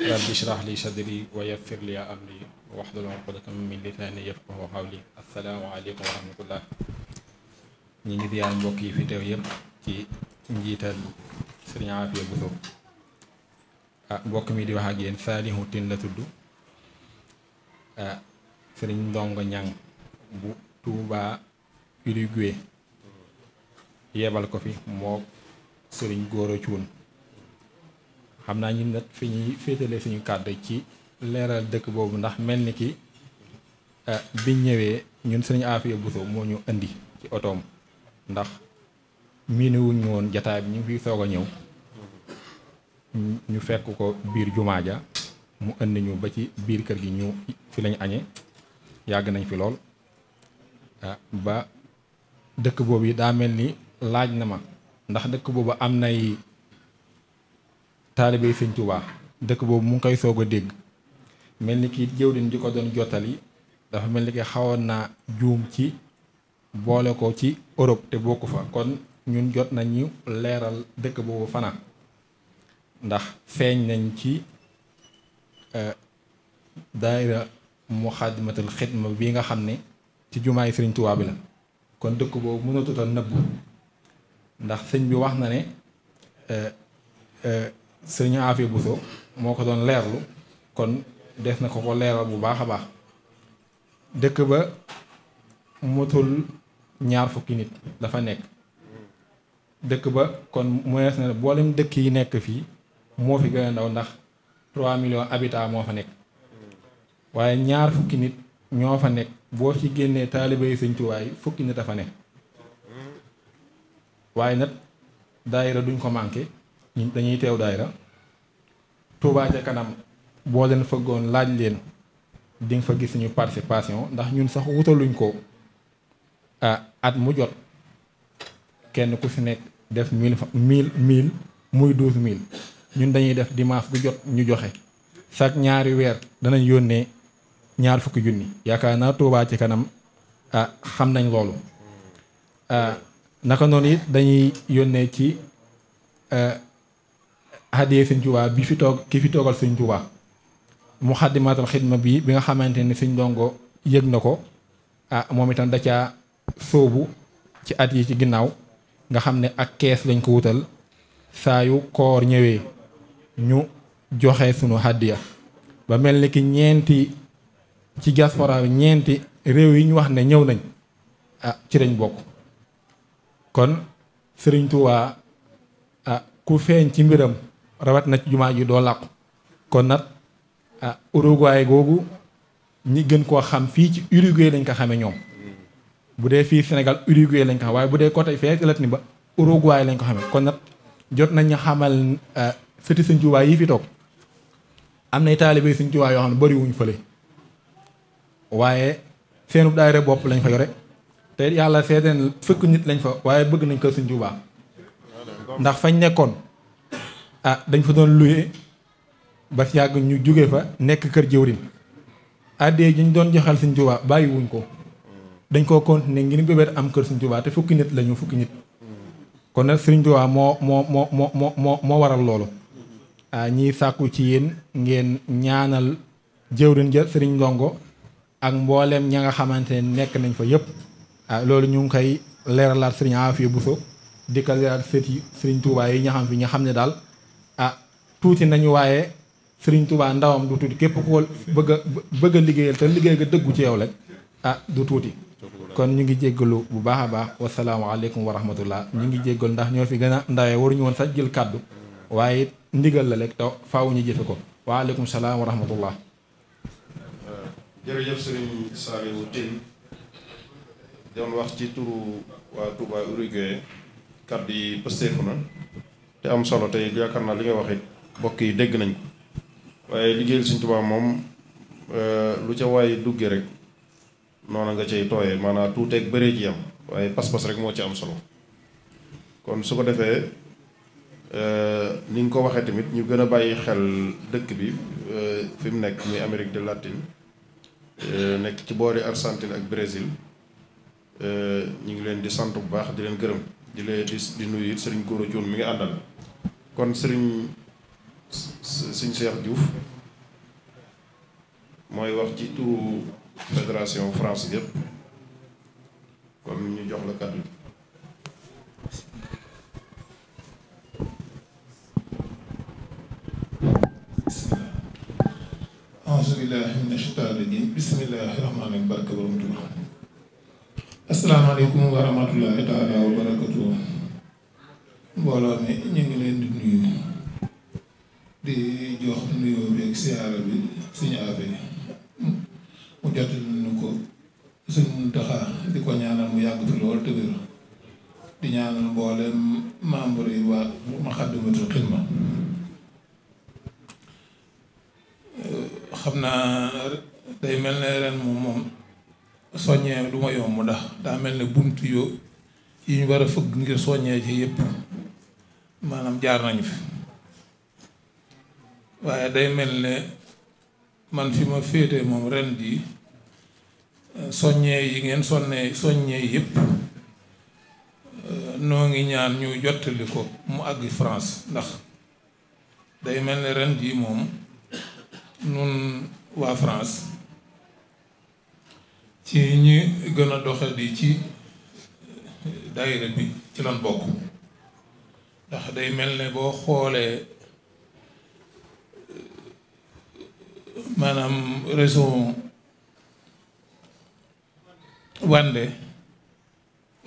رب اشرح لي صدري ويسر لي أمري واحلل عقدة من لساني يفقه قولي السلام عليكم ورحمة الله ñi ngi ziyaar mbokk yi fi teew yëpp ci njiital sëriñ Afia Bousso ah mbokk mi di wax ak yéen Saalihu Tine la tudd ah sëriñ Ndongo Ñang bu Touba Uruguay yebal ko fi moo sëriñ góora cuun xam naa ñun nag fi ñuy féetale suñu kàddu ci leeral dëkk boobu ndax mel ni ki ah, biñ ñëwee ñun sëriñ Afia Bousso moo ñu indi ci otoom ndax miinu woon jataay bi ñu ngi fiy soog a ñëw ñu fekk ko biir jumaa ja mu indi ñu ba ci biir kër gi ñu fi lañ añee yàgg nañ fi lool ah, ba dëkk boobu yi daa mel ni laaj na ma ndax dëkk boobu am nay taalibe sëñ Tuubaa dëkk boobu mu ngi koy soog a dégg mel ni kii jëwriñ di ko doon jottali dafa mel ni ki xawoon naa juum ci boole ko ci Europe te bokku fa kon ñun jot nañu leeral dëkk boobu fana ndax seeñ nañ ci e, daayira Muxaddamatul Xidma bi nga xam ne ci jumaa yi Sëriñ Tuubaa bi la kon dëkk boobu mënatut a ndax sëñ bi wax na ne euh, euh, sëñ Afia Bousso moo ko doon leerlu kon des na ko ko leeral bu baax a baax dëkk ba motul ñaar fukki nit dafa nekk dëkk ba kon moyees na ne boolem dëkk yi nekk fii moo fi gën a ndaw ndax 3 millions habitants moo fa nekk waaye ñaar fukki nit ñoo fa nekk boo ci génnee taalibe yi sëñ Tuubaa fukki nit a fa nekk waaye nag daayira duñ ko manqué ñun dañuy teew daayira Touba ca kanam boo leen fëggoon laaj leen di fa gis ñu participation ndax ñun sax wutaluñ ko ah, at mu jot kenn ku si nekk def mille mille mille muy douze mille ñun dañuy def dimanche bu jot ñu joxe chaque ñaari weer danañ yónnee ñaar fukki junni yaakaar naa Touba ci kanam ah xam nañ loolu ah, naka noonu it dañuy yónnee ci euh, hadiyee Sëñ Tuubaa bi fi toog ki fi toogal Sëñ Tuubaa mu xaddimaatal xidma bi bi nga xamante ni Sëñ Ndongo yëg na ko ah, moom itam da caa sóobu ci at yi ci ginnaaw nga xam ne ak kees lañ ko wutal saa yu koor ñëwee ñu joxe sunu hadiya ba mel ni ki ñeenti ci diaspora ñeenti réew yi ñu wax ne ñëw nañ ah, ci lañ bokk kon sëriñ Touba ah, ku feeñ ci mbiram rawet na ci jumaa ji doo làqu kon nag ah googu ñi gën koo xam fii ci Uruguay lañ ko xamee ñoom bu dee fii senegal Uruguay lañ ko xam waaye bu dee côté fee Latini ba Uruguay lañ ko xamee kon nag jot nañu xamal sëti ah, sëñ Touba yi fi toog am nay taalibe sëñ Touba yoo xam ne bariwuñ fële waaye seenu daayira bopp lañ fa yore te yàlla seeteen fukk nit lañ fa waaye bëgg nañ ko Sëñ Tuubaa ndax fañ nekkoon a ah, dañ fa doon luye ba si yàgg ñu jóge fa nekk kër jëwriñ addee ji ñu doon joxal Sëñ Tuubaa bàyyi wuñ ko dañ koo continuer ngir bébét am kër Sëñ Tuubaa te fukki nit lañu fukki nit kon nag Sëñ Tuubaa moo moo moo moo moo waral loolu ah ñiy sàkku ci yéen ngeen ñaanal jëwrin ja Sëriñ Ndongo ak mbooleem ña nga xamante nekk nañ fa yëpp Ah, loolu ñu ngi koy leeralaat sëriñ Afia Bousso di ko leeral sëti sëriñ yi ña xam fi ña xam ne daal ah tuuti nañu waaye sëriñ Touba ndawam du tuuti képp ko bëgg a bëgg liggéeyal te liggéey ga dëggu ci yow rek ah du tuuti. kon ñu ngi jéggalu bu baax a baax wasalaamaaleykum wa rahmatullah ñu ngi jéggal ndax ñoo fi gën a ndawee waruñu woon sax jël kàddu waaye ndigal la rek te faaw ñu jëfe ko waaleykum salaam wa rahmatullah jërëjëf doon wax ci turu waa Touba Uruguay kàddu yi pësteeku na te am solo tey yaakaar naa li nga wax it mbokk yi dégg nañ ko waaye liggéeyal Sëñ Touba moom euh, lu ca waay duggee rek noona nga cay tooyee maanaam tuuteeg bëree ci am waaye pas-pas rek moo ci am solo kon su ko defee euh, ni nga ko waxee tamit ñu gën a bàyyi xel dëkk bi euh, fi mu nekk muy Amérique de Latine nekk ci boori Argentine ak Brésil. Euh, ñu ngi leen di sant bu baax di leen gërëm di leen di di nuyu it sëriñ Gora Thioune mi ngi àndal kon sëriñ sëriñ Cheikh Diouf mooy wax ci turu fédération France yëpp kon ñu jox la kàddu auzu billaahi mina shaytaani rajiim bismillaahi rahmaani rahiim asalaamaaleykum wa rahmatullahi taala barakatu mbooloo mi ñu ngi leen di nuyu di jox nuyoo beeg siyaara bi suñu affaire mu jot ñu ko suñ Muntaxa di ko ñaanal mu yàgg fi lool te wér di ñaanal mboolem membre yi waa Moukhaddamatoul Khidma xam naa day mel ne ren moom moom. soññee lu ma yomb ndax daa mel ne bunt yoo yi ñu war a fëgg ngir soññee ci yëpp maanaam jaar nañu fi waaye day mel ne man fi ma féete moom ren jii soññee yi ngeen sonnee soññee yëpp euh, noo ngi ñaan ñu jottali ko mu àgg France ndax day mel ne ren jii moom nun waa France ci ñi gën a doxe di ci eh, daayira bi ci lan bokk ndax day mel ni boo xoolee eh, maanaam réseau Wande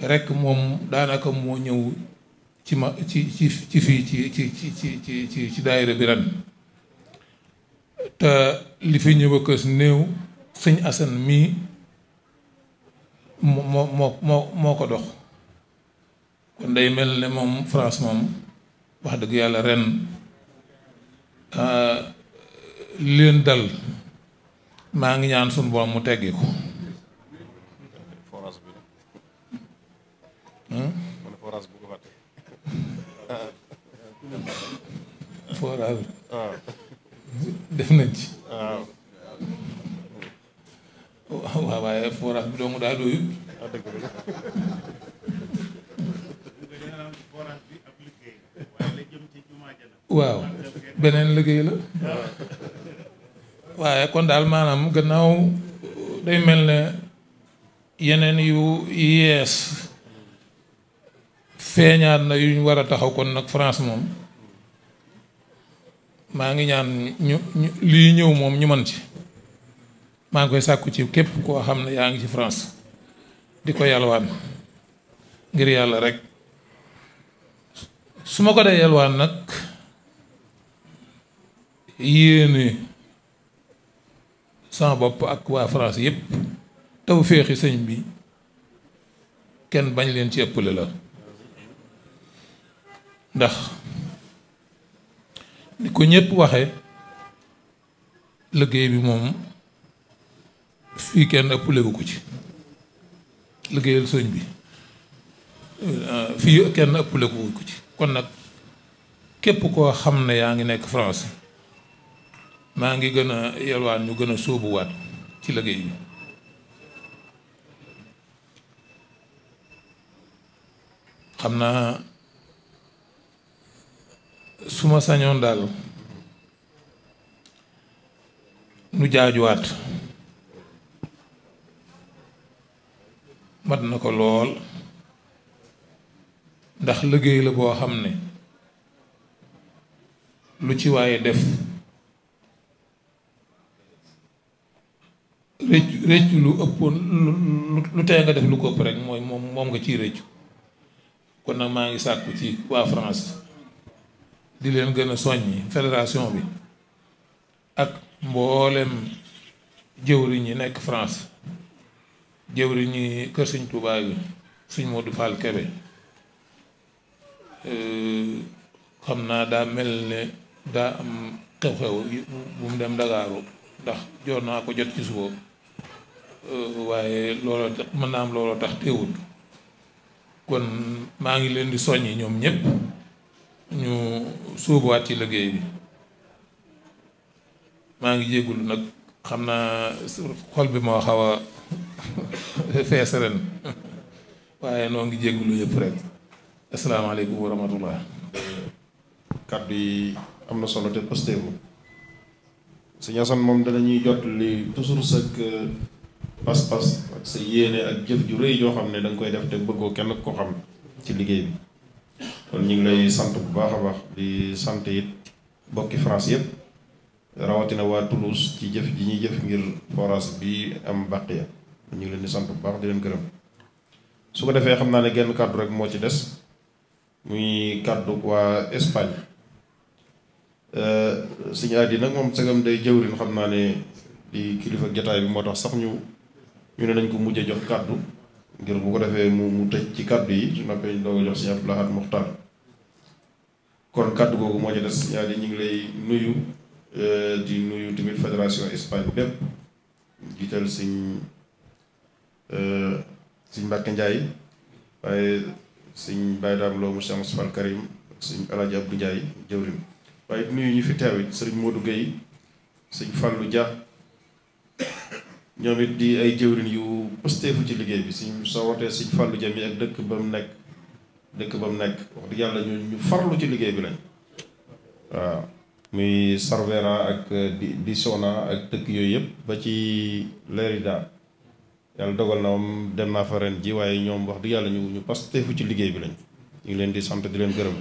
rek moom daanaka moo ñëw ci ma ci ci ci fii ci ci ci ci ci ci daayira bi ren te li fi ñëw néew sëñ Asan mii moo moo moo moo ko dox kon day mel ni moom France moom wax dëgg yàlla ren li euh, leen dal maa ngi ñaan suñu borom mu teggi ko forage hmm? ah. def na ci ah. waaw waaye forage bi doomu beneen liggéey la. waaye kon daal maanaam gannaaw day mel ne yeneen yu yees feeñaat na yuñ war a taxaw kon nag France moom maa ngi ñaan ñu lii ñëw moom ñu mën ci. maa ngi koy sàkku ci képp koo xam ne yaa ngi ci France di ko yalwaan ngir yàlla rek su ma ko dee yalwaan nag yéene sama bopp ak waa France yépp taw féexi sëñ bi kenn bañ leen ci ëpple la ndax ni ko ñépp waxe liggéey bi moom fii kenn ëppale ko ci liggéeyal sëñ bi fii kenn ëppale ko ci kon nag képp koo xam ne yaa ngi nekk France maa ngi gën a yalwaan ñu gën a sóobuwaat ci liggéey bi xam naa su ma sañoon daal nu jaajuwaat mat na ko lool ndax liggéey la boo xam ne lu ci waaye def rëccu rëccu lu ëppoon lu tey nga def lu ko ëpp rek mooy moom moom nga ciy rëccu kon nag maa ngi sàkku ci waa France di leen gën a soññi fédération bi ak mboolem jëwriñ yi nekk France jëwriñu kër sëñ Tuubaa gi sëñ Modou Fall Kebe xam naa daa mel ne daa am xew-xew bu mu dem Ndakaaru ndax joor naa ko jot ci suba waaye looloo tax mën naa am looloo tax teewut kon maa ngi leen di soññi ñoom ñëpp ñu suubuwaat ci liggéey bi maa ngi jégalu nag xam naa xol bi moo xaw a fees ren waaye noo ngi jégalu yëpp rek asalaamaaleykum wa rahmatullah kàddu yi am na solo te postéewu suñu asan moom dana ñuy jot li toujours sag pas-pas ak sa yéene ak jëf ju réy joo xam ne da koy def te bëggoo kenn ko xam ci liggéey bi kon ñu ngi lay sant bu baax a baax di sant it bokki France yëpp rawatina waa Toulouse ci jëf ji ñuy jëf ngir forage bi am bàq ya ñu ngi leen di sant bu baax di leen gërëm su ko defee xam naa ne genn kàddu rek moo ci des muy kàddu waa Espagne euh, suñu àddi nag moom sagam day jëwriñ xam naa ne di kilifa jataay bi moo tax sax ñu ñu ne nañ ko mujjee jox kàddu ngir bu ko defee mu mu tëj ci kàddu yi su noppee ñu doog a jox Sëñ Abdou Lahad Muxtaar googu moo ci des suñu ñu ngi lay nuyu euh, di nuyu tamit fédération Espagne bépp jiital suñ sëñ Mbàkke Njaay waaye sëñ Baye Dame Lo mu Cheikh Moustapha Karim ak sëñ Alaaji Abdou Njaay jëwriñ waaye nuyu ñu fi teew it sëriñ Modou Gueye sëñ Fallou Dia ñoom di ay jëwriñ yu posteefu ci liggéey bi sëñ soo wootee sëñ Fallou Dia mi ak dëkk ba mu nekk dëkk ba mu nekk wax yàlla ñu ñu farlu ci liggéey bi lañ waaw muy Sarvera ak di di Sona ak dëkk yooyu yëpp ba ci Lerida yàlla dogal na moom dem naa fa ren ji waaye ñoom wax dëgg yàlla ñu ñu pasteefu ci liggéey bi lañ ñu ngi leen di sant di leen gërëm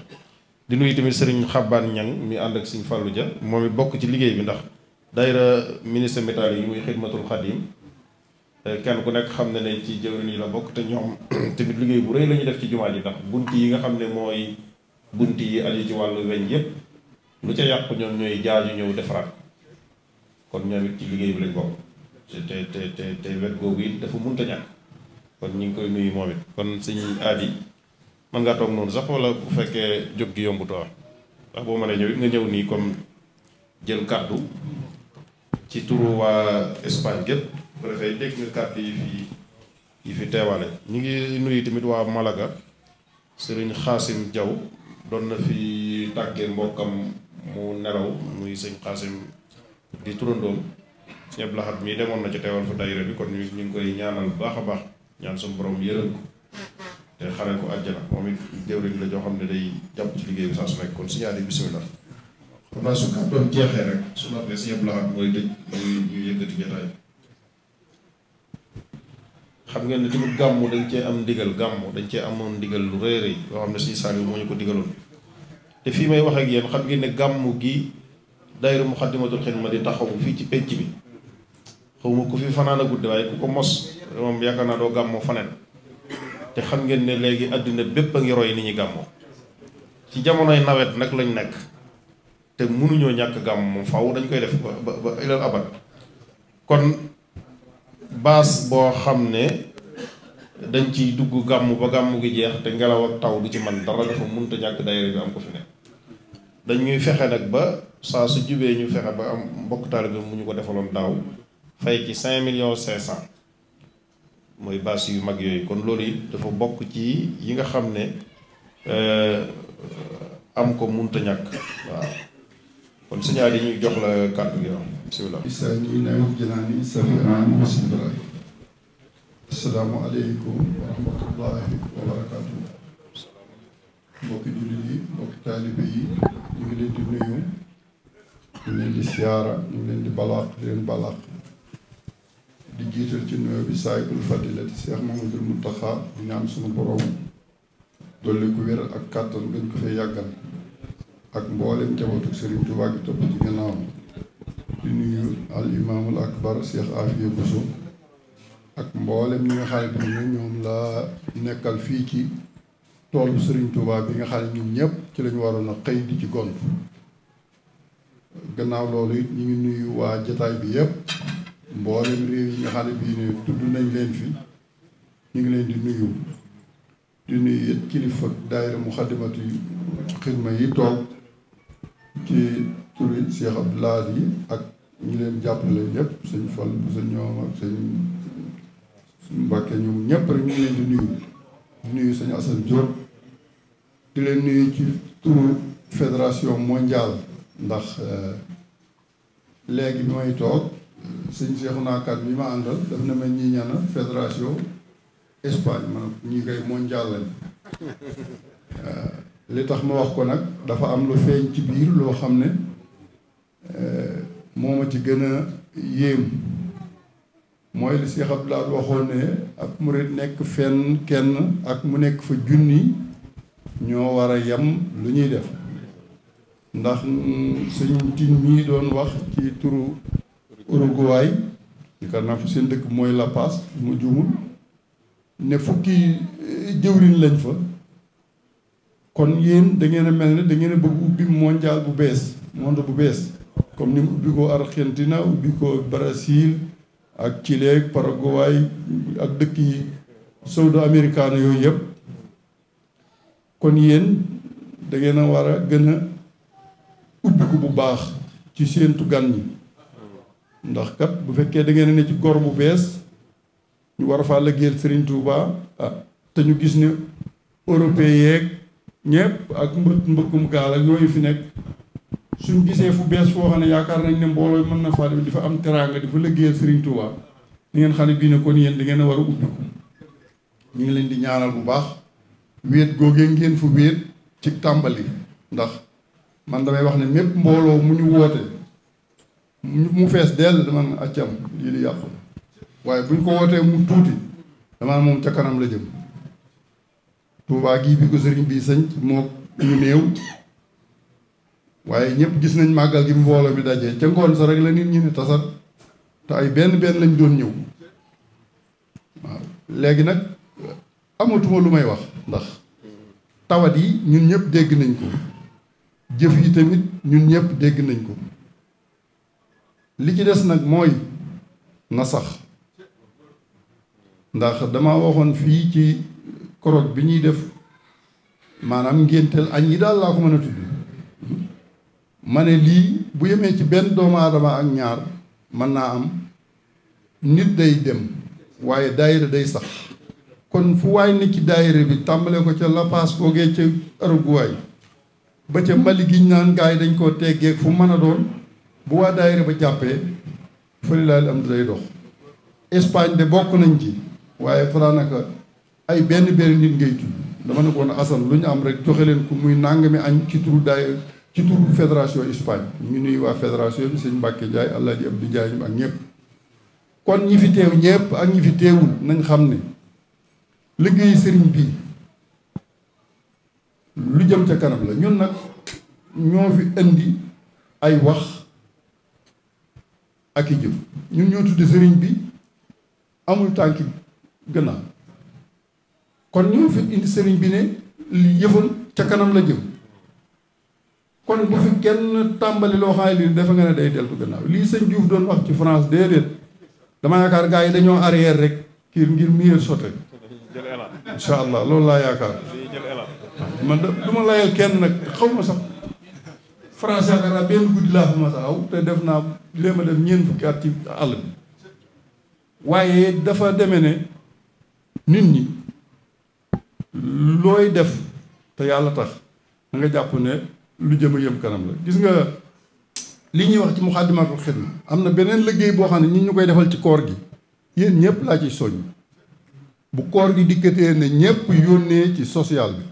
di nuyu tamit seriñ Xabbaan Ñang mi ànd ak suñu Fallou Dia moom it bokk ci liggéey bi ndax daayira ministre métal yi muy xidmatul xadim eh, kenn ku nekk xam ne ne ci jëwrin yi la bokk te ñoom tamit liggéey bu rëy la ñuy def ci jumaa ji ndax bunt yi nga xam ne mooy bunt yi aju ci wàll weñ yépp lu ca yàqu ñoom ñooy jaaju ñëw defaraat kon ñoom it ci liggéey bi lañ bokk te te te te wet googu it dafa munta ñàkk kon ñu ngi koy nuyu moom it kon suñu aad man mën ngaa toog noonu sax wala bu fekkee jóg gi yombu toor ndax boo mënee ñëw it nga ñëw nii comme jël kàddu ci turu waa Espagne gépp bu defee dégg nga kàddu yi fi yi fi teewaale ñu ngi nuyu tamit waa Malaga sëriñ Xaasim Jaw doon na fi tàggee mbokkam mu nelaw muy sëñ Xaasim di turandoom sëñ Abdou Lahad mii demoon na ci teewal fa daayira bi kon ñu ngi koy ñaanal bu baax a baax ñaan suñu borom yërëm ko te xare ko àjjana moom it déwrin la joo xam ne day jàpp ci liggéey bi saa su nekk kon sëñ Aliou jeexee rek su noppee xam ngeen ne tamit gàmmu dañ cee am ndigal gàmmu dañ cee amoon ndigal lu rëy rëy yoo xam ne sëñ Saliou moo ko digaloon te fii may wax ak xam ngeen ne gàmmu gi daayira Muxaddamatul Xidma di taxawu fii ci penc bi xaw ko ku fi fanaan a guddi waaye ku ko mos moom yaakaar naa doo gàmmoo faneen te xam ngeen ne léegi àddina bépp a ngi roy ni ñu gàmmoo ci jamonoy nawet nag lañu nekk te munuñoo ñàkk gàmm moom faw dañ koy def ba ba ba ilal abad kon baas boo xam ne dañ ciy dugg gàmm ba gàmm gi jeex te ngelaw ak taw du ci man dara dafa mënta ñàkk daayira bi am ko fi ne dañuy fexe nag ba saa su jibee ñu fexe ba am mbokk taalibe mu ñu ko defaloon daaw fay ci cinq millions cinq cent mooy bâche yu mag yooyu kon loolu it dafa bokk ci yi nga xam ne euh, am ko munta ñàkk waaw kon signal yi ñu jox la kàddu gi waaw bismillah isaani naa wax jëlaani safiaan masin ibrahim ñu ngi leen di nuyu siyaara ñu leen di balaax leen balaax di jiital ci nuyoo bi saahibul fadilati Cheikh Mouhamadoul Mountakha di ñaan sunu borom dolli ku wéral ak kàttan gën ko fee yàggal ak mboolem njabootu Serigne Touba gi topp ci gannaaw di nuyu al imaamul akbar Cheikh ak mboolem ñi ngi xam ne ñoom ñoom laa nekkal fii ci toolu Serigne Touba bi nga xam ne ñun ñëpp ci lañu waroon a xëy di ci gont gannaaw loolu ñu ngi nuyu waa jataay bi yépp mboolem réew yi nga xam bii ne tudd nañ leen fi ñu ngi leen di nuyu di nuyu it kilifa daayira muxaddamatu xidma yi toog ci turi Cheikh Abdou Lahad yi ak ñu leen jàpp jàppale ñëpp sëñ Fall bu sa ñoom ak sëñ Mbàkke ñoom ñëpp rek ñu leen di nuyu nuyu sëñ Assane Diop di leen nuyu ci turu fédération mondiale ndax euh, léegi bi may toog sëñ Seexu Naakat mi ma àndal daf na ma ñii ñana fédération Espagne man ñi koy mondial lañ euh, li tax ma wax ko nag dafa am lu feeñ ci biir loo xam ne euh, moo ma ci gën a yéem mooy li Cheikh Abdoulaye waxoon ne ak murid nekk fenn kenn ak mu nekk fa junni ñoo war a yem lu ñuy def ndax mm, sëñ tin mii doon wax ci turu Uruguay yaakaar naa fa seen dëkk mooy La Paz mu juumul ne fukki eh, jëwriñ lañ fa kon yéen dangeen a mel ne da ngeen a bëgg ubbi mondial bu bees monde bu bees comme ni mu ubbi ko Argentina ubbi ko Brésil ak Chili ak Paraguay ak dëkk yi sowdo américain yooyu yëpp kon yéen dangeen a war a gën a ubbi ko bu baax ci seentu gan ñi ndax kat bu fekkee da ngeen ne ci gor bu bees ñu war a faa liggéeyal Serigne ah, te ñu gis ne européen yeeg ñëpp ak mbë mbëkkum gaal ak yooyu fi nekk suñ gisee fu bees foo xam ne yaakaar nañ ne mbooloo mën na faa dem di fa am teraanga di fa liggéeyal Serigne Touba di ngeen xam ne bii ne kon yéen ngeen a war a ñu ngi leen di ñaanal bu baax wéet googee ngeen fu wéet ci tàmbali ndax man damay wax ne mépp mbooloo mu ñu woote. mu fees dell dama ne accam lii di yàqu waaye buñ ko wootee mu tuuti damaa moom ca kanam la jëm Tuubaa gii bi ko sëriñ bii sañ moo ñu néew waaye ñëpp gis nañ màggal gi mbooloo bi dajee ca ngoon sa rek la nit ñi ne tasar te ay benn benn lañ doon ñëw waaw nag amatuma lu may wax ndax tawat yi ñun ñëpp dégg nañ ko jëf yi tamit ñun ñëpp dégg nañ ko li ci des nag mooy na sax ndax dama waxoon fii ci korog bi ñuy def maanaam ngénteel añ yi daal laa ko mën a tudd ma ne lii bu yemee ci benn doomu aadama ak ñaar mën naa am nit day dem waaye daayira day sax kon fu waay ne ci daayira bi tàmbale ko ca La Paz googee ca Uruguay ba ca Mali giñ naan gars yi dañ koo teggeeg fu mën a doon bu waa daayira ba jàppee fële laal am day dox Espagne de bokk nañ ci waaye faranaka ay benn benn nit ngay tudd dama ne ko woon Assane lu ñu am rek joxe leen ko muy nangami añ ci turu daay ci turu fédération Espagne ñu nuy waa fédération bi sëñ Mbacke Ndiaye Alaaji Abdou Ndiaye ak ñëpp kon ñi fi teew ñëpp ak ñi fi teewul nañ xam ne liggéey sëriñ bi lu jëm ca kanam la ñun nag ñoo fi indi ay wax ak i jëf ñun ñoo tudde sëriñ bi amul tànki gannaaw kon ñoo fi indi sëriñ bi ne li yëfal ca kanam la jëm kon bu fi kenn tàmbali loo xaay li dafa nga ne day deltu gannaaw lii sëñ Diouf doon wax ci France déedéet dama yaakaar gars yi dañoo arrière rek kiir ngir mieux sotte incha allah loolu laa yaakaar man du ma layal kenn nag xaw ma sax France yaakaar naa benn guddi laa fi ma taxaw te def naa léegi ma def ñeent fukki at ci àll bi waaye dafa deme ne nit ñi looy def te yàlla tax da nga jàpp ne lu jëm a yëm kanam la gis nga li ñuy wax ci muxaddamatul xidma am na beneen liggéey boo xam ne ñi ñu koy defal ci koor gi yéen ñëpp laa ciy soññ bu koor gi dikkatee ne ñëpp yónnee ci social bi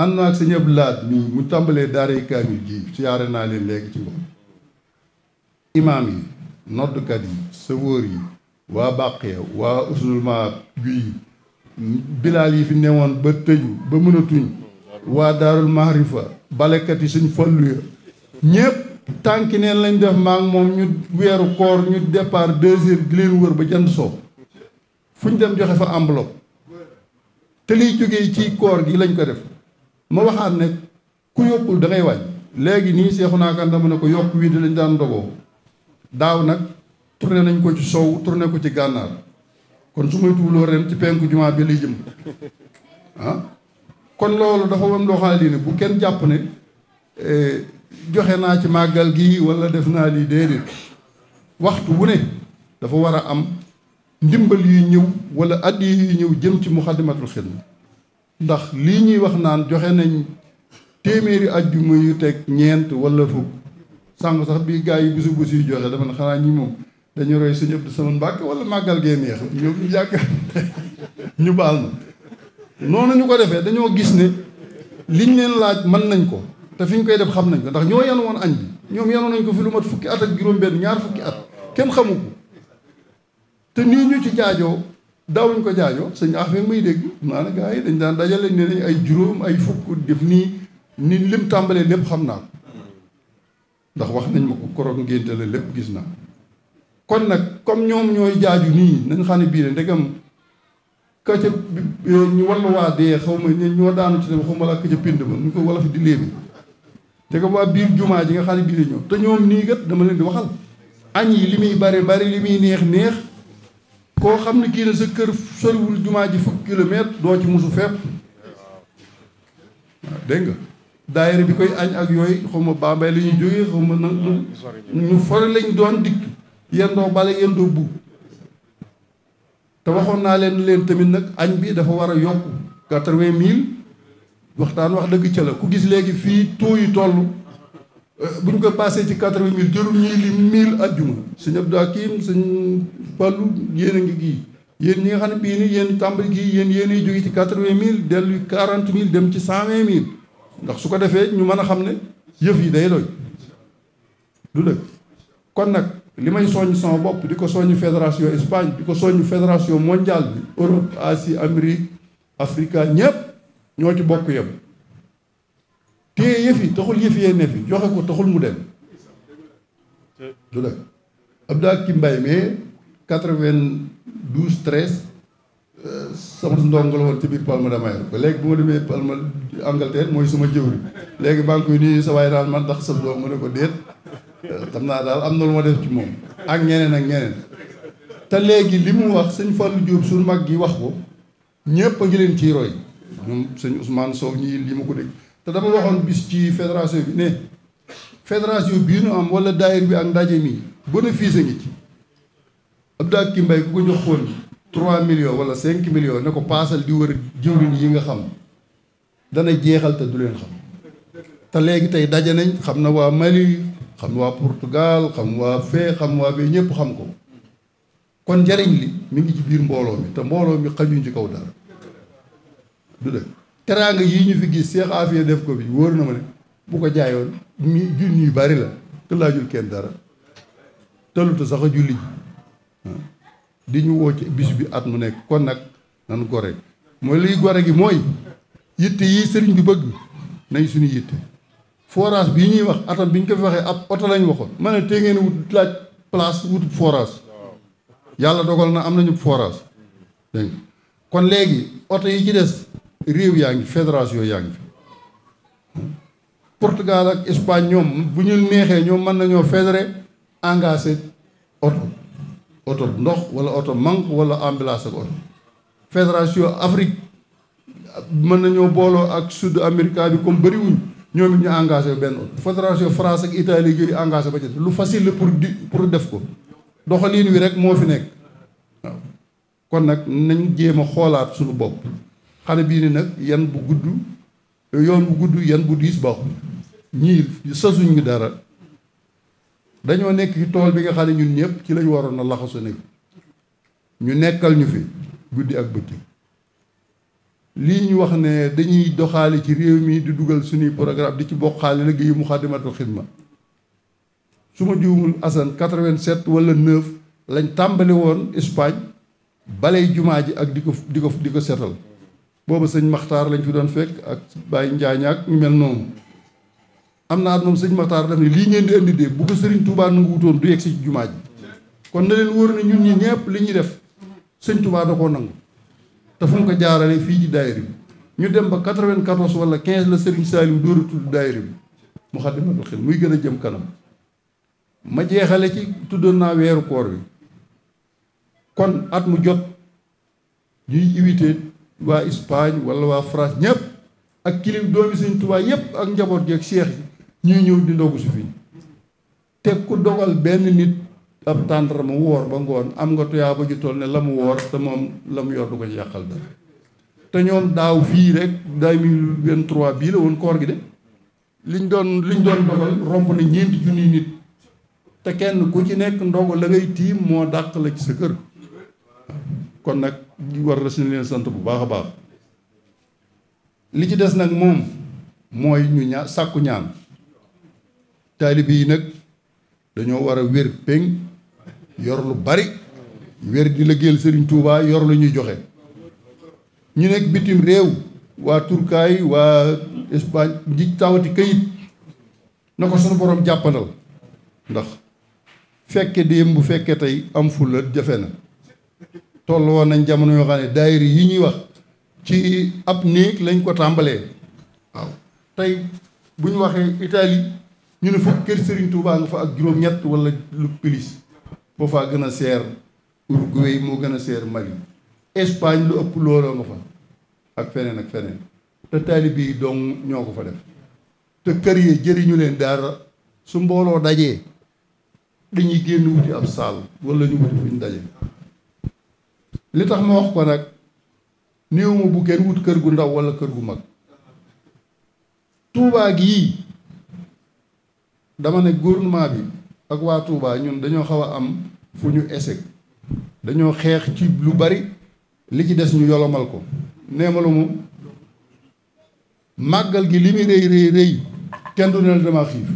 ànd naa ak sa ñëpp laat mii mu tàmbalee daaray kaamil gi siyaare naa leen léegi ci moom imaam yi noddkat yi sëwóor yi waa bàqee waa usulul ma guy bilaal yi fi newoon ba tëju ba mënatuñ waa daarul mahrifa balekat yi suñ fallu ya ñépp tànki neen lañ def maa moom ñu weeru koor ñu départ deux heures wër ba jant soo fu dem joxe fa enveloppe te liy jógee ci koor gi lañ ko def ma waxaat ne ku yokkul da ngay wàññi léegi nii seexu naa kan dama ne ko yokk wii di lañ daan dogoo daaw nag tourné nañ ko ci soow tourné ko ci gànnaar kon su may tuuloo ren ci penku jumaa bi lay jëm ah kon loolu dafa wam loo xam bu kenn jàpp ne e, joxe naa ci màggal gi wala def naa lii déedéet waxtu wu ne dafa war a am ndimbal yuy ñëw wala addi yuy ñëw jëm ci mu muxaddamatul xidma ndax lii ñuy wax naan joxe nañ téeméeri ajjuma yu teg ñeent wala fukk sàng sax bii gaa yi busu busu yu joxe dafa ne xanaa ñi moom dañu roy sëñ Abdou Samane Mbàkke wala màggal gee neex ñoom ñu yàgg ñu baal na noonu ñu ko defee dañoo gis ne liñ leen laaj mën nañ ko te fi ñu koy def xam nañ ko ndax ñoo yan woon añ bi ñoom yanoon nañ ko fi lu mat fukki at ak juróom-benn ñaar fukki at kenn xamu ko te nii ñu ci jaajoo daawuñ ko jaajo sëñ affaire may dégg maa ne gars yi dañ daan dajale ni nañ ay juróom ay fukk def nii ni lim tàmbalee lépp xam naa ko ndax wax nañ ma ko koroog ngénte la lépp gis naa kon nag comme ñoom ñooy jaaju nii nañ xam ne bii ne ndegam ka ca ñu walla waa dee xaw ma ñoo daanu ci xaw ma la pind ñu ko wala di léebi ndegam waa biir jumaa ji nga xam ne bii la ñoom te ñoom nii kat dama leen di waxal añ yi li muy bari bari li muy neex neex koo xam ne kii ne sa kër soriwul jumaa ji fukki kilomètre doo ci musu fépp waaw dégg nga daayira bi koy añ ak yooyu xaw ma Bambey la ñuy jógee xaw ma nu ñu fore lañ doon dikk yendoo bale yendoo bu te waxoon naa leen leen tamit nag añ bi dafa war a yokk quatre-vingt mille waxtaan wax dëgg ca la ku gis léegi fii taux yi Euh, bu ñu ko passé ci quatre vingt mille jërul ñuy lim mille ajjuma sëñ Abdou Hakim sëñ Fallou yéen a ngi gii yéen ñi nga xam ne bii nii yéen tàmbali gii yéen yéen ay jóge ci quatre vingt mille dellu quarante mille dem ci cent vingt ndax su ko defee ñu mën a xam ne yëf yi day doy du dëgg kon nag li may soññ sama bopp di ko soññ fédération Espagne di ko soññ fédération mondiale bi Europe Asie Amérique Afrique ñëpp ñoo ci bokk yem te yëf taxul yëf yee ne fi joxe ko taxul mu dem du dëgg Abdoulaye Kimbay mais quatre-vingt-douze treize euh, sama ndongo la woon ci biir Palma de Mayenne ba léegi bu ma demee Palma Angleterre mooy suma jëwri léegi maa ngi koy nuyu sa waay daal man ndax sa doom ma ne ko déet euh, xam naa daal am na lu ma def ci moom ak ñeneen ak ñeneen te léegi li mu wax sëñ Fallou Diop suñu mag gi wax ko ñëpp a ngi leen ciy roy ñoom sëñ Ousmane Sow ñii li ma ko dégg te dama waxoon bis ci fédération bi ne fédération bii nu am wala daayir bi ak ndaje mi bénéfice ngi ci Abdou ak Kimbay ku ko jox xoon 3 millions wala cinq millions ne ko paasal di wër jëwriñ yi nga xam dana jeexal te du leen xam te léegi tey daje nañ xam na waa Mali xam waa Portugal xam waa fee xam waa bee ñëpp xam ko kon njariñ li mi ngi ci biir mbooloo mi te mbooloo mi xajuñ ci kaw dara du dëgg teraanga yi ñu fi gis Seex Aafiya def ko fi wóor na ma ne bu ko jaayoon mi junni yu bari la te laajul kenn dara tëlutu sax a julli ji ah. di ñu woo ci bis bi at mu nekk kon nag nan gore mooy liy gore gi mooy yitte yi sëriñ bi bëgg nañ suñu yitte forage bi ñuy wax atam bi ñu ko fi waxee ab oto lañ waxoon ma ne tee ngeen wut laaj place wutub forage yàlla dogal na am nañu forage dégg kon léegi oto yi ci des réew yaa ngi fédération yaa ngi fi Portugal ak Espagne ñoom bu ñu neexee ñoom mën nañoo fédéré engagé oto oto ndox wala oto manque wala ambulance ak oto fédération Afrique mën nañoo booloo ak sud amérique bi comme bëriwuñ ñoom it ñu engagé benn oto fédération France ak Italie jëri engagé ba ci lu facile la pour di pour def ko doxaliin wi rek moo fi nekk kon nag nañ jéem a xoolaat suñu bopp xale bii ni nag yan bu gudd yoon bu gudd yan bu diis baaxul ñii sasuñ ñu dara dañoo nekk ci tool bi nga xam ne ñun ñëpp ci lañ waroon a laxasu nekk ñu nekkal ñu fi guddi ak bëccëg lii ñu wax ne dañuy doxaale ci réew mi di dugal suñuy programme di ci bokkaale liggéeyu Muxaddamatul Xidma su ma juumul Assane 87 wala 9 lañ tàmbali woon Espagne balay jumaa ji ak di ko di ko di ko setal booba sëñ maxtaar lañu fi doon fekk ak Baye Njaañ ak ñu mel noonu am naa moom sëñ maxtaar daf ne lii ngeen di indi de bu ko sëriñ Touba nangu wutoon du yegg si jumaa ji kon na leen wóor ne ñun ñi ñëpp li ñuy def sëñ Touba da nangu te ko jaarale fii ji daayira bi ñu dem ba 94 wala 15 la sëriñ Saliou dóor a tudd daayira bi mu xaddimatul xel muy gën a jëm kanam ma jeexale ci tuddoon naa weeru koor bi kon at mu jot ñuy invité waa Espagne walla waa France ñëpp ak kilim doomi Sëñ Tuubaa yëpp ak njaboot gi ak seex yi ñuy ñëw di ndogu si fii te ku dogal benn nit ab tàndar mu woor ba ngoon am nga tuyaa ba ju toll ne la mu woor te moom la mu yor du ko yàqal dara te ñoom daaw fii rek 2023 bii la woon koor gi de liñ doon liñ doon dogal romb na ñeenti junniy nit te kenn ku ci nekk ndogu la ngay tiim moo dàq la ci sa kër kon nag war na sant bu baax a baax li ci des nag moom mooy ñu ñaa sàkku ñaan taalibe yi nag dañoo war a wér péng yor lu bari wér di liggéeyal Serigne Touba yor lu ñuy joxe ñu nekk bitim réew waa Turkaay waa Espagne di tawati kayit na ko sunu boroom jàppandal ndax fekke démb bu fekkee tey am fulla jafe na toll woon nañ jamono yoo xam ne daayira yi ñuy wax ci ab néeg lañ ko tàmbalee waaw tey bu ñu waxee Italie ñu ne fukk kër Serigne Touba nga fa ak juróom-ñett wala lu pilis boo faa gën a seer Uruguay moo gën a seer Mali Espagne lu ëpp looloo nga fa ak feneen ak feneen te taalibe yi dong ñoo ko fa def te kër yi jëriñu leen daara su mbooloo dajee dañuy génn wuti ab saal wala ñu wuti fuñ daje li tax ma wax ko nag néewuma bu kenn wut kër gu ndaw wala kër gu mag Touba gii dama ne gouvernement bi ak waa tuubaa ñun dañoo xaw a am fu ñu échec dañoo xeex ci lu bari li ci des ñu yolomal ko neemalu mu màggal gi li muy rëy rëy rëy kenn du ne la dama xiif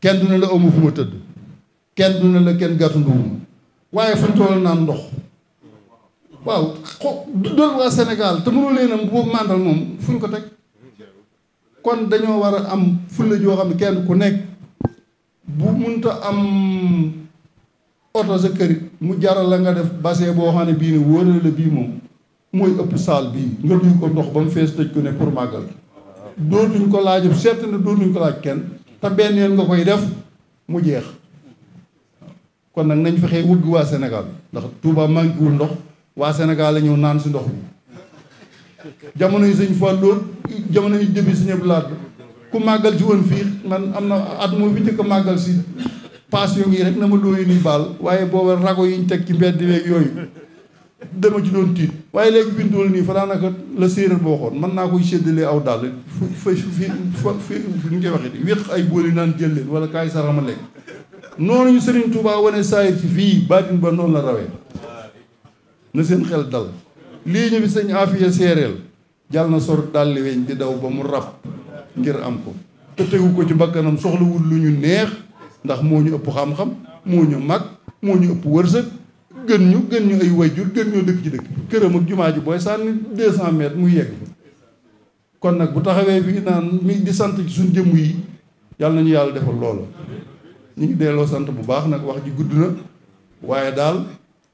kenn du ne la amu fu ma tëdd kenn du ne la kenn gàttanduwuma waaye fu ñu naan ndox waaw xo doon waa Sénégal te mënul leen a boobu màndal moom fu ñu ko teg kon dañoo war a am fulla joo xam ne kenn ku nekk bu munta am oto sa kër mu jaral la nga def base boo xam ne bii ne wóoree bii moom mooy ëpp saal bii nga duy ko ndox ba mu fees tëj ko ne pour màggal dootuñ ko laajub seet na dootuñ ko laaj kenn te benn yoon nga koy def mu jeex kon nag nañ fexee wuggi waa Sénégal ndax Touba manqué ndox waa Sénégal la ñëw naan si ndox mi jamono yi sëñ Fallou jamono yi début sëñ Abdou Lahad ku màggal ci woon fii man am na at moo fi njëkk màggal si passion yi rek na ma dooyu ni baal waaye booba rago yi ñu teg ci mbedd léegi yooyu dama ci doon tiit waaye léegi fi dool nii fa daanaka la séeréer boo mën naa koy séddalee aw dàll fa fi fa ñu ngi koy waxee wéq ay bool yi naan jël leen wala kaay sarax ma lekk noonu ñu Serigne Touba wane saayir ci fii baatin ba noonu la rawee na seen xel dal lii ñu fi sëñ Afiya séeréel jàll na sor dàlli weñ di daw ba mu rab ngir am ko te tegu ko ci bakkanam soxlawul lu ñu neex ndax moo ñu ëpp xam-xam moo ñu mag moo ñu ëpp wërsëg gën ñu gën ñu ay wayjur gën ñoo dëkk ci dëkk këram ak jumaa ji booy sànni deux cent mu yegg kon nag bu taxawee fii naan mi di sant ci suñ jëmm yi yàlla nañu yàlla defal loolu ñu ngi delloo sant bu baax nag wax ji gudd na waaye daal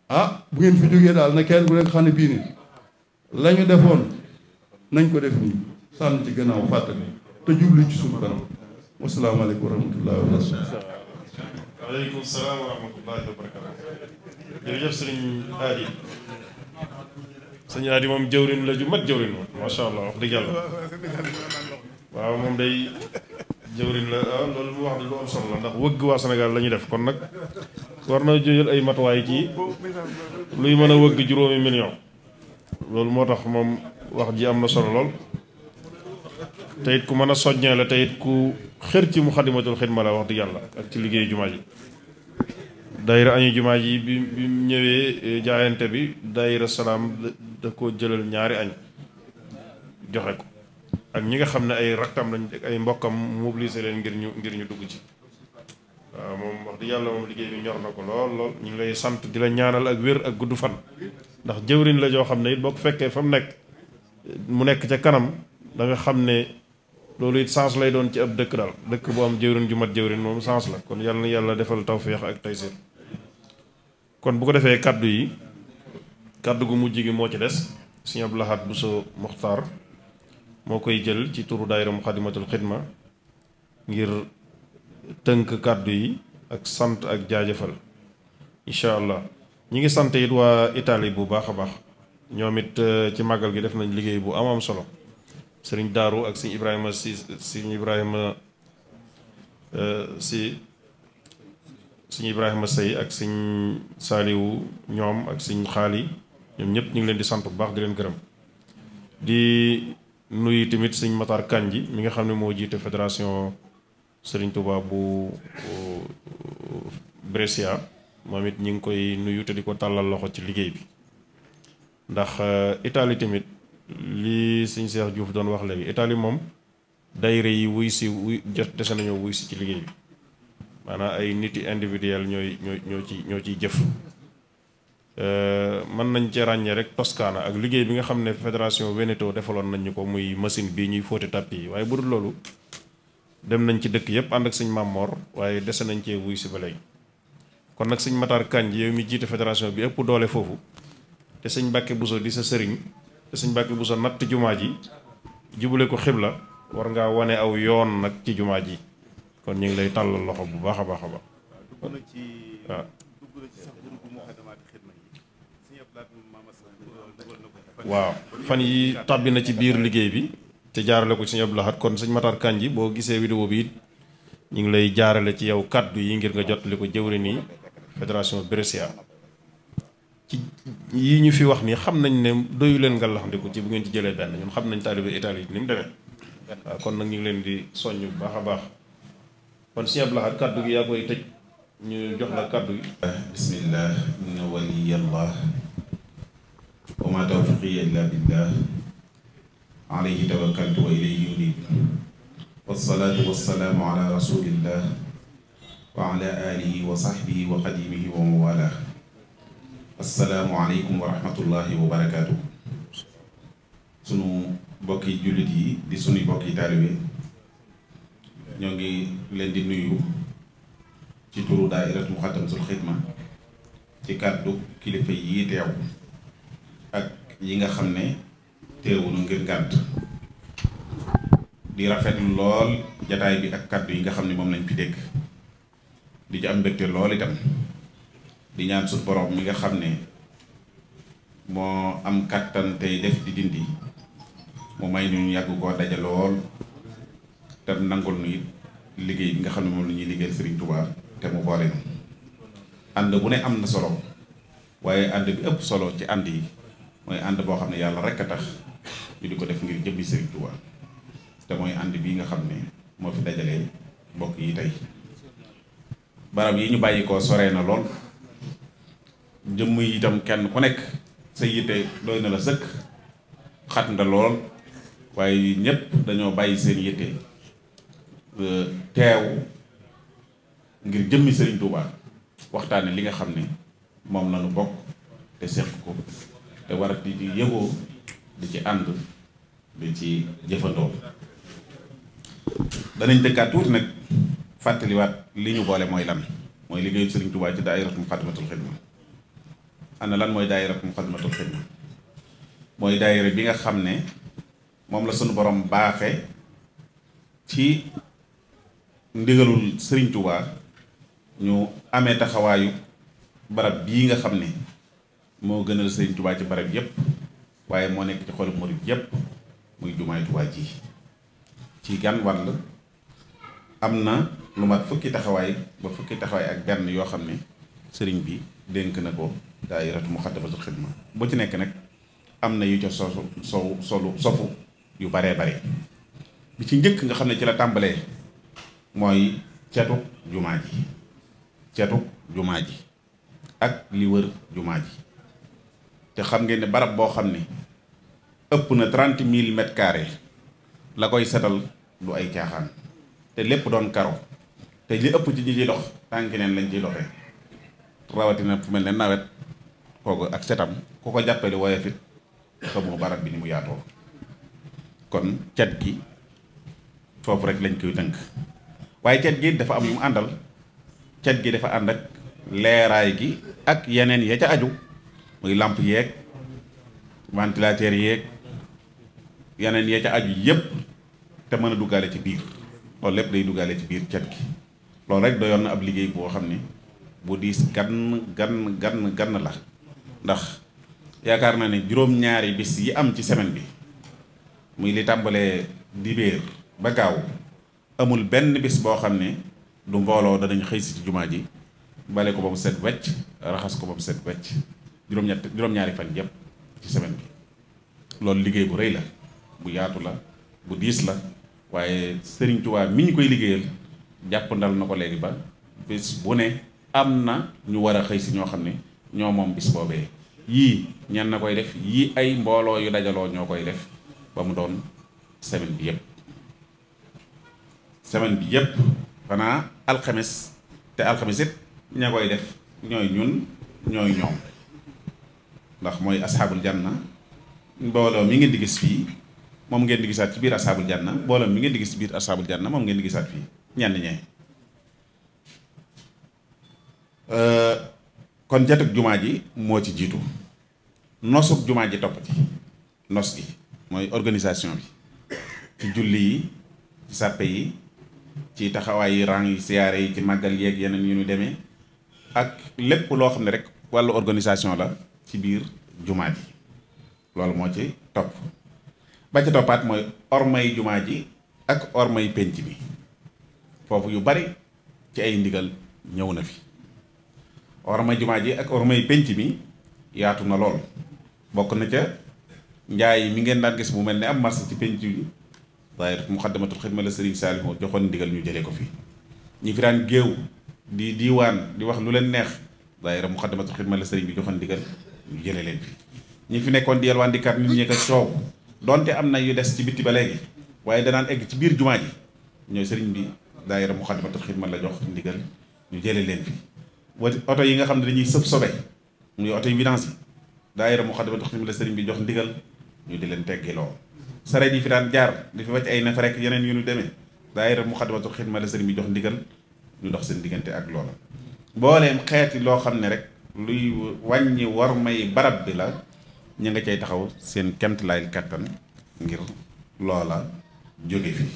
ah bu ngeen fi jógee daal na kenn bu nekk xam ne bii nii la defoon nañ ko def nii sànni ci gannaaw fàttali te jublu ci suñu kanam wasalaamaaleykum wa rahmatullahi wa barakatu la ju mat jëwrin moom wax dëgg yàlla waaw moom day jëwriñ la ah, loolu mu wax de lu am solo la ndax wëgg waa Sénégal la def kon nag war na jël ay matuwaay ci luy mën a wëgg juróomi million loolu moo tax moom wax ji am na sol lool te ku mën a soññee la te ku xër ci Muxaddamatul Xidma la wax di yàlla ak ci liggéeyu jumaa ji daayira añu jumaa ji bi bi ñëwee eh, jaayante bi daayira salaam da koo jëlal ñaari añ joxe ko ak ñi nga xam ne ay rakkam lañ ay mbokkam mobiliser leen ngir ñu ngir ñu dugg ci waaw moom wax dëgg yàlla moom liggéey bi ñor na ko lool lool ñu ngi sant di la ñaanal ak wér ak gudd fan ndax jëwriñ la joo xam ne it boo ko fekkee fa mu nekk mu nekk ca kanam da xam ne loolu yit sens lay doon ci ab dëkk daal dëkk bu am jëwriñ ju mat jëwriñ moom sens la kon yàlla na yàlla defal tawféex ak taysir kon bu ko defee kàddu yi kàddu gu mujj gi moo ci des Sëñ Abdou Lahad Bousso Mokhtar moo koy jël ci turu daayira Muxaddamatul Xidma ngir tënk kàddu yi ak sant ak jaajëfal incha allah ñi ngi sant it waa Italie bu baax a baax ñoom it euh, ci màggal gi def nañ liggéey bu am am solo sëriñ Daaru ak sëñ Ibrahima si sëñ Ibrahima euh, si sëñ Ibrahima Sey ak sëñ Saaliwu ñoom ak sëñ Xaali ñoom ñëpp ñu ngi leen di sant bu baax di leen gërëm di nuyu tamit sëñ Matar ji mi nga xam ne moo jiite fédération Serigne Touba bu Brescia moom it ñi ngi koy nuyu te di ko tàllal loxo ci liggéey bi ndax euh, Italie tamit li sëñ Cheikh Diouf doon wax léegi Italie moom dayre yi wuy si wuy dese nañoo wuy si ci liggéey bi maanaam ay nit yi individuel ñooy ñoo ñoo ci ñoo ciy jëf Euh, mën nañ ci ràññee rek Toscana ak liggéey bi nga xam ne fédération Veneto defaloon nañ ñu ko muy machine bii ñuy fóote tàpp yi waaye bu dul loolu dem nañ ci dëkk yëpp ànd ak sëñ Maam waaye dese nañ cee wuy si ba kon nag sëñ Matar kànj yow mi jiite fédération bi ëpp doole foofu te sëñ Mbàkke Buso di sa sëriñ te sëñ Mbàkke Buso natt jumaa ji jubale ko xibla war ngaa wane aw yoon nag ci jumaa ji kon ñu ngi lay tàllal loxo bu baax a baax a baax waaw waaw fan yi tàbbi na ci biir liggéey bi te jaarale ko ci Abdou kon sëñ Matar Kandji boo gisee vidéo bi it ñu ngi lay jaarale ci yow kàddu yi ngir nga jottali ko jëwri nii fédération Brescia ci yi ñu fi wax nii xam nañ ne doyu leen nga laxandiku ci bu ngeen ci jëlee benn ñun xam nañ taalibe Italie ni mu demee kon nag ñu ngi leen di soññ bu baax a baax kon sëñ Abdou kàddu gi yaa koy tëj ñu jox la kàddu bismillah inna waliyallah wa ma tawfiqi illa billah alayhi tawakkaltu wa ilayhi unib wassalaatu wassalaamu ala rasulillah wa ala alihi wa sahbihi wa qadimihi wa mawala assalaamu aleykum wa rahmatullahi wa barakaatu sunu bokki jullit yi di sunu bokki taalibe ñoo ngi leen di nuyu ci turu daayiratu muxaddamatul xidma ci kàddu kilifa yi teew yi nga xam ne teewunu ngir gàdd di rafetlu lool jataay bi ak kàddu yi nga xam ne moom lañ fi dégg di ci am mbégte lool itam di ñaan suñu borom mi nga xam ne moo am kàttan tey def di dindi mu may ñu yàgg koo daje lool te nangul nu liggéey bi nga xam ne moom la ñuy liggéeyal Serigne Touba te mu boole ñu ànd bu ne am na solo waaye ànd bi ëpp solo ci ànd yi mooy ànd boo xam ne yàlla rek a tax ñu di ko def ngir jëmmi Serigne Touba te mooy ànd bii nga xam ne moo fi dajalee mbokk yi tey barab yi ñu bàyyi koo soree na lool jëmm yi tam kenn ku nekk sa yitte doy na la sëkk xat nga lool waaye ñëpp dañoo bàyyi seen yitte euh, teew ngir jëmmi Serigne Touba waxtaane li nga xam ne moom la bokk te seq ko. te war a di yëgoo di ci ànd di ci jëfandoo danañ dëkkaat tuuti nag fàttaliwaat li ñu boole mooy lan mooy liggéeyu Sëriñ Tuubaa ci daayiratu Muxaddamatul Xidma ana lan mooy daayiratu Muxaddamatul Xidma mooy daayira bi nga xam ne moom la sunu borom baaxe ci ndigalul Sëriñ Tuubaa ñu amee taxawaayu barab bii nga xam ne moo gënal sëriñ Tuubaa ci barab yépp waaye moo nekk ci xolu murit yépp muy jumaay Tuubaa ji ci gan am na lu ma fukki taxawaay ba fukki taxawaay ak benn yoo xam ne sëriñ bi dénk na ko daayiratu Muxaddamatul Xidma bu ci nekk nag am na yu ca sosu sow solu sofu yu baree bare bi ci njëkk nga xam ne ci la tàmbalee mooy cetu jumaa ji cetu jumaa ji ak li wër jumaa ji te xam ngeen ne barab boo xam ne ëpp na trente mille mètres carrés la koy setal du ay caaxaan te lépp doon karo te li ëpp ci ñi ciy dox tànki neen lañ ciy doxee rawatina fu mel ne nawet kooku ak setam ku ko jàppale waaye fit xamoo barab bi ni mu yaatoo kon cet gi foofu rek lañ koy tënk waaye cet gi dafa am ñu mu àndal cet gi dafa ànd ak leeraay gi ak yeneen ya ca aju muy làmp yeeg ventilateur yéeg yeneen yee ca aju yépp te mën a duggaale ci biir loolu lépp day duggaale ci biir cet gi loolu rek doyoon na ab liggéey boo xam ni bu diis gan gan gan gan la ndax yaakaar naa ne juróom-ñaari bis yi am ci semaine bi muy li tàmbalee dibéer ba gaaw amul benn bis boo xam ne du mbooloo danañ xëy si ci jumaa ji bale ko ba mu set wecc raxas ko ba mu set wecc juróom-ñett juróom-ñaari fan yëpp ci semaine bi loolu liggéey bu rëy la bu yaatu la bu diis la waaye Serigne Touba mi ñu koy liggéeyal jàpp ndal na ko léegi ba bis bu ne am na ñu war a xëy si ñoo xam ne ñoo moom bis boobee yii ñan na koy def yii ay mbooloo yu dajaloo ñoo koy def ba mu doon semaine bi yëpp semaine bi yëpp xanaa alxames te alxames it ña koy def ñooy ñun ñooy ñoom ndax mooy asxaabul na mbooloo mi ngeen di gis fii moom ngeen di gisaat ci biir asxaabul na mbooloo mi ngeen di gis ci biir asxaabul na moom ngeen di gisaat fii ñenn ñee euh, kon jatug jumaa ji moo ci jiitu nosug jumaa ji topp ci nos gi mooy organisation bi ci julli yi ci sàppe yi ci taxawaay yi rang yi siyaare yi ci màggal yeeg yeneen yu ñu demee ak lépp loo xam ne rek wàllu organisation la ci biir jumaa ji loolu moo ci topp ba ci toppaat mooy ormay jumaa ji ak ormay penc bi foofu yu bari ci ay ndigal ñëw na fi ormay jumaa ji ak ormay penc bi yaatu na lool bokk na ca njaay mi ngeen daan gis mu mel ne am marché ci penc bi waaye muxaddamatul xidma la sëriñ Saalihu joxoon ndigal ñu jëlee ko fi ñi fi daan géew di diiwaan di wax lu leen neex daayira muxaddamatul xidma la sëriñ bi joxoon ndigal ñu jëlee leen fi ñi fi nekkoon di yalwaandikat nit ñi ko coow donte am na yu des ci bitti ba léegi waaye danaan egg ci biir jumaa ji ñooy sëriñ bi daayira Muxaddamatul Xidma la jox ndigal ñu jëlee leen fi oto yi nga xam ne dañuy sëb sobe muy oto yi vidange yi daayira Muxaddamatul Xidma la sëriñ bi jox ndigal ñu di leen teggiloo sareet yi fi daan jaar di fi wàcc ay naf rek yeneen yu ñu demee daayira Muxaddamatul Xidma la sëriñ bi jox ndigal ñu dox seen diggante ak loola mbooleem xeeti loo xam ne rek luy wàññi war may barab bi la ñu nga cay taxaw seen kemtalaay kattan ngir loola jóge fi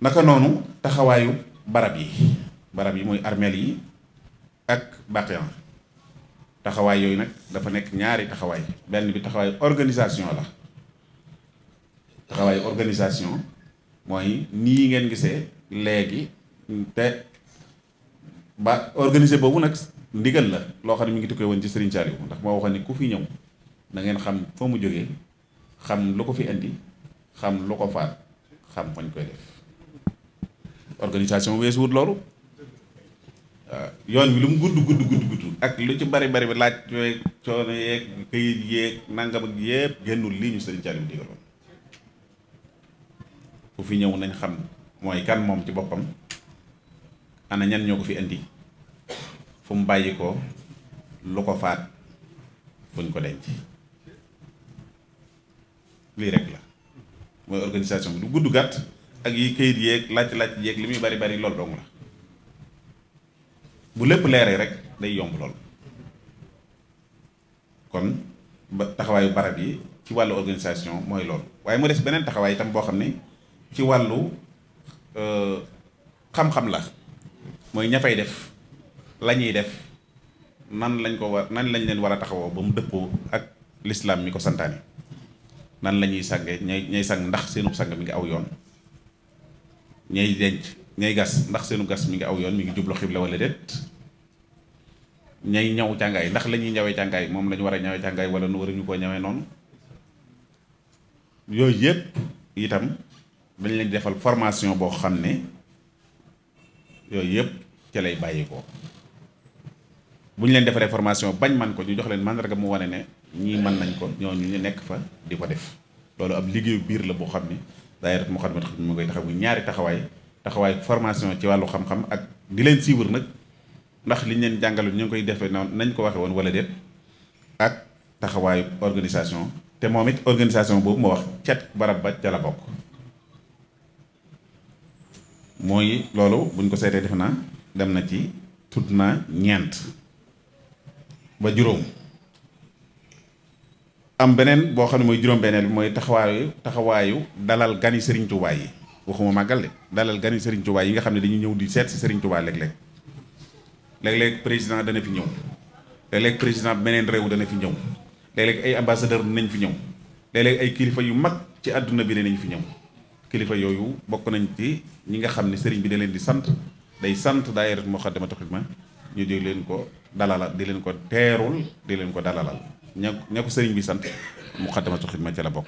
naka noonu taxawaayu barab yi barab yi mooy armeel yi ak bàqiyan taxawaay yooyu nag dafa nekk ñaari taxawaay benn bi taxawaayu organisation la taxawaayu organisation mooy nii ngeen gise léegi te ba organisé boobu nag ndigal la loo xam ne mu ngi tukkee woon ci Serigne Saliou ndax moo waxoon ne ku fi ñëw na ngeen xam foo mu jógee xam lu ko fi indi xam lu ko faat xam fañ koy def loolu yoon bi lu mu gudd gudd gudd gudd ak lu ci bari bari bi laaj yooyu coono yeeg këyit yeeg nangam lii ñu Serigne Saliou digaloon ku ñëw nañ xam mooy kan moom ci boppam ana ñan ñoo ko fi indi fu mu bàyyi ko lu ko faat fuñ ko denc lii rek la mooy organisation bi du gudd gàtt ak yi këyit yeeg laaj-laaj yeeg li muy bari bari lool dong la bu lépp leeree rek day yomb lool kon ba taxawaayu barab yi ci wàllu organisation mooy lool waaye mu des beneen taxawaay itam boo xam ne ci wàllu euh, xam-xam la mooy ña fay def la ñuy def nan lañ ko war nan lañ leen war a taxawoo ba mu dëppoo ak lislaam mi ko santaane nan lañuy ñuy sàngee ñay ñay ndax seenu sàng mi ngi aw yoon ñay denc ñay gas ndax seenu gas mi ngi aw yoon mi ngi jublu xibla wala déet ñay ñaw càngaay ndax la ñuy ñawee càngaay moom la ñu war a ñawee càngaay wala nu ñu koo ñawe noonu yooyu yëpp itam dañ leen defal formation boo xam ne yooyu yëpp ca lay bàyyi ko bu ñu leen defaree formation bañ man ko ñu jox leen màndarga mu wane ne ñii mën nañ ko ñoom ñu nekk fa di ko def loolu ab liggéeyu biir la boo xam ni daayira Moukhaddamatoul Khidma mu koy taxaw ñaari taxawaay taxawaay formation ci wàllu xam-xam ak di leen siiwur nag ndax liñ leen jàngalu ñu ngi koy defee noonu nañ ko waxee woon wala déet ak taxawaayu organisation te moom it organisation boobu moo wax cat barab ba ca la bokk mooy loolu buñ ko seetee defe naa dem na ci tudd naa ñeent ba juróom am beneen boo xam ne mooy juróom-beneel bi mooy taxawaayu taxawaayu dalal gani Serigne Touba yi waxuma màggal de dalal gani Serigne Touba yi nga xam ne dañuy ñëw di seet si Serigne Touba léeg-léeg léeg président dana fi ñëw léeg-léeg président beneen réew dana fi ñëw léeg-léeg ay ambassadeur dinañ fi ñëw léeg-léeg ay kilifa yu mag ci àdduna bi danañ fi ñëw. kilifa yooyu bokk nañ ci ñi nga xam ne sëriñ bi da leen di sant day sant daayira Moukhaddamatoul ma ñu di leen ko dalalal di leen ko teerul di leen ko dalalal ña ña ko sëriñ bi sant Moukhaddamatoul Khidma ca la bokk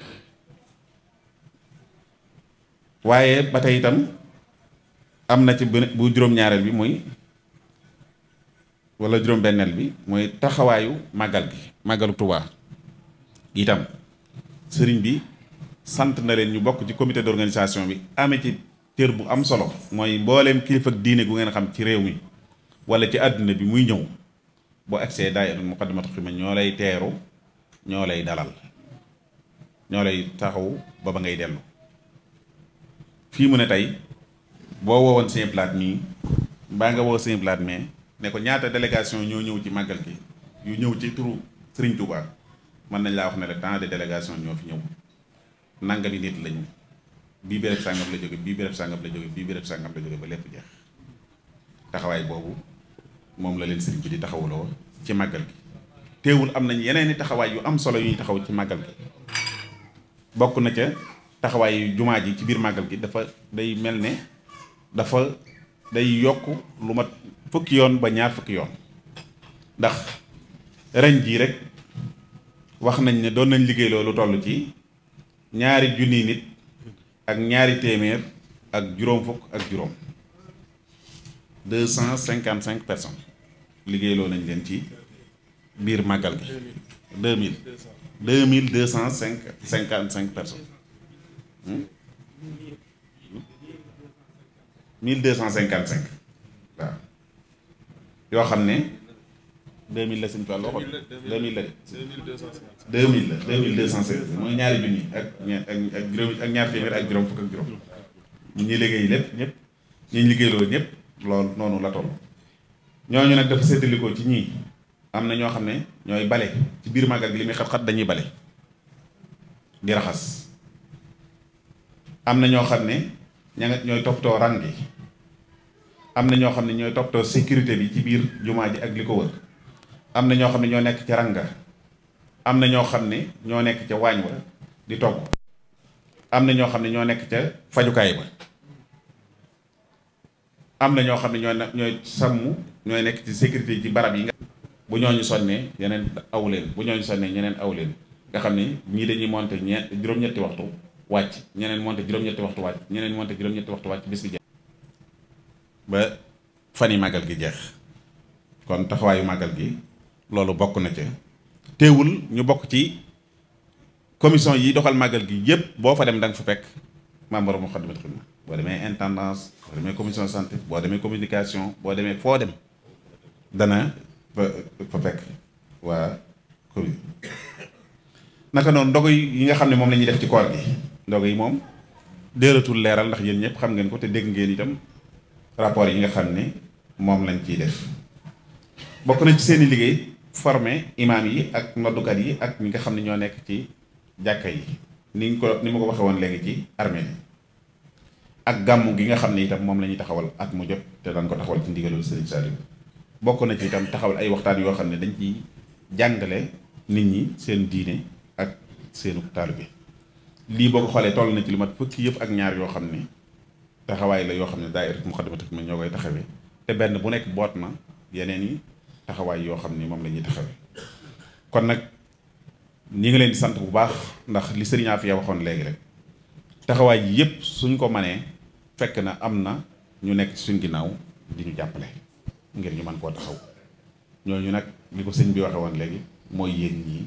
waaye ba tey itam am na ci bu juróom-ñaareel bi mooy wala juróom-benneel bi mooy taxawaayu màggal gi màggalu Tuubaa itam sëriñ bi sant na leen ñu bokk ci comité d'organisation bi amee ci cër bu am solo mooy mbooleem kilifa ak diine gu ngeen xam ci réew mi wala ci àdduna bi muy ñëw boo agsee daayira Muqaddamatul ma ñoo lay teeru ñoo lay dalal ñoo lay taxaw ba ba ngay dellu fii mu ne tey boo woowoon Sëñ Blaat mii mbaa nga woo Sëñ Blaat mais ne ko ñaata délégation ñoo ñëw ci màggal gi yu ñëw ci turu Sëriñ Tuubaa mën nañ laa wax ne le temps de délégation ñoo fi ñëw nangam yi nit lañ bii béréb sàngam la jóge bii béréb sàngam la jóge bii béréb sàngam la jóge ba lépp jeex taxawaay boobu moom la leen sëriñ bi di taxawuloo ci màggal gi teewul am nañ yeneen i taxawaay yu am solo yu ñu taxaw ci màggal gi bokk na ca taxawaay jumaa ji ci biir màggal gi dafa day mel ne dafa day yokk lu mat fukki yoon ba ñaar fukki yoon ndax ren jii rek wax nañ ne doon nañ liggéey loolu toll ci ñaari junniy nit ak ñaari téeméer ak juróom fukk ak juróom deux cent cinquante cinq personnes liggéeyloo nañ leen ci biir màggal gi deux mille deux mille deux cinquante cinq personnes hmm? mille deux cent cinquante cinq waaw yoo xam ne deux mille la suñu tool waxoon deux mille la deux mille la deux mille deux cent mooy ñaari junni ak ak ak ñaar téeméer ak juróom fukk ak juróom ñi ñuy liggéey lépp ñëpp ñi ñu liggéeyloo ñëpp loolu noonu la toll. ñooñu nag dafa séddalikoo ci ñii am na ñoo xam ne ñooy bale ci biir màggal li muy xat-xat dañuy bale di raxas am na ñoo xam ne ña ñooy toppatoo rang gi am na ñoo xam ne ñooy toppatoo sécurité bi ci biir jumaa ji ak li am na ñoo xam ne ñoo nekk ci ranga am na ñoo xam ne ñoo nekk ca waañ wa di togg am na ñoo xam ne ñoo nekk ca fajukaay ba am na ñoo xam ne ñoo ñooy sàmm ñooy nekk ci sécurité ci barab yi nga bu ñooñu sonnee yeneen aw leen bu ñooñu sonnee ñeneen aw nga xam ne ñii dañuy monte ñe juróom-ñetti waxtu wàcc ñeneen monte juróom-ñetti waxtu wàcc ñeneen monte juróom-ñetti waxtu ba fan yi màggal gi jeex kon taxawaayu màggal gi loolu bokk na ca teewul ñu bokk ci commission yi doxal màggal gi yëpp boo fa dem da nga fa fekk membre Moukhaddamatoul Khidma boo demee intendance boo demee commission santé boo demee communication boo demee foo dem dana fa fekk waa commune naka noonu ndogu yi nga xam ne moom lañuy def ci koor gi ndogu yi moom déeratul leeral ndax yéen ñëpp xam ngeen ko te dégg ngeen itam rapport yi nga xam ne moom lañ ciy def bokk na ci seeni liggéey formé imaam yi ak noddukat yi ak ñi nga xam ne ñoo nekk ci jàkka yi ni ñu ko ni mu ko waxee woon léegi ci armée yi ak gàmmu gi nga xam ne itam moom la ñuy taxawal at mu jot te daan ko taxawal ci seen Serigne Saliou bokk na ci itam taxawal ay waxtaan yoo xam ne dañ ci jàngale nit ñi seen diine ak seenu bi lii boo ko xoolee toll na ci lu mat fukki yëpp ak ñaar yoo xam ne taxawaay la yoo xam ne daayira Muxaddamatul mu ñoo koy taxawee te benn bu nekk boot na yeneen yi taxawaay yoo xam ni moom la ñuy taxawee kon nag ñi ngi leen di sant bu baax ndax li sëriñ Afia waxoon léegi rek taxawaay yi yëpp suñ ko manee fekk na am na ñu nekk ci suñ ginnaaw di ñu jàppale ngir ñu mën koo taxaw ñooñu nag li ko sëñ bi waxe woon léegi mooy yéen ñii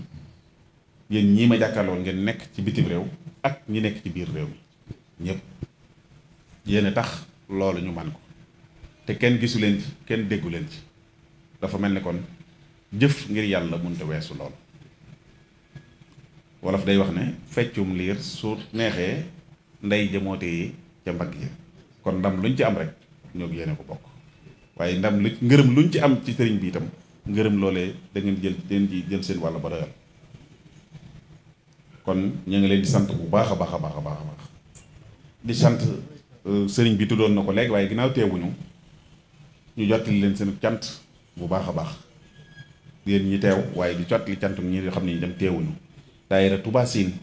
yéen ñii ma jàkkaarloo ngeen nekk ci bitim réew ak ñi nekk ci biir réew mi ñëpp yéen a tax loolu ñu man ko te kenn gisu leen ci kenn déggu leen ci dafa mel ni kon jëf ngir yàlla munte weesu lool wolof day wax ne feccum liir su neexee ndey jëmoote yi ca mbagg yi kon ndam luñ ci am rek ñoo yéene ko bokk waaye ndam lu ngërëm luñ ci am ci sëriñ bi itam ngërëm loolee da ngeen jël da ci jël seen wàll ba doyal kon ñu ngi leen di sant bu baax a baax a baax a baax a baax di sant euh, sëriñ bi tuddoon na ko léegi waaye ginnaaw teewuñu ñu jottali leen seen cant bu baax a baax yéen ñi teew waaye di cot li cantum ñi yoo xam ne ñu dem teewuñu daayira Touba Sine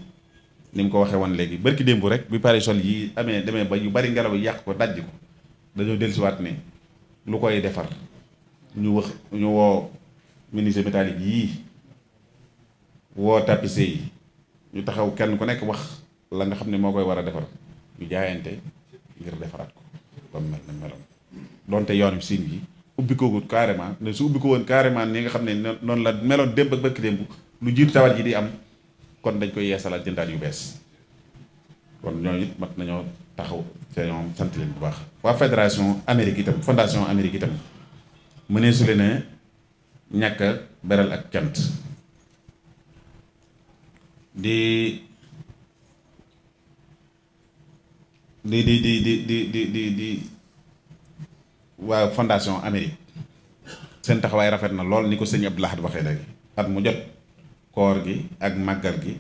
ni mu ko waxee woon léegi bërki démb rek bi pare sol yi amee demee ba yu bari ngelaw yàq ko dajj ko dañoo dellusiwaat ne lu koy defar ñu wax ñu woo minise métallique yii woo tapissier yi ñu taxaw kenn ku nekk wax la nga xam ne moo koy war a defar ñu jaayante ngir defaraat ko ba mu mel na meloon donte yoonu siin yi ubbi ko carrément ne su ubbi ko woon carrément ni nga xam ne noonu la meloon démb ak barki démb lu jiitu tawat ji di am kon dañ koy yeesalaat jëndaat yu bees kon ñooñu it mat nañoo taxaw te ñoom sant leen bu baax. waa fédération Amérique itam fondation Amérique itam mënee su leen ñàkk a ak cant di di di di di di di di. waa fondation Amérique seen taxawaay rafet na lool ni ko sëñ Abdou Lahad waxee léegi at mu jot koor gi ak màggal gi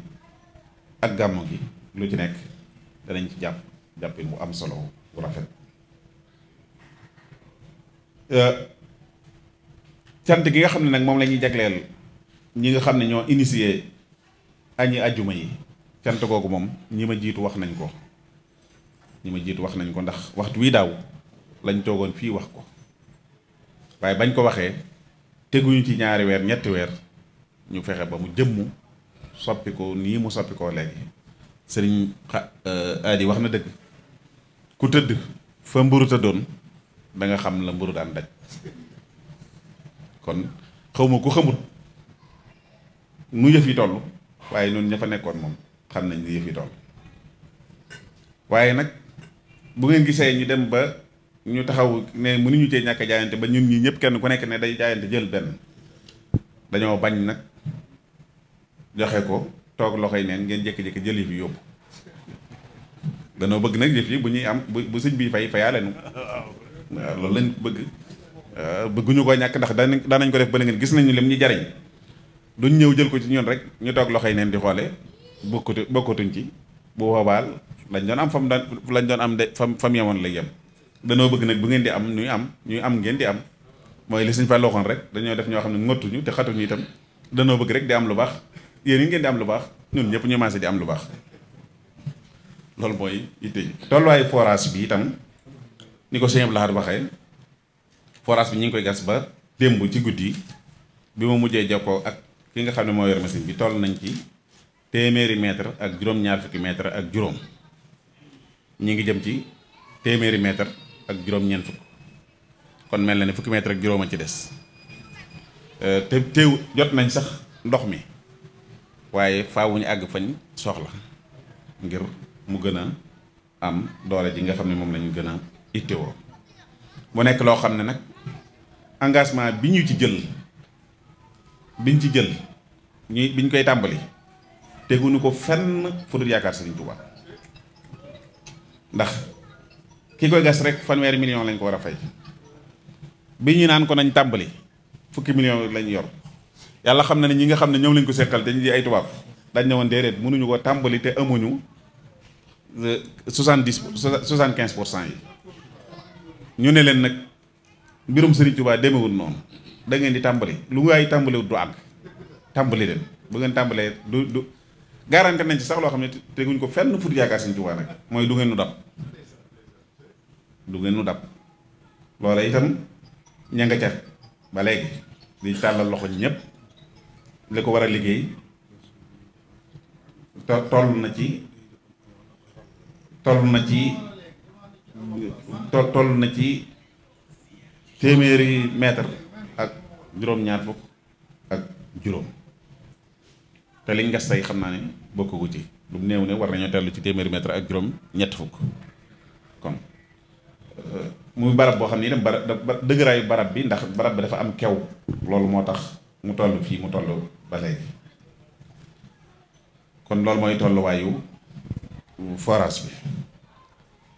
ak gàmmu gi lu ci nekk danañ ci jàpp jàppin bu am solo bu rafet euh, cante gi nga xam ne nag moom lañuy ñuy jagleel ñi nga xam ne ñoo initié añi ajjuma yi cant googu moom ñi ma jiitu wax nañ ko ñi ma jiitu wax nañ ko ndax waxtu wii daaw lañ toogoon fii wax ko waaye bañ ko waxee teguñu ci ñaari weer ñetti weer ñu fexe ba mu jëmm soppi ko nii mu soppi koo léegi sëriñ xa euh, aadi wax na dëgg ku tëdd fa mburu tëddoon da nga xam la mburu daan daj kon xawma ku xamut nu yëf yi toll waaye noonu ña fa nekkoon moom xam nañ ni yëf yi toll waaye nag bu ngeen gisee ñu dem ba ñu taxaw ne ñu cee ñàkk jaayante ba ñun ñi ñëpp kenn ku nekk ne day jaayante jël benn dañoo bañ nag joxe ko toog loxoy neen ngeen jékki-jékki jël yëf yi yóbbu danoo bëgg nag yëf yi bu ñuy am bu bu bi fay fayaale nu loolu lañ bëgg bëgguñu ko ñàkk ndax danañ danañ ko def ba ngeen gis nañu lem ñu jariñ duñ ñëw jël ko ci ñun rek ñu toog loxoy neen di xoole bokkatu bokkatuñ ci bu boobaal lañ doon am fam daan lañ doon am de fam fam yemoon lay yem danoo bëgg nag bu ngeen di am ñuy am ñuy am ngeen di am mooy li suñ fa looxoon rek dañoo def ñoo xam ne ngottuñu te xatuñu itam danoo bëgg rek di am lu baax yéen yi ngeen di am lu baax ñun ñëpp ñu maase di am lu baax loolu mooy itte ji tolluwaayu forage bi itam ni ko sëñ Lahad waxee forage bi ñu ngi koy gas ba démb ci guddi bi ma mujjee jokkoo ak ki nga xam ne moo yor machine bi toll nañ ci téeméeri mètre ak juróom-ñaar fukki mètre ak juróom ñu ngi jëm ci téeméeri mètre ak juróom-ñeent kon mel na ne fukki mètre ak juróom a ci des euh, te teew jot nañ sax ndox mi waaye faawu ñu àgg fañ soxla ngir mu gën a am doole ji nga xam ne moom lañu gën a ittewoo mu nekk loo xam ne nag engagement bi ñu ci jël biñ ci jël ñuy biñ koy tàmbali teguñu ko fenn fu dul yaakaar Sëriñ Tuubaa ndax ki koy gas rek fanweeri million lañ ko war a fay bi ñu naan ko nañ tàmbali fukki million lañ yor yàlla xam na ne ñi nga xam ne ñoom lañ ko seqal dañ di ay tubaab dañ ne woon déedéet mënuñu ko tàmbali te amuñu euh, soixante dix quinze pour cent ñu ne leen nag mbirum Serigne Touba demewul noonu da ngeen di tàmbali lu ngay tàmbaliwut du àgg tàmbali leen bu ngeen tàmbalee du du garanti nañ ci sax loo xam ne teguñ ko fenn fut yaakaar Serigne Touba nag mooy du ngeen nu dab lu ngeen nu dab loola itam ña nga ca ba léegi di tàllal loxo ñëpp li ko war a liggéey toll na ci toll na ci toll na ci téeméeri mètre ak juróom-ñaar fukk ak juróom te liñ ngas tey xam naa ne bokkugu ci lu new ne war nañoo tellu ci téeméeri mètre ak juróom ñett fukk kon mu barab boo xam ne itam barab dëgëraayu barab bi ndax barab bi dafa am kew loolu moo tax mu toll fii mu toll ba léegi kon loolu mooy tolluwaayu forage bi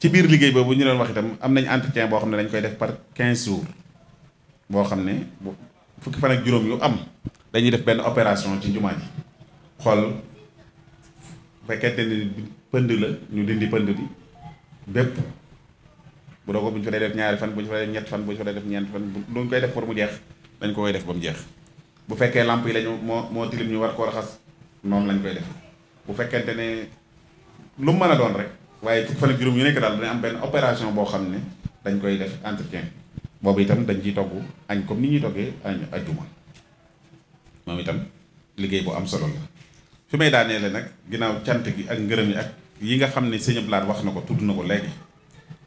ci biir liggéey boobu ñu doon wax itam am nañ entretien boo xam ne dañ koy def par quinze jours boo xam ne fukki fan ak juróom yu am dañuy def benn opération ci jumaa ji xool fekkente ni pënd la ñu dindi pënd bi bépp bu doogoo bu ñu fa ñaari fan bu ñu fa dee def ñett fan bu ñu fa dee dañ ko koy def jeex bu fekkee lamp yi lañu moo moo tilim ñu war koo raxas noonu lañ koy bu fekkente ne lu mën a doon rek waaye fukki fan ak juróom nekk daal dana am benn opération boo xam ne dañ koy def entretien boobu tam dañ ciy togg añ comme ni ñuy toggee añ ajjuma moom itam liggéey boo am solo la fi may daaneele nag ginnaaw cant gi ak ngërëm yi ak yi nga xam ne sëñ Ablaye wax na ko tudd na ko léegi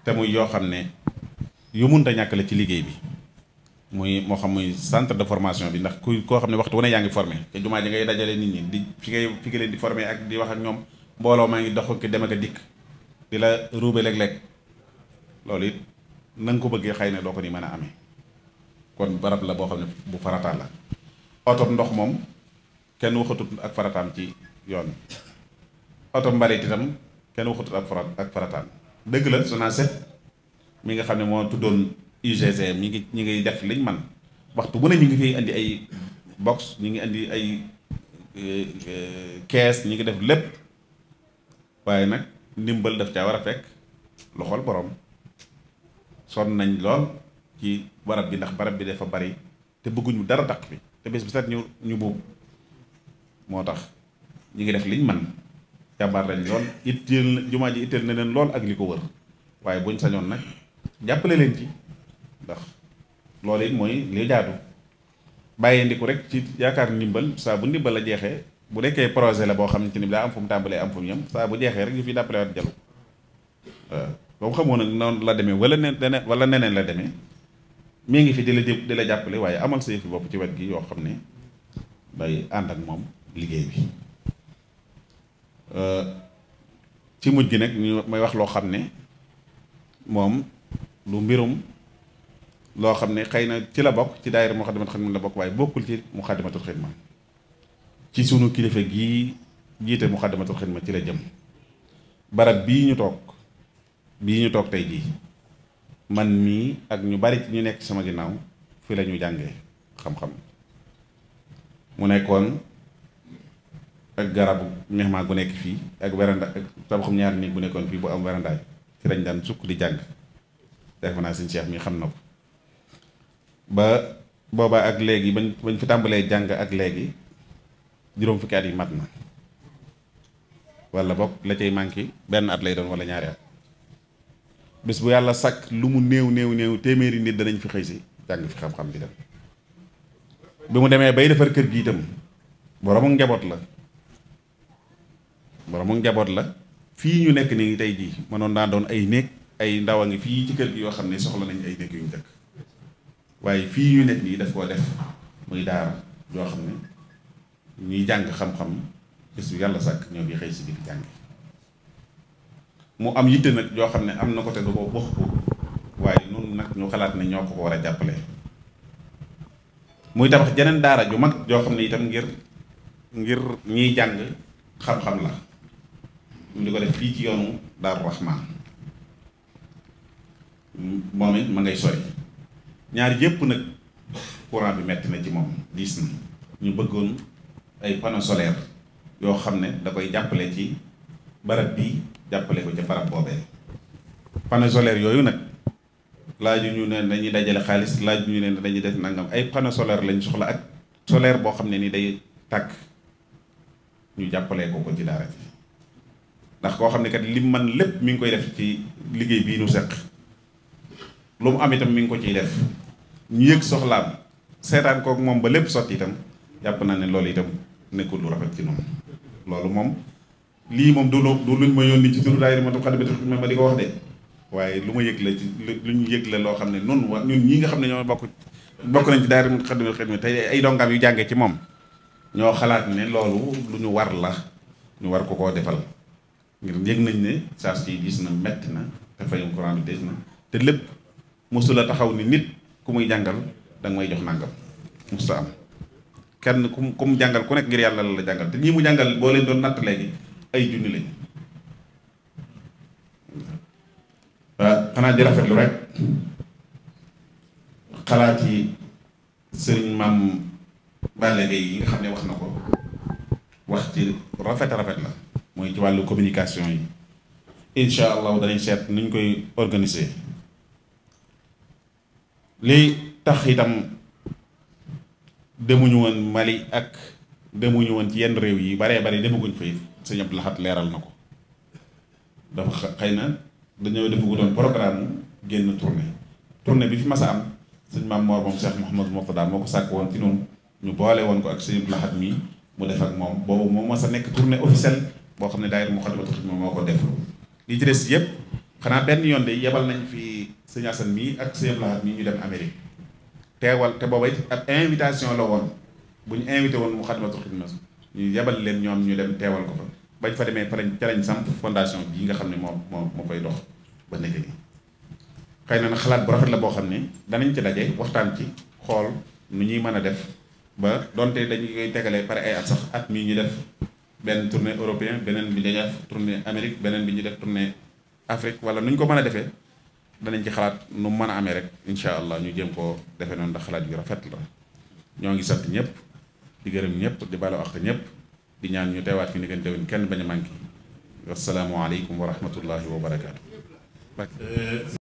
te muy yoo xam ne yu mun ñàkk ñàkkale ci liggéey bi muy moo xam muy centre de formation bi ndax ku koo xam ne waxtu wu yaa ngi formé te jumaa ji ngay dajale nit ñi di fi ngay fi leen di forme ak di wax ak ñoom mbooloo maa ngi dox ak dem ak a dikk di la ruube léeg-léeg loolu it na ko bëggee xëy na doo ko ni mën a amee kon barab la boo xam ne bu farataal la oto ndox moom kenn waxatut ak farataam ci yoon oto mbalit itam kenn waxatut ak farataam dëgg la Sonacet mi nga xam ne moo tuddoon UGC mi ngi ñi ngi def liñ man waxtu bu ne ñu ngi fiy andi ay box ñu ngi indi ay kees eh, eh, ñu ngi def lépp waaye nag ndimbal daf caa war a fekk loxol boroom sonn nañ lool ci barab bi ndax barab bi dafa bari te bëgguñu dara taq bi te bés bi set ñu ñu buub moo tax ñu ngi def liñ man jàmbaar lañ lool itteel jumaa ji itteel na leen lool ak ko wër waaye buñ sañoon nag jàppale leen ci ndax loolu it mooy li jaadu bàyyee rek ci yaakaar ndimbal saa bu ndimbal la jeexee bu nekkee projet la boo xamante ni daa am fu mu tàmbalee am fu mu yem saa bu jeexee rek ñu fi dàppale waat jalu euh, waaw boobu xamoon nag noonu la demee wala nen wala neneen la demee mi ngi fi di la di la jàppale waaye amal sa yëfi bopp ci wet gi yoo xam ne day ànd ak moom liggéey bi Euh, ci mujj gi nag ñu may wax loo xam ne moom lu mbirum loo xam ne xëy na ci la bokk ci daayira Moukhaddamatoul Khidma la bokk waaye bokkul ci Moukhaddamatoul Khidma ci sunu kilifa gii jiite Moukhaddamatoul Khidma ci la jëm barab bii ñu toog bii ñu toog tey jii man mii ak ñu bari ci ñu nekk sama ginnaaw fi la ñu jàngee xam-xam mu nekkoon ak garabu maa gu nekk fii ak weranda ak tabaxum ñaari néeg bu nekkoon fii bu am werandaay ci lañ daan sukk di jàng def naa siñ seex mi xam na ko ba boobaa ak léegi bañ bañ fi tàmbalee jàng ak léegi juróom fukki at yi mat na walla boog la cay manqué benn at lay doon wala ñaari at bis bu yàlla sàkk lu mu néew néew néew téeméeri nit danañ fi xëy si jàng fi xam-xam di dem bi mu demee bay defar kër gi tam boroomu ngeboot la boromu njaboot la fii ñu nekk ni ngi tey jii mënoon naa doon ay néeg ay ndaw a ngi fii ci kër gi yoo xam ne soxla nañ ay néeg yu ñu dëkk waaye fii ñu nekk nii daf koo def muy daara yoo xam ne ñuy jàng xam-xam bés bu si biir jàng mu am yitte nag yoo xam ne am na ko te du ko wax ko waaye noonu nag ñu xalaat ne ñoo ko war a jàppale muy tabax jeneen daara ju mag joo xam ne itam ngir ngir ñiy jàng xam-xam la ñu di ko def fii ci yoonu Daaru Rahman moom it ma ngay sori ñaar yépp nag courant bi metti na ci moom diis na ñu bëggoon ay panneaux solaires yoo xam ne da koy jàppale ci barab bi jàppale ko ca barab boobee panneaux solaires yooyu nag laaju ñu ne dañuy dajale xaalis laaju ñu ne dañuy def nangam ay panneaux solaires lañ soxla ak solaire boo xam ne ni day takk ñu jàppalee ko ci daara ji ndax koo xam ne kat lim man lépp mi ngi koy def ci liggéey bii nu seq lu mu am itam mu ngi ko ci def ñu yëg soxlaam seetaan kook moom ba lépp sotti itam jàpp naa ne loolu itam nekkul lu rafet ci noonu loolu moom lii moom du du luñ ma yónni ci turu daayira ma xam ne ma di ko wax de lu ma yëg la lu ñu yëg la loo xam ne nun ñun ñi nga xam ne ñoo bokk bokk nañ ci daayira mu xaddimatul xidma tey ay dongam yu jàngee ci moom ñoo xalaat ne loolu lu ñu war la ñu war ko koo defal ngir yëg nañ ne charge si gis na metti na te fayum courant bi des na te lépp mosul a taxaw ni nit ku muy jàngal danga nga may jox nangam mosul am kenn ku mu ku mu jàngal ku nekk ngir yàlla la la jàngal te ñi mu jàngal boo leen doon natt léegi ay junni lañ waaw xanaa di rafetlu rek xalaat yi sëriñ maam Balla yi nga xam ne wax na ko wax ci rafet rafet la. mooy ci wàllu communication yi incha allah danañ seet nuñ koy organiser li tax itam demuñu woon Mali ak demuñu woon ci yenn réew yi baree bare demaguñ fa it sëñ Abdou Lahad leeral na ko dafa xëy na dañoo defagu doon programme génn tournée tournée bi fi ma a am sëñ maam Mor moom Cheikh Mouhamadou Mourtada moo ko sàkk woon ci ñu boole woon ko ak sëñ Abdou Lahad mi mu def ak moom boobu moom moo sa nekk tournée officielle boo xam ne daayira Moukhaddamatoul Khidma moo ko def li ci des yëpp xanaa benn yoon de yebal nañ fi sëñ mii ak sëñ Abdoulaye mii ñu dem Amérique teewal te booba it ab invitation la woon bu ñu invité woon Moukhaddamatoul Khidma ñu yebal leen ñoom ñu dem teewal ko fa bañ fa demee falañ ca lañ samp fondation bii nga xam ne moo moo moo koy dox ba nekk nii xëy na xalaat bu rafet la boo xam ne danañ ci daje waxtaan ci xool nu ñuy mën a def ba donte dañu koy tegalee pare ay sax at mii ñu def benn tournée européen beneen bi dañuy def tournée Amérique beneen bi ñu def tournée Afrique wala nu ñu ko mën a defee danañ ci xalaat nu mën a amee rek incha allah ñu jéem koo defe noonu ndax xalaat yu rafet la ñoo ngi sat ñëpp di gërëm ñëpp di balo ak ñëpp di ñaan ñu teewaat fi ni ngeen déwén kenn bañ a manqué wasalaamualeykum wa rahmatullahi wa barakaatu. Euh,